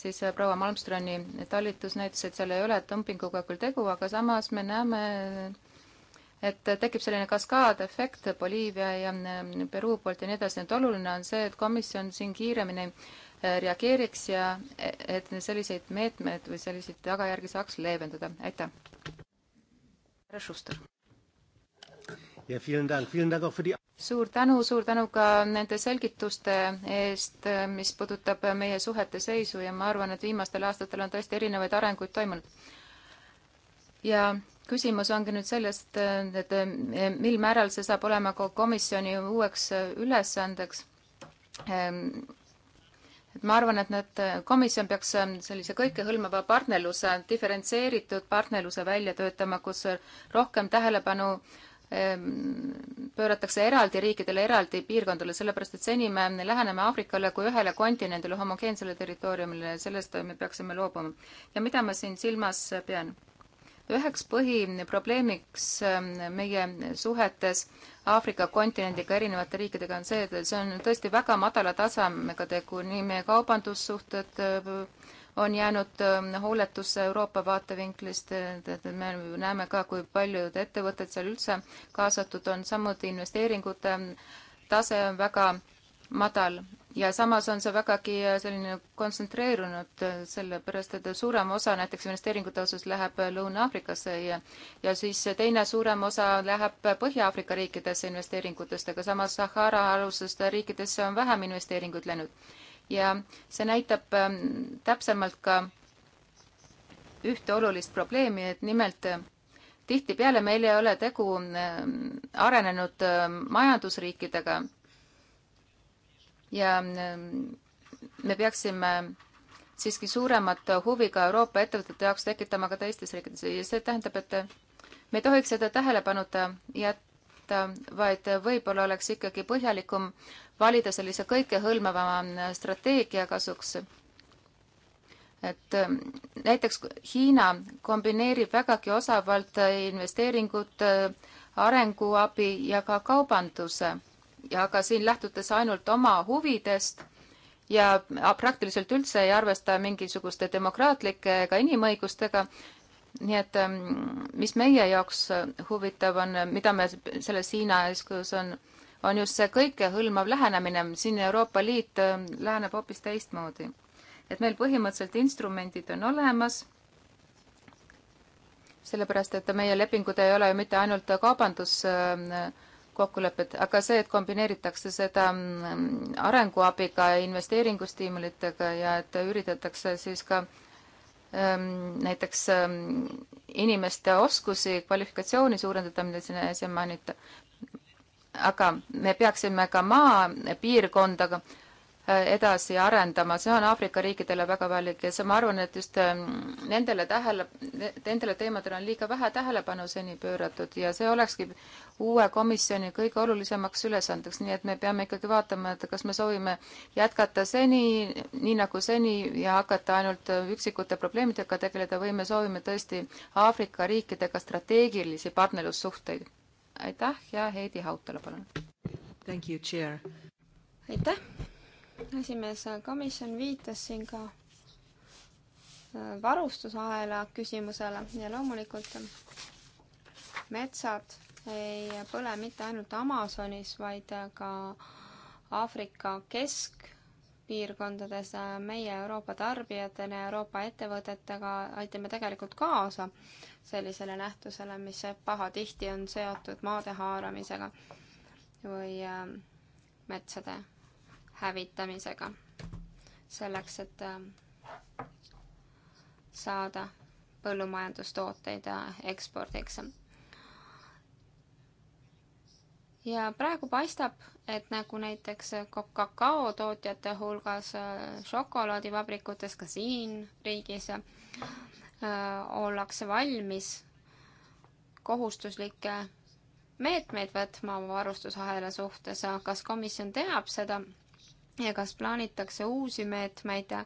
siis proua Malmstroni talitus näitas, et seal ei ole dumpinguga küll tegu, aga samas me näeme, et tekib selline kaskaadefekt Boliivia ja Peruu poolt ja nii edasi, et oluline on see, et komisjon siin kiiremini reageeriks ja et selliseid meetmeid või selliseid tagajärgi saaks leevendada, aitäh. härra Schuster suur tänu, suur tänu ka nende selgituste eest, mis puudutab meie suhete seisu ja ma arvan, et viimastel aastatel on tõesti erinevaid arenguid toimunud. ja küsimus ongi nüüd sellest, et mil määral see saab olema ka komisjoni uueks ülesandeks. et ma arvan, et need, komisjon peaks sellise kõikehõlmava partnerluse, diferentseeritud partnerluse välja töötama, kus rohkem tähelepanu äh, Ehm, pööratakse eraldi riikidele, eraldi piirkondadele, sellepärast et seni me läheneme Aafrikale kui ühele kontinendile, homogeensele territooriumile ja sellest me peaksime loobuma. ja mida ma siin silmas pean? üheks põhiprobleemiks ehm, meie suhetes Aafrika kontinendiga, erinevate riikidega on see, et see on tõesti väga madala tasemega tegu, nii meie kaubandussuhted, on jäänud ähm, hooletusse Euroopa vaatevinklist, et me näeme ka, kui paljud ettevõtted seal üldse kaasatud on, samuti investeeringute tase on väga madal ja samas on see vägagi äh, selline kontsentreerunud, äh, sellepärast et suurem osa näiteks investeeringute osas läheb äh, Lõuna-Aafrikasse ja ja siis teine suurem osa läheb Põhja-Aafrika riikidesse investeeringutest, aga samas Sahara alusest riikidesse on vähem investeeringuid läinud ja see näitab ähm, täpsemalt ka ühte olulist probleemi, et nimelt äh, tihtipeale meil ei ole tegu ähm, arenenud ähm, majandusriikidega ja me peaksime siiski suuremat huvi ka Euroopa ettevõtete jaoks tekitama ka teistes riikides ja see tähendab, et me ei tohiks seda tähelepanuta jätta, vaid võib-olla oleks ikkagi põhjalikum valida sellise kõikehõlmavama mm, strateegia kasuks. et mm, näiteks Hiina kombineerib vägagi osavalt investeeringud, mm, arenguabi ja ka kaubanduse, aga siin lähtudes ainult oma huvidest ja praktiliselt üldse ei arvesta mingisuguste demokraatlike ega inimõigustega, nii et mis meie jaoks huvitav on, mida me selles Hiina eeskujus on on just see kõikehõlmav lähenemine, siin Euroopa Liit äh, läheneb hoopis teistmoodi. et meil põhimõtteliselt instrumendid on olemas, sellepärast et meie lepingud ei ole ju mitte ainult kaubanduskokkulepped, aga see, et kombineeritakse seda mm, arenguabiga, investeeringustiimulitega ja et üritatakse siis ka ähm, näiteks ähm, inimeste oskusi, kvalifikatsiooni suurendada, mida siin äsja mainiti aga me peaksime ka maapiirkonda äh, edasi arendama, see on Aafrika riikidele väga vajalik ja see, ma arvan, et just ähm, nendele tähele, nendele teemadele on liiga vähe tähelepanu seni pööratud ja see olekski uue komisjoni kõige olulisemaks ülesandeks, nii et me peame ikkagi vaatama, et kas me soovime jätkata seni, nii nagu seni, ja hakata ainult äh, üksikute probleemidega tegeleda või me soovime tõesti Aafrika riikidega strateegilisi partnerlussuhteid aitäh ja Heidi Hautala, palun. Thank you, chair. aitäh. esimees, komisjon viitas siin ka äh, varustusahela küsimusele ja loomulikult metsad ei põle mitte ainult Amazonis, vaid ka Aafrika kesk piirkondades äh, meie Euroopa tarbijatena, Euroopa ettevõtetega aitame tegelikult kaasa sellisele nähtusele, mis pahatihti on seotud maade haaramisega või äh, metsade hävitamisega. selleks, et äh, saada põllumajandustooteid ekspordiks. ja praegu paistab et nagu näiteks kakaotootjate hulgas, äh, šokolaadivabrikutes ka siin riigis äh, ollakse valmis kohustuslikke meetmeid võtma oma varustusahela suhtes, kas komisjon teab seda ja kas plaanitakse uusi meetmeid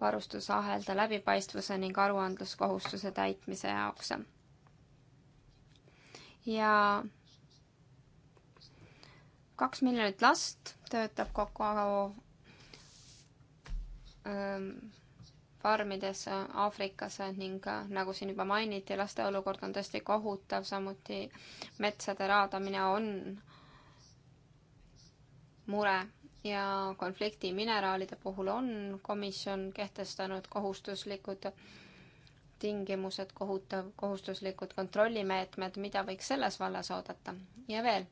varustusahelda läbipaistvuse ning aruandluskohustuse täitmise jaoks? ja kaks miljonit last töötab kokku ähm, farmides äh, Aafrikas äh, ning äh, nagu siin juba mainiti, laste olukord on tõesti kohutav, samuti metsade raadamine on mure ja konflikti mineraalide puhul on komisjon kehtestanud kohustuslikud tingimused, kohutav, kohustuslikud kontrollimeetmed, mida võiks selles vallas oodata ja veel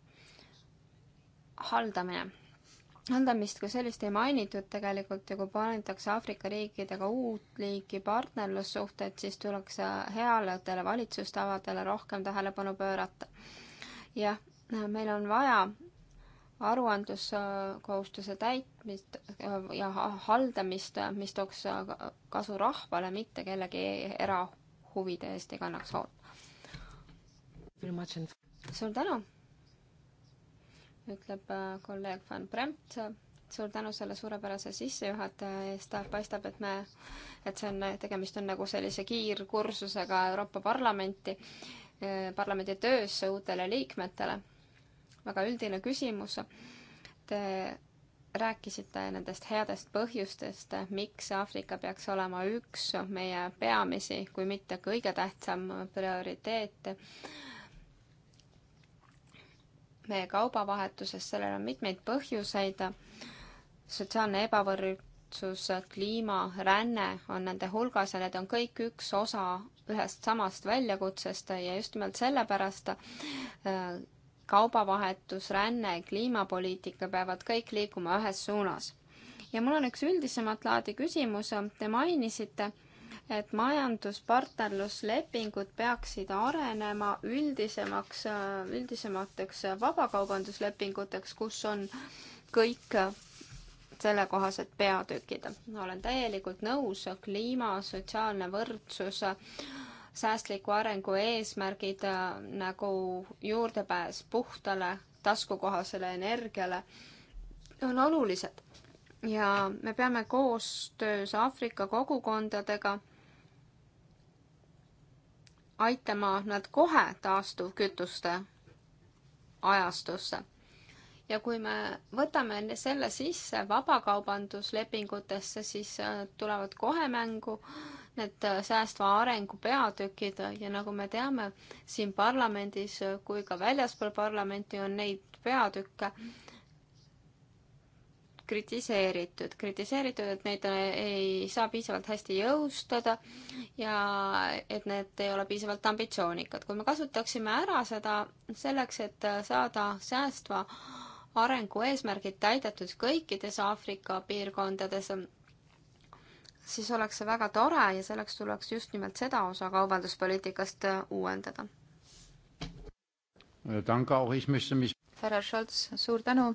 haldamine. haldamist kui sellist ei mainitud tegelikult ja kui plaanitakse Aafrika riikidega uut liiki partnerlussuhted, siis tuleks heaoludele valitsustavadele rohkem tähelepanu pöörata. jah, meil on vaja aruandluskohustuse täitmist ja haldamist, mis tooks kasu rahvale, mitte kellegi erahuvide eest ei kannaks hoolt. suur tänu! ütleb äh, kolleeg Van Bremt. suur tänu selle suurepärase sissejuhataja eest, paistab, et me, et see on, tegemist on nagu sellise kiirkursusega Euroopa Parlamenti, äh, parlamendi töösse uutele liikmetele. väga üldine küsimus. Te rääkisite nendest headest põhjustest, miks Aafrika peaks olema üks meie peamisi, kui mitte kõige tähtsam prioriteet meie kaubavahetuses, sellel on mitmeid põhjuseid. sotsiaalne ebavõrdsus, kliima, ränne on nende hulgas ja need on kõik üks osa ühest samast väljakutsest ja just nimelt sellepärast äh, kaubavahetus, ränne, kliimapoliitika peavad kõik liikuma ühes suunas. ja mul on üks üldisemat laadi küsimus, te mainisite et majanduspartnerluslepingud peaksid arenema üldisemaks, üldisemateks vabakaubanduslepinguteks, kus on kõik sellekohased peatükid. olen täielikult nõus, kliima, sotsiaalne võrdsus, säästliku arengu eesmärgid äh, nagu juurdepääs puhtale, taskukohasele energiale on olulised. ja me peame koostöös Aafrika kogukondadega aitama nad kohe taastuvkütuste ajastusse. ja kui me võtame selle sisse vabakaubanduslepingutesse, siis äh, tulevad kohe mängu need äh, säästva arengu peatükid ja nagu me teame, siin parlamendis äh, kui ka väljaspool parlamenti on neid peatükke, kritiseeritud, kritiseeritud, et neid ei saa piisavalt hästi jõustada ja et need ei ole piisavalt ambitsioonikad. kui me kasutaksime ära seda selleks, et saada säästva arengu eesmärgid täidetud kõikides Aafrika piirkondades, siis oleks see väga tore ja selleks tuleks just nimelt seda osa kaubanduspoliitikast uuendada. Äh, härra Scholz, suur tänu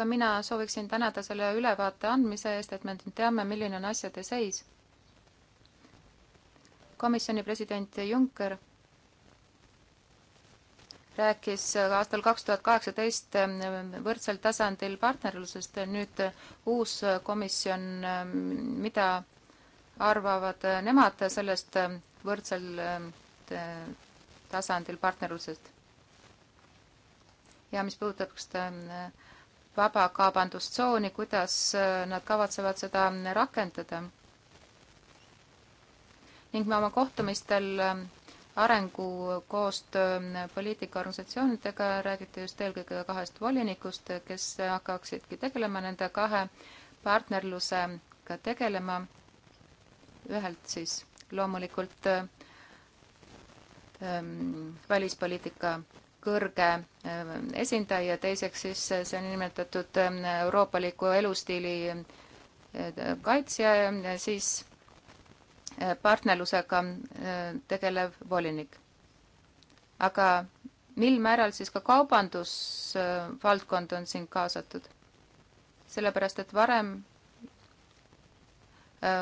ka mina sooviksin tänada selle ülevaate andmise eest, et me teame, milline on asjade seis. komisjoni president Juncker rääkis aastal kaks tuhat kaheksateist võrdsel tasandil partnerlusest, nüüd uus komisjon, mida arvavad nemad sellest võrdsel tasandil partnerlusest? ja mis puudutab seda äh, vabakaubandustsooni, kuidas äh, nad kavatsevad seda rakendada. ning me oma kohtumistel äh, arengukoostöö äh, poliitikaorganisatsioonidega räägiti just eelkõige kahest volinikust, kes hakkaksidki tegelema nende kahe partnerlusega tegelema. ühelt siis loomulikult ähm, välispoliitika kõrge äh, esindaja, teiseks siis äh, see niinimetatud ähm, euroopaliku elustiili äh, kaitsja, siis partnerlusega tegelev volinik. aga mil määral siis ka kaubandusvaldkond on siin kaasatud? sellepärast, et varem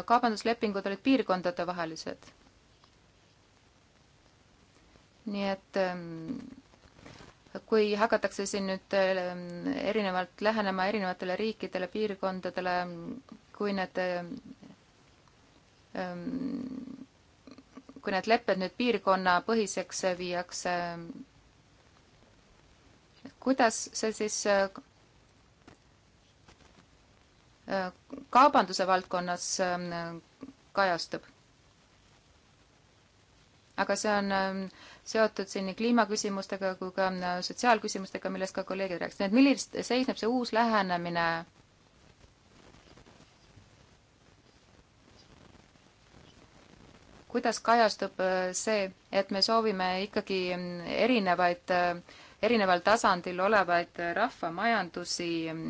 kaubanduslepingud olid piirkondadevahelised. nii et ähm, kui hakatakse siin nüüd ähm, erinevalt lähenema erinevatele riikidele, piirkondadele, kui need, ähm, kui need lepped nüüd piirkonnapõhiseks viiakse, kuidas see siis äh, kaubanduse valdkonnas ähm, kajastub? aga see on seotud siin nii kliimaküsimustega kui ka äh, sotsiaalküsimustega, millest ka kolleegid rääkisid. nii et millist seisneb see uus lähenemine kuidas kajastub äh, see, et me soovime ikkagi mm, erinevaid, äh, erineval tasandil olevaid rahvamajandusi mm,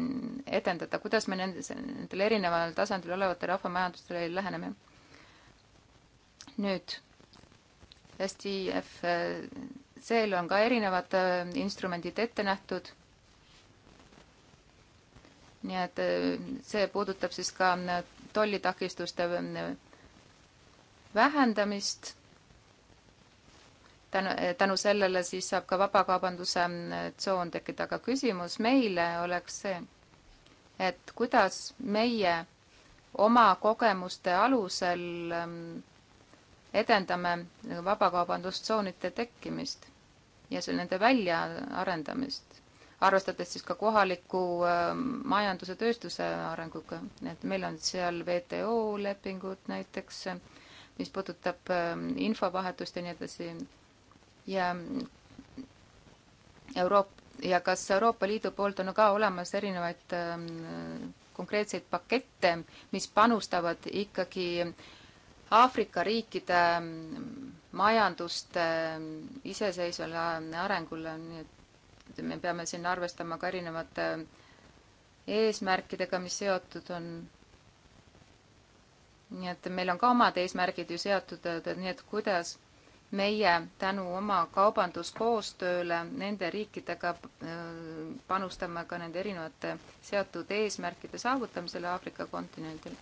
edendada, kuidas me nendes, nendele erineval tasandil olevate rahvamajandustele läheneme? nüüd sest IFC-l on ka erinevad äh, instrumendid ette nähtud. nii et äh, see puudutab siis ka äh, tollitakistuste vähendamist. tänu, tänu sellele siis saab ka vabakaubanduse tsoon tekkida, aga küsimus meile oleks see, et kuidas meie oma kogemuste alusel ähm, edendame vabakaubandustsoonide tekkimist ja nende väljaarendamist, arvestades siis ka kohaliku ähm, majanduse, tööstuse arenguga, et meil on seal WTO lepingud näiteks, mis puudutab ähm, infovahetust ja nii edasi ja Euroop- ja kas Euroopa Liidu poolt on ka olemas erinevaid ähm, konkreetseid pakette, mis panustavad ikkagi äh, Aafrika riikide mm, majanduste mm, iseseisvale arengule, nii et me peame siin arvestama ka erinevate mm, eesmärkidega, mis seotud on. nii et meil on ka omad eesmärgid ju seotud, nii et kuidas meie tänu oma kaubanduskoostööle nende riikidega panustame ka nende erinevate seatud eesmärkide saavutamisele Aafrika kontinendil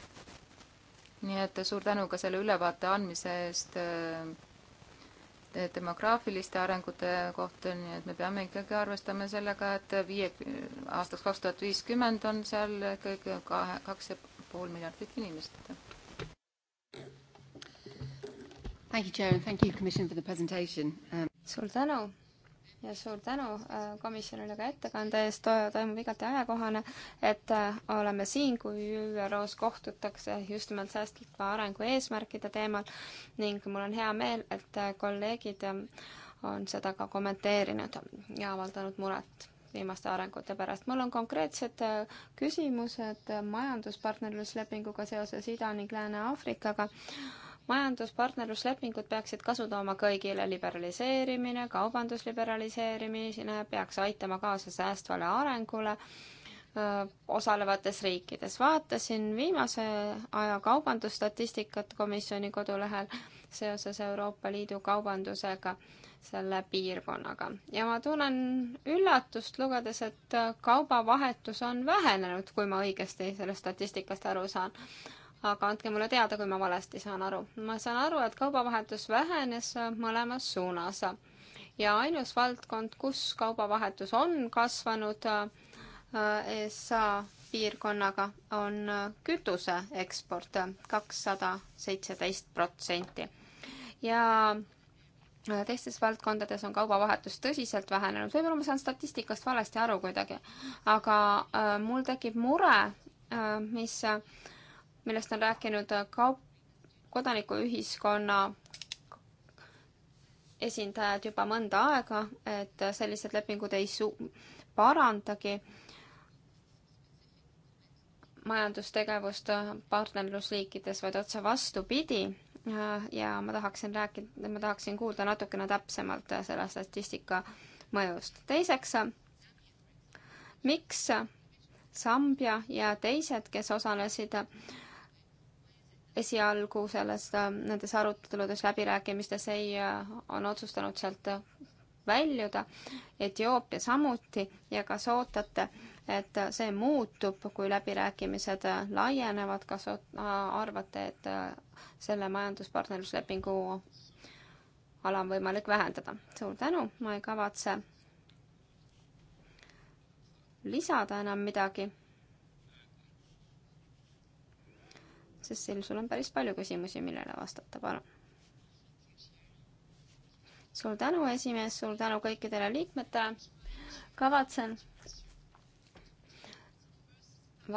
nii et suur tänu ka selle ülevaate andmise eest äh, demograafiliste arengute kohta, nii et me peame ikkagi arvestama sellega, et viie, aastaks kaks tuhat viiskümmend on seal kõige kahe, kaks ja pool miljardit inimest. Thank you, Chair, and thank you, Commission, for the presentation um.... suur tänu ja suur tänu äh, komisjonile ka ettekande eest, toimub igati ajakohane, et äh, oleme siin, kui ÜRO-s kohtutakse just nimelt säästliku arengu eesmärkide teemal ning mul on hea meel, et äh, kolleegid ähm, on seda ka kommenteerinud ja avaldanud muret viimaste arengute pärast. mul on konkreetsed küsimused majanduspartnerluslepinguga seoses Ida- ning Lääne-Aafrikaga majanduspartnerluslepingud peaksid kasu tooma kõigile, liberaliseerimine, kaubandusliberaliseerimine peaks aitama kaasa säästvale arengule osalevates riikides. vaatasin viimase aja kaubandusstatistikat komisjoni kodulehel seoses Euroopa Liidu kaubandusega selle piirkonnaga ja ma tunnen üllatust lugedes, et kaubavahetus on vähenenud, kui ma õigesti sellest statistikast aru saan aga andke mulle teada, kui ma valesti saan aru. ma saan aru, et kaubavahetus vähenes mõlemas suunas ja ainus valdkond, kus kaubavahetus on kasvanud äh, ESA piirkonnaga, on kütuse eksport kakssada seitseteist protsenti ja teistes valdkondades on kaubavahetus tõsiselt vähenenud, võib-olla ma saan statistikast valesti aru kuidagi, aga äh, mul tekib mure äh,, mis äh, millest on rääkinud äh, kaup-, kodanikuühiskonna esindajad juba mõnda aega, et äh, sellised lepingud ei su-, parandagi majandustegevust äh, partnerlusliikides, vaid otse vastupidi. ja ma tahaksin rääkida, ma tahaksin kuulda natukene täpsemalt selle statistika mõjust. teiseks, miks Sambia ja teised, kes osalesid äh, esialgu selles, äh, nendes aruteludes, läbirääkimistes ei, äh, on otsustanud sealt äh, väljuda, Etioopia samuti ja kas ootate, et see muutub, kui läbirääkimised laienevad, kas arvate, et selle majanduspartnerluslepingu ala on võimalik vähendada? suur tänu, ma ei kavatse lisada enam midagi Cecil, sul on päris palju küsimusi, millele vastata, palun. suur tänu, esimees, suur tänu kõikidele liikmetele. kavatsen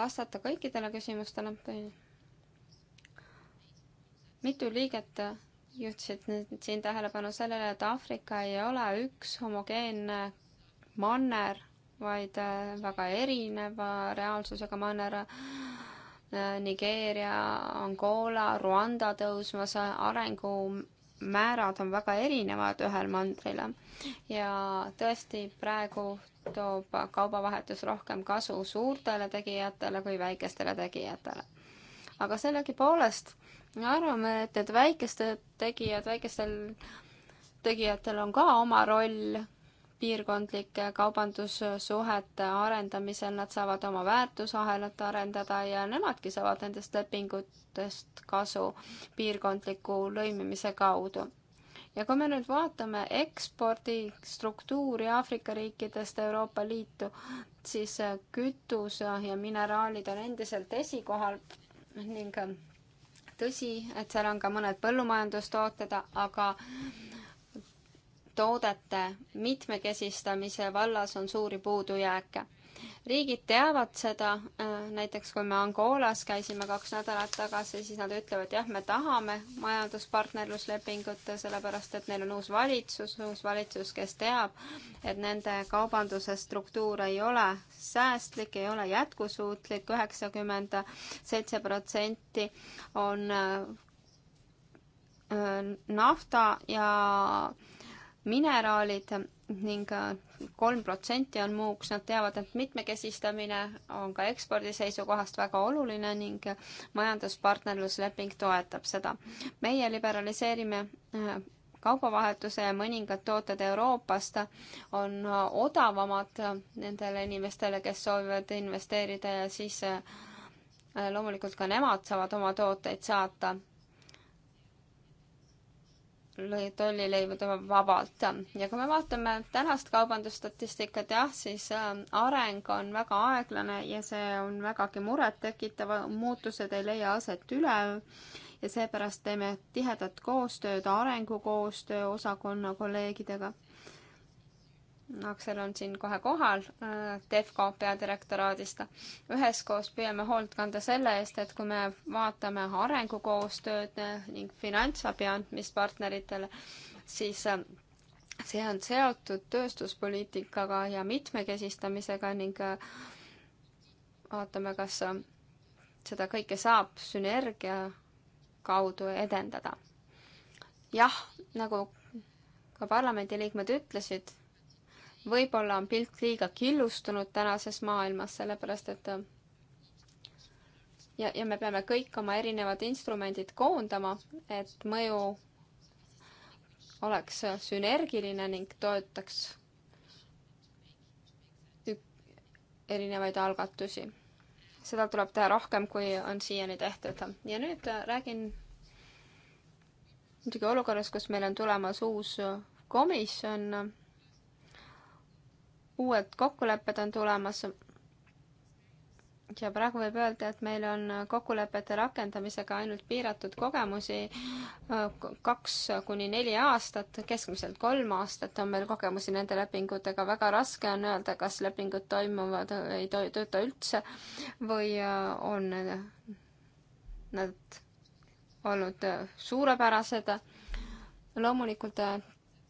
vastata kõikidele küsimustele. mitu liiget juhtisid nüüd siin tähelepanu sellele, et Aafrika ei ole üks homogeenne manner, vaid väga erineva reaalsusega manner Nigeeria, Angola, Rwanda tõusmas, arengumäärad on väga erinevad ühel mandril ja tõesti praegu toob kaubavahetus rohkem kasu suurtele tegijatele kui väikestele tegijatele. aga sellegipoolest arvame, et need väikesed tegijad, väikestel tegijatel on ka oma roll piirkondlike kaubandussuhete arendamisel, nad saavad oma väärtusahelat arendada ja nemadki saavad nendest lepingutest kasu piirkondliku lõimimise kaudu. ja kui me nüüd vaatame ekspordistruktuuri Aafrika riikidest Euroopa Liitu, siis kütus ja mineraalid on endiselt esikohal ning tõsi, et seal on ka mõned põllumajandustooted, aga toodete mitmekesistamise vallas on suuri puudujääke. riigid teavad seda, äh, näiteks kui me Angolas käisime kaks nädalat tagasi, siis nad ütlevad jah, me tahame majanduspartnerluslepingut, sellepärast et neil on uus valitsus, uus valitsus, kes teab, et nende kaubanduse struktuur ei ole säästlik, ei ole jätkusuutlik, üheksakümmend seitse protsenti on äh, nafta ja mineraalid ning äh, kolm protsenti on muuks, nad teavad, et mitmekesistamine on ka ekspordi seisukohast väga oluline ning majanduspartnerlusleping toetab seda. meie liberaliseerime äh, kaubavahetuse ja mõningad tooted Euroopast on äh, odavamad nendele inimestele, kes soovivad investeerida ja siis loomulikult ka nemad saavad oma tooteid saata tollileive tuleb vabalt. ja kui me vaatame tänast kaubandusstatistikat, jah, siis äh, areng on väga aeglane ja see on vägagi murettekitav, muutused ei leia aset üleöö ja seepärast teeme tihedat koostööd arengukoostöö osakonna kolleegidega Aksel on siin kohe kohal äh, Defco peadirektoraadist. üheskoos püüame hoolt kanda selle eest, et kui me vaatame arengukoostööd äh, ning finantsabi andmist partneritele, siis äh, see on seotud tööstuspoliitikaga ja mitmekesistamisega ning vaatame, kas seda kõike saab sünergia kaudu edendada. jah, nagu ka parlamendiliikmed ütlesid võib-olla on pilt liiga killustunud tänases maailmas, sellepärast et ja, ja me peame kõik oma erinevad instrumendid koondama, et mõju oleks sünergiline ning toetaks erinevaid algatusi. seda tuleb teha rohkem, kui on siiani tehtud. ja nüüd räägin muidugi olukorras, kus meil on tulemas uus komisjon uued kokkulepped on tulemas. ja praegu võib öelda, et meil on kokkulepete rakendamisega ainult piiratud kogemusi, kaks kuni neli aastat, keskmiselt kolm aastat on meil kogemusi nende lepingutega, väga raske on öelda, kas lepingud toimuvad, ei tööta üldse või äh, on nad olnud suurepärased. loomulikult äh,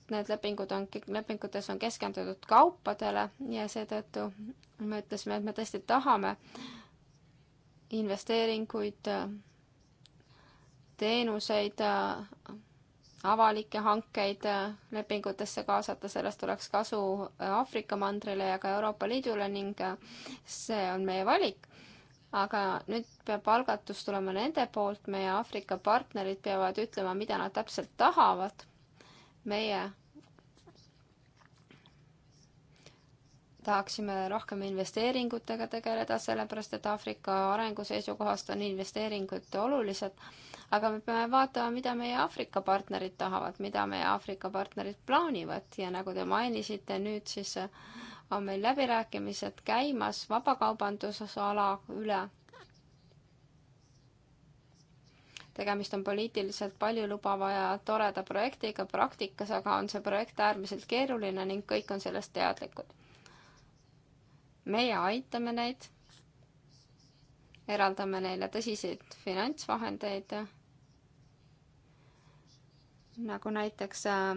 sest need lepingud on, lepingutes on keskendutud kaupadele ja seetõttu me ütlesime, et me tõesti tahame investeeringuid, teenuseid, avalikke hankeid lepingutesse kaasata, sellest oleks kasu Aafrika mandrile ja ka Euroopa Liidule ning see on meie valik aga nüüd peab algatus tulema nende poolt, meie Aafrika partnerid peavad ütlema, mida nad täpselt tahavad. meie tahaksime rohkem investeeringutega tegeleda, sellepärast et Aafrika arengu seisukohast on investeeringud olulised, aga me peame vaatama, mida meie Aafrika partnerid tahavad, mida meie Aafrika partnerid plaanivad ja nagu te mainisite, nüüd siis on meil läbirääkimised käimas vabakaubandusala üle. tegemist on poliitiliselt paljulubava ja toreda projektiga praktikas, aga on see projekt äärmiselt keeruline ning kõik on sellest teadlikud meie aitame neid, eraldame neile tõsiseid finantsvahendeid, nagu näiteks äh,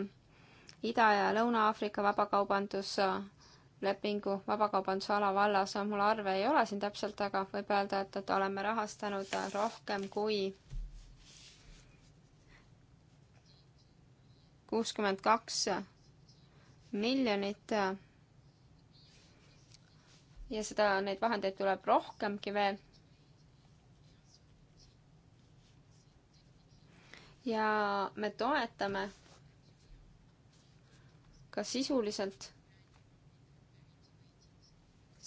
Ida- ja Lõuna-Aafrika vabakaubanduslepingu, vabakaubandusala vallas, mul arve ei ole siin täpselt, aga võib öelda, et, et oleme rahastanud äh, rohkem kui kuuskümmend kaks miljonit äh, ja seda, neid vahendeid tuleb rohkemgi veel. ja me toetame ka sisuliselt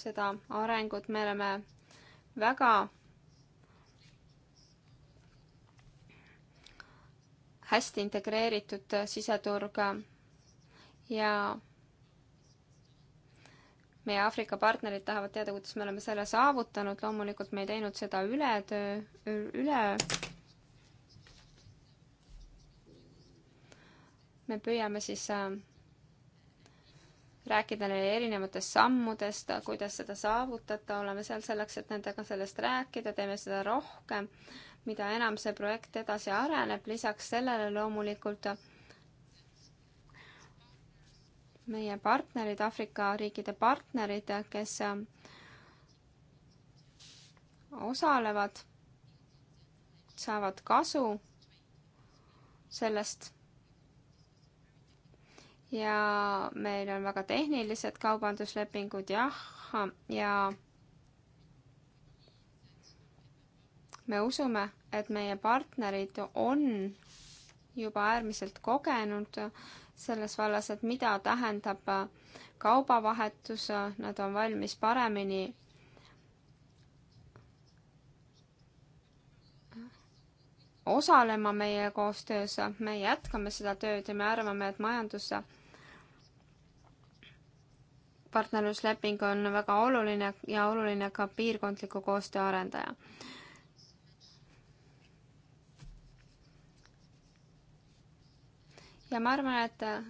seda arengut, me oleme väga hästi integreeritud siseturg ja meie Aafrika partnerid tahavad teada, kuidas me oleme selle saavutanud, loomulikult me ei teinud seda ületöö, üle. me püüame siis äh, rääkida neile erinevatest sammudest, kuidas seda saavutada, oleme seal selleks, et nendega sellest rääkida, teeme seda rohkem, mida enam see projekt edasi areneb, lisaks sellele loomulikult äh, meie partnerid, Aafrika riikide partnerid, kes ähm, osalevad, saavad kasu sellest. ja meil on väga tehnilised kaubanduslepingud, jah, ja me usume, et meie partnerid on juba äärmiselt kogenud selles vallas, et mida tähendab äh, kaubavahetus, äh, nad on valmis paremini osalema meie koostöös, me jätkame seda tööd ja me arvame, et majandus partnerlusleping on väga oluline ja oluline ka piirkondliku koostöö arendaja. ja ma arvan, et äh,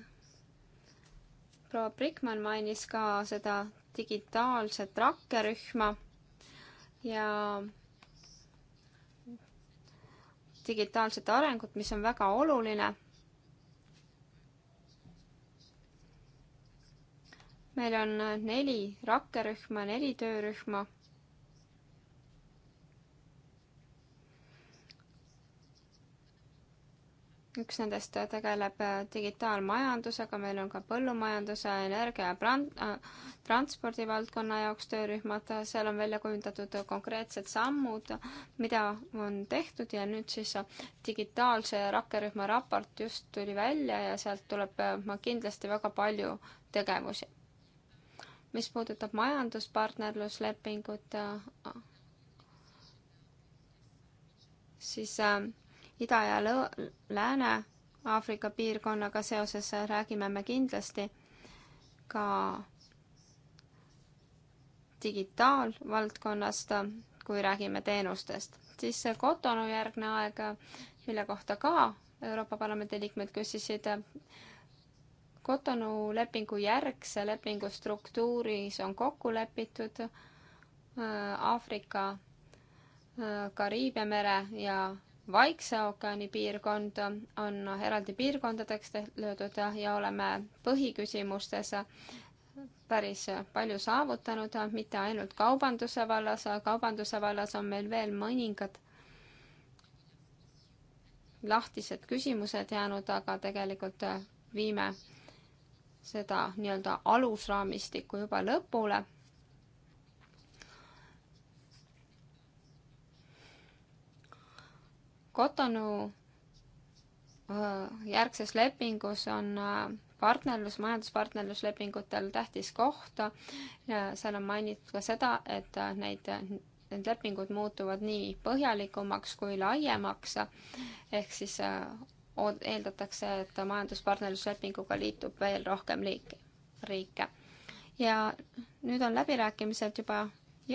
proua Brickmann mainis ka seda digitaalset rakkerühma ja digitaalset arengut, mis on väga oluline. meil on äh, neli rakkerühma, neli töörühma üks nendest tegeleb äh, digitaalmajandusega, meil on ka põllumajanduse, energia ja brand- äh,, transpordi valdkonna jaoks töörühmad, äh, seal on välja kujundatud konkreetsed sammud, mida on tehtud ja nüüd siis äh, digitaalse rakkerühma raport just tuli välja ja sealt tuleb ma kindlasti väga palju tegevusi. mis puudutab majanduspartnerluslepingut, siis äh, Ida- ja Lõ-, Lääne-Aafrika piirkonnaga seoses räägime me kindlasti ka digitaalvaldkonnast, kui räägime teenustest. siis see Cotonou järgne aeg, mille kohta ka Euroopa Parlamendi liikmed küsisid, Cotonou lepingu järgse lepingu struktuuris on kokku lepitud äh, Aafrika, äh, Kariibia mere ja Vaikse ookeani piirkond on eraldi piirkondadeks löödud ja oleme põhiküsimustes päris palju saavutanud, mitte ainult kaubanduse vallas, kaubanduse vallas on meil veel mõningad lahtised küsimused jäänud, aga tegelikult viime seda nii-öelda alusraamistikku juba lõpule Kotonu äh, järgses lepingus on äh, partnerlus, majanduspartnerluslepingutel tähtis koht. seal on mainitud ka seda, et äh, neid, need lepingud muutuvad nii põhjalikumaks kui laiemaks. ehk siis eeldatakse, et majanduspartnerluslepinguga liitub veel rohkem liike, riike. ja nüüd on läbirääkimised juba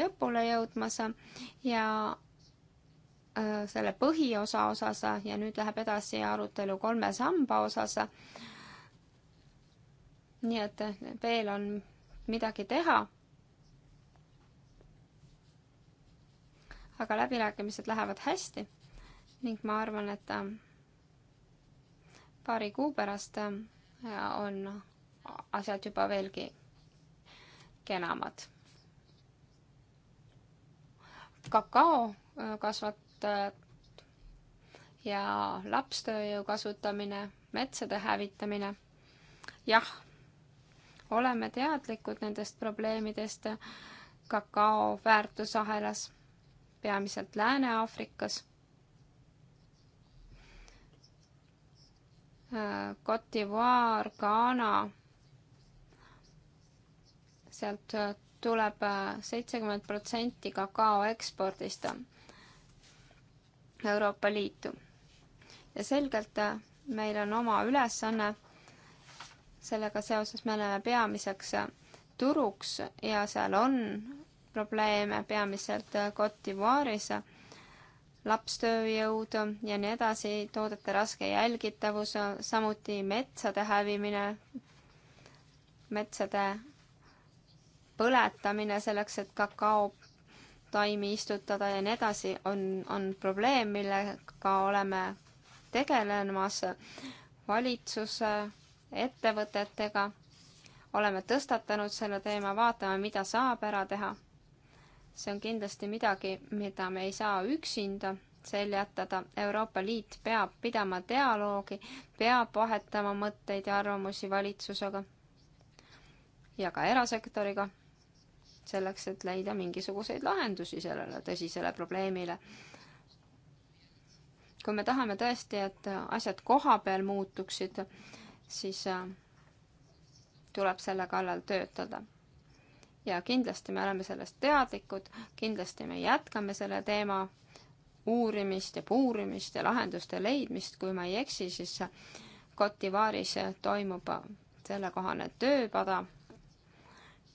lõpule jõudmas ja Äh, selle põhiosa osas ja nüüd läheb edasi arutelu kolme samba osas. nii et veel on midagi teha. aga läbirääkimised lähevad hästi ning ma arvan, et äh, paari kuu pärast äh, on asjad juba veelgi kenamad. kakao kasvat-, ja lapstööjõu kasutamine, metsade hävitamine. jah, oleme teadlikud nendest probleemidest kakao väärtusahelas, peamiselt Lääne-Aafrikas. Cote d'Ivoire, Ghana, sealt tuleb seitsekümmend protsenti kakao ekspordist Euroopa Liitu. ja selgelt äh, meil on oma ülesanne, sellega seoses me oleme peamiseks äh, turuks ja seal on probleeme peamiselt äh, Cote d'Ivoire'is, lapstööjõud ja nii edasi, toodete raske jälgitavus, samuti metsade hävimine, metsade põletamine selleks, et kakao taimi istutada ja nii edasi, on, on probleem, millega oleme tegelemas valitsuse, ettevõtetega. oleme tõstatanud selle teema, vaatame, mida saab ära teha. see on kindlasti midagi, mida me ei saa üksinda seljatada. Euroopa Liit peab pidama dialoogi, peab vahetama mõtteid ja arvamusi valitsusega ja ka erasektoriga selleks, et leida mingisuguseid lahendusi sellele tõsisele probleemile. kui me tahame tõesti, et asjad kohapeal muutuksid, siis äh, tuleb selle kallal töötada. ja kindlasti me oleme sellest teadlikud, kindlasti me jätkame selle teema uurimist ja puurimist ja lahenduste leidmist, kui ma ei eksi, siis Cote d'Ivoire'is toimub sellekohane tööpada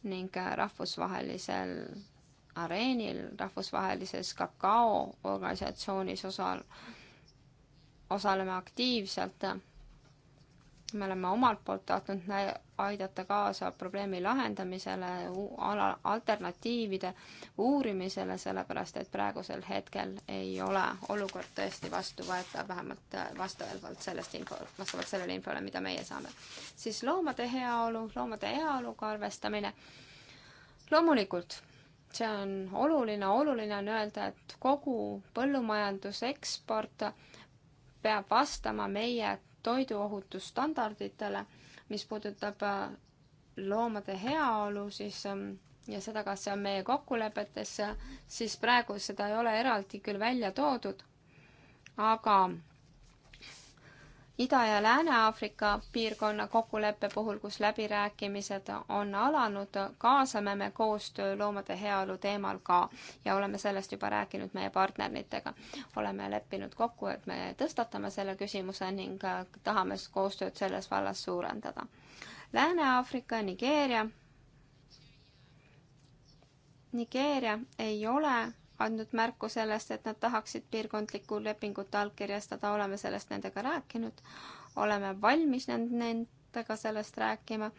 ning äh, rahvusvahelisel areenil, rahvusvahelises kakao organisatsioonis osal-, osaleme aktiivselt me oleme omalt poolt tahtnud aidata kaasa probleemi lahendamisele, ala, alternatiivide uurimisele, sellepärast et praegusel hetkel ei ole olukord tõesti vastuvõetav, vähemalt vastavalt sellest info, vastavalt sellele infole, mida meie saame. siis loomade heaolu, loomade heaoluga arvestamine. loomulikult see on oluline, oluline on öelda, et kogu põllumajanduse eksport peab vastama meie toiduohutusstandarditele, mis puudutab äh, loomade heaolu, siis ähm, ja seda, kas see on meie kokkulepetes, siis praegu seda ei ole eraldi küll välja toodud, aga Ida- ja Lääne-Aafrika piirkonna kokkuleppe puhul, kus läbirääkimised on alanud, kaasame me koostöö loomade heaolu teemal ka ja oleme sellest juba rääkinud meie partneritega. oleme leppinud kokku, et me tõstatame selle küsimuse ning äh, tahame koostööd selles vallas suurendada. Lääne-Aafrika, Nigeeria. Nigeeria ei ole andnud märku sellest, et nad tahaksid piirkondlikku lepingut allkirjastada, oleme sellest nendega rääkinud, oleme valmis nendega sellest rääkima,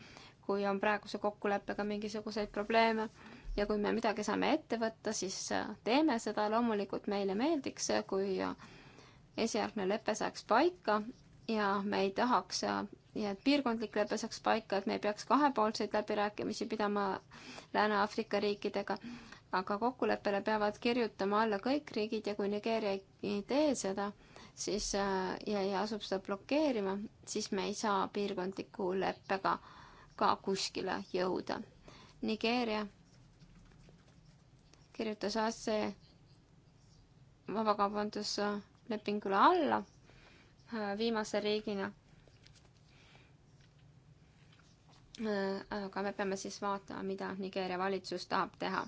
kui on praeguse kokkuleppega mingisuguseid probleeme ja kui me midagi saame ette võtta, siis äh, teeme seda, loomulikult meile meeldiks, äh, kui äh, esialgne lepe saaks paika ja me ei tahaks ja et piirkondlik lepe saaks paika, et me ei peaks kahepoolseid läbirääkimisi pidama Lääne-Aafrika riikidega aga kokkuleppele peavad kirjutama alla kõik riigid ja kui Nigeeria ei tee seda, siis äh, ja, ja asub seda blokeerima, siis me ei saa piirkondliku leppega ka kuskile jõuda. Nigeeria kirjutas AC vabakaubanduslepingule alla äh, viimase riigina. Äh, aga me peame siis vaatama, mida Nigeeria valitsus tahab teha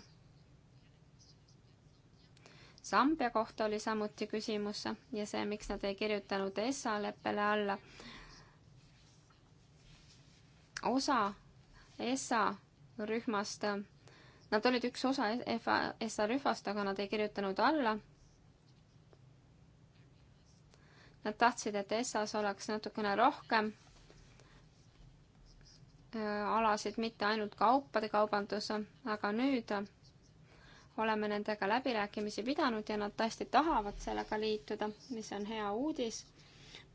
Sambia kohta oli samuti küsimus ja see, miks nad ei kirjutanud ESA leppele alla. osa ESA rühmast, nad olid üks osa ESA rühmast, aga nad ei kirjutanud alla. Nad tahtsid, et ESA-s oleks natukene rohkem äh, alasid, mitte ainult kaupade kaubandus, aga nüüd oleme nendega läbirääkimisi pidanud ja nad tõesti tahavad sellega liituda, mis on hea uudis.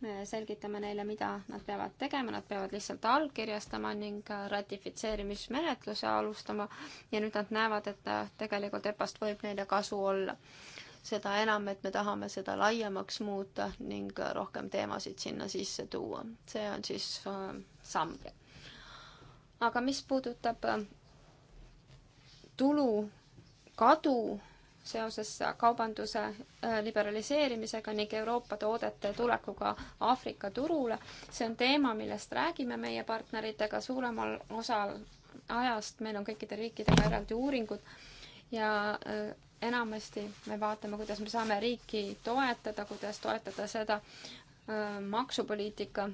me selgitame neile, mida nad peavad tegema, nad peavad lihtsalt allkirjastama ning ratifitseerimismenetluse alustama ja nüüd nad näevad, et tegelikult EPA-st võib neile kasu olla. seda enam, et me tahame seda laiemaks muuta ning rohkem teemasid sinna sisse tuua. see on siis äh, samm. aga mis puudutab äh, tulu kadu seoses kaubanduse äh, liberaliseerimisega ning Euroopa toodete tulekuga Aafrika turule. see on teema, millest räägime meie partneritega suuremal osal ajast, meil on kõikide riikidega eraldi uuringud ja äh, enamasti me vaatame, kuidas me saame riiki toetada, kuidas toetada seda äh, maksupoliitika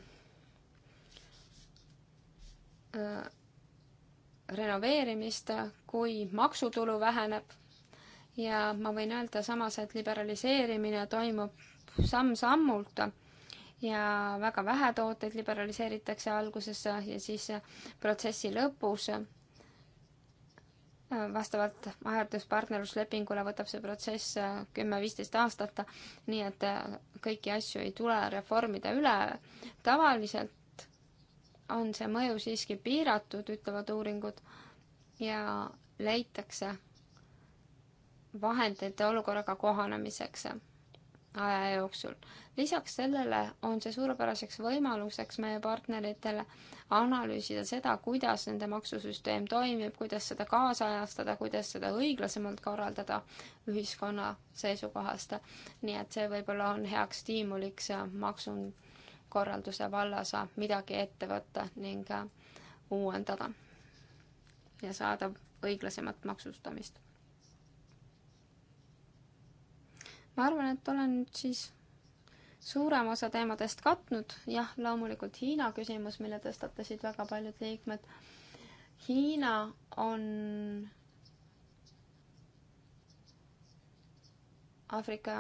renoveerimist, kui maksutulu väheneb ja ma võin öelda samas, et liberaliseerimine toimub samm-sammult ja väga vähe tooteid liberaliseeritakse alguses ja siis protsessi lõpus vastavalt majanduspartnerluslepingule võtab see protsess kümme-viisteist aastat, nii et kõiki asju ei tule reformida üle. tavaliselt on see mõju siiski piiratud, ütlevad uuringud, ja leitakse vahendid olukorraga kohanemiseks aja jooksul. lisaks sellele on see suurepäraseks võimaluseks meie partneritele analüüsida seda, kuidas nende maksusüsteem toimib, kuidas seda kaasajastada, kuidas seda õiglasemalt korraldada ühiskonna seisukohast. nii et see võib-olla on heaks stiimuliks maksukorralduse vallas midagi ette võtta ning uuendada ja saada õiglasemat maksustamist ma arvan, et olen nüüd siis suurema osa teemadest katnud, jah, loomulikult Hiina küsimus, mille tõstatasid väga paljud liikmed. Hiina on Aafrika,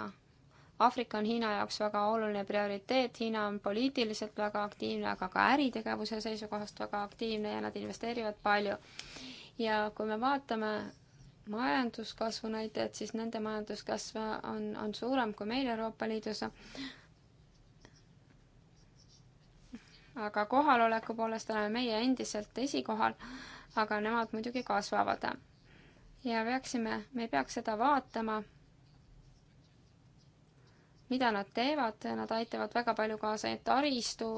Aafrika on Hiina jaoks väga oluline prioriteet, Hiina on poliitiliselt väga aktiivne, aga ka äritegevuse seisukohast väga aktiivne ja nad investeerivad palju. ja kui me vaatame majanduskasvu näitajad, siis nende majanduskasv on, on suurem kui meil Euroopa Liidus. aga kohaloleku poolest oleme meie endiselt esikohal, aga nemad muidugi kasvavad. ja peaksime, me ei peaks seda vaatama, mida nad teevad, nad aitavad väga palju kaasa taristu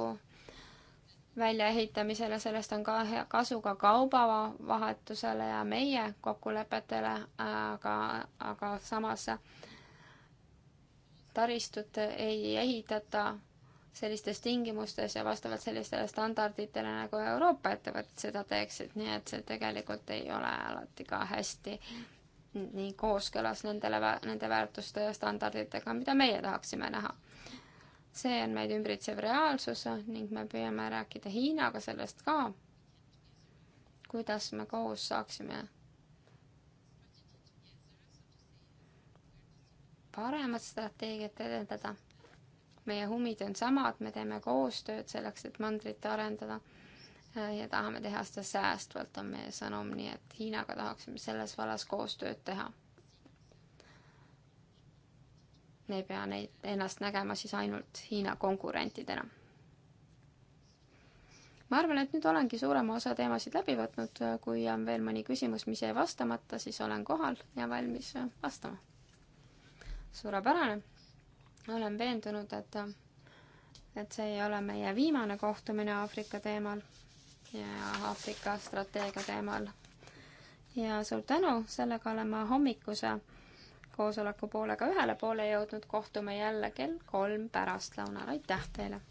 väljaehitamisele, sellest on ka kasu ka kaubavahetusele ja meie kokkulepetele, aga, aga samas taristut ei ehitata sellistes tingimustes ja vastavalt sellistele standarditele, nagu Euroopa ettevõtted seda teeksid, nii et see tegelikult ei ole alati ka hästi nii kooskõlas nendele, nende väärtuste ja standarditega, mida meie tahaksime näha see on meid ümbritsev reaalsus ning me püüame rääkida Hiinaga sellest ka, kuidas me koos saaksime paremat strateegiat edendada. meie huvid on samad, me teeme koostööd selleks, et mandrit arendada ja tahame teha seda säästvalt, on meie sõnum, nii et Hiinaga tahaksime selles vallas koostööd teha. me ei pea neid, ennast nägema siis ainult Hiina konkurentidena. ma arvan, et nüüd olengi suurema osa teemasid läbi võtnud, kui on veel mõni küsimus, mis jäi vastamata, siis olen kohal ja valmis vastama. suurepärane, olen veendunud, et, et see ei ole meie viimane kohtumine Aafrika teemal ja Aafrika strateegia teemal. ja suur tänu, sellega oleme hommikuse koosoleku poolega ühele poole jõudnud, kohtume jälle kell kolm pärastlõunal, aitäh teile!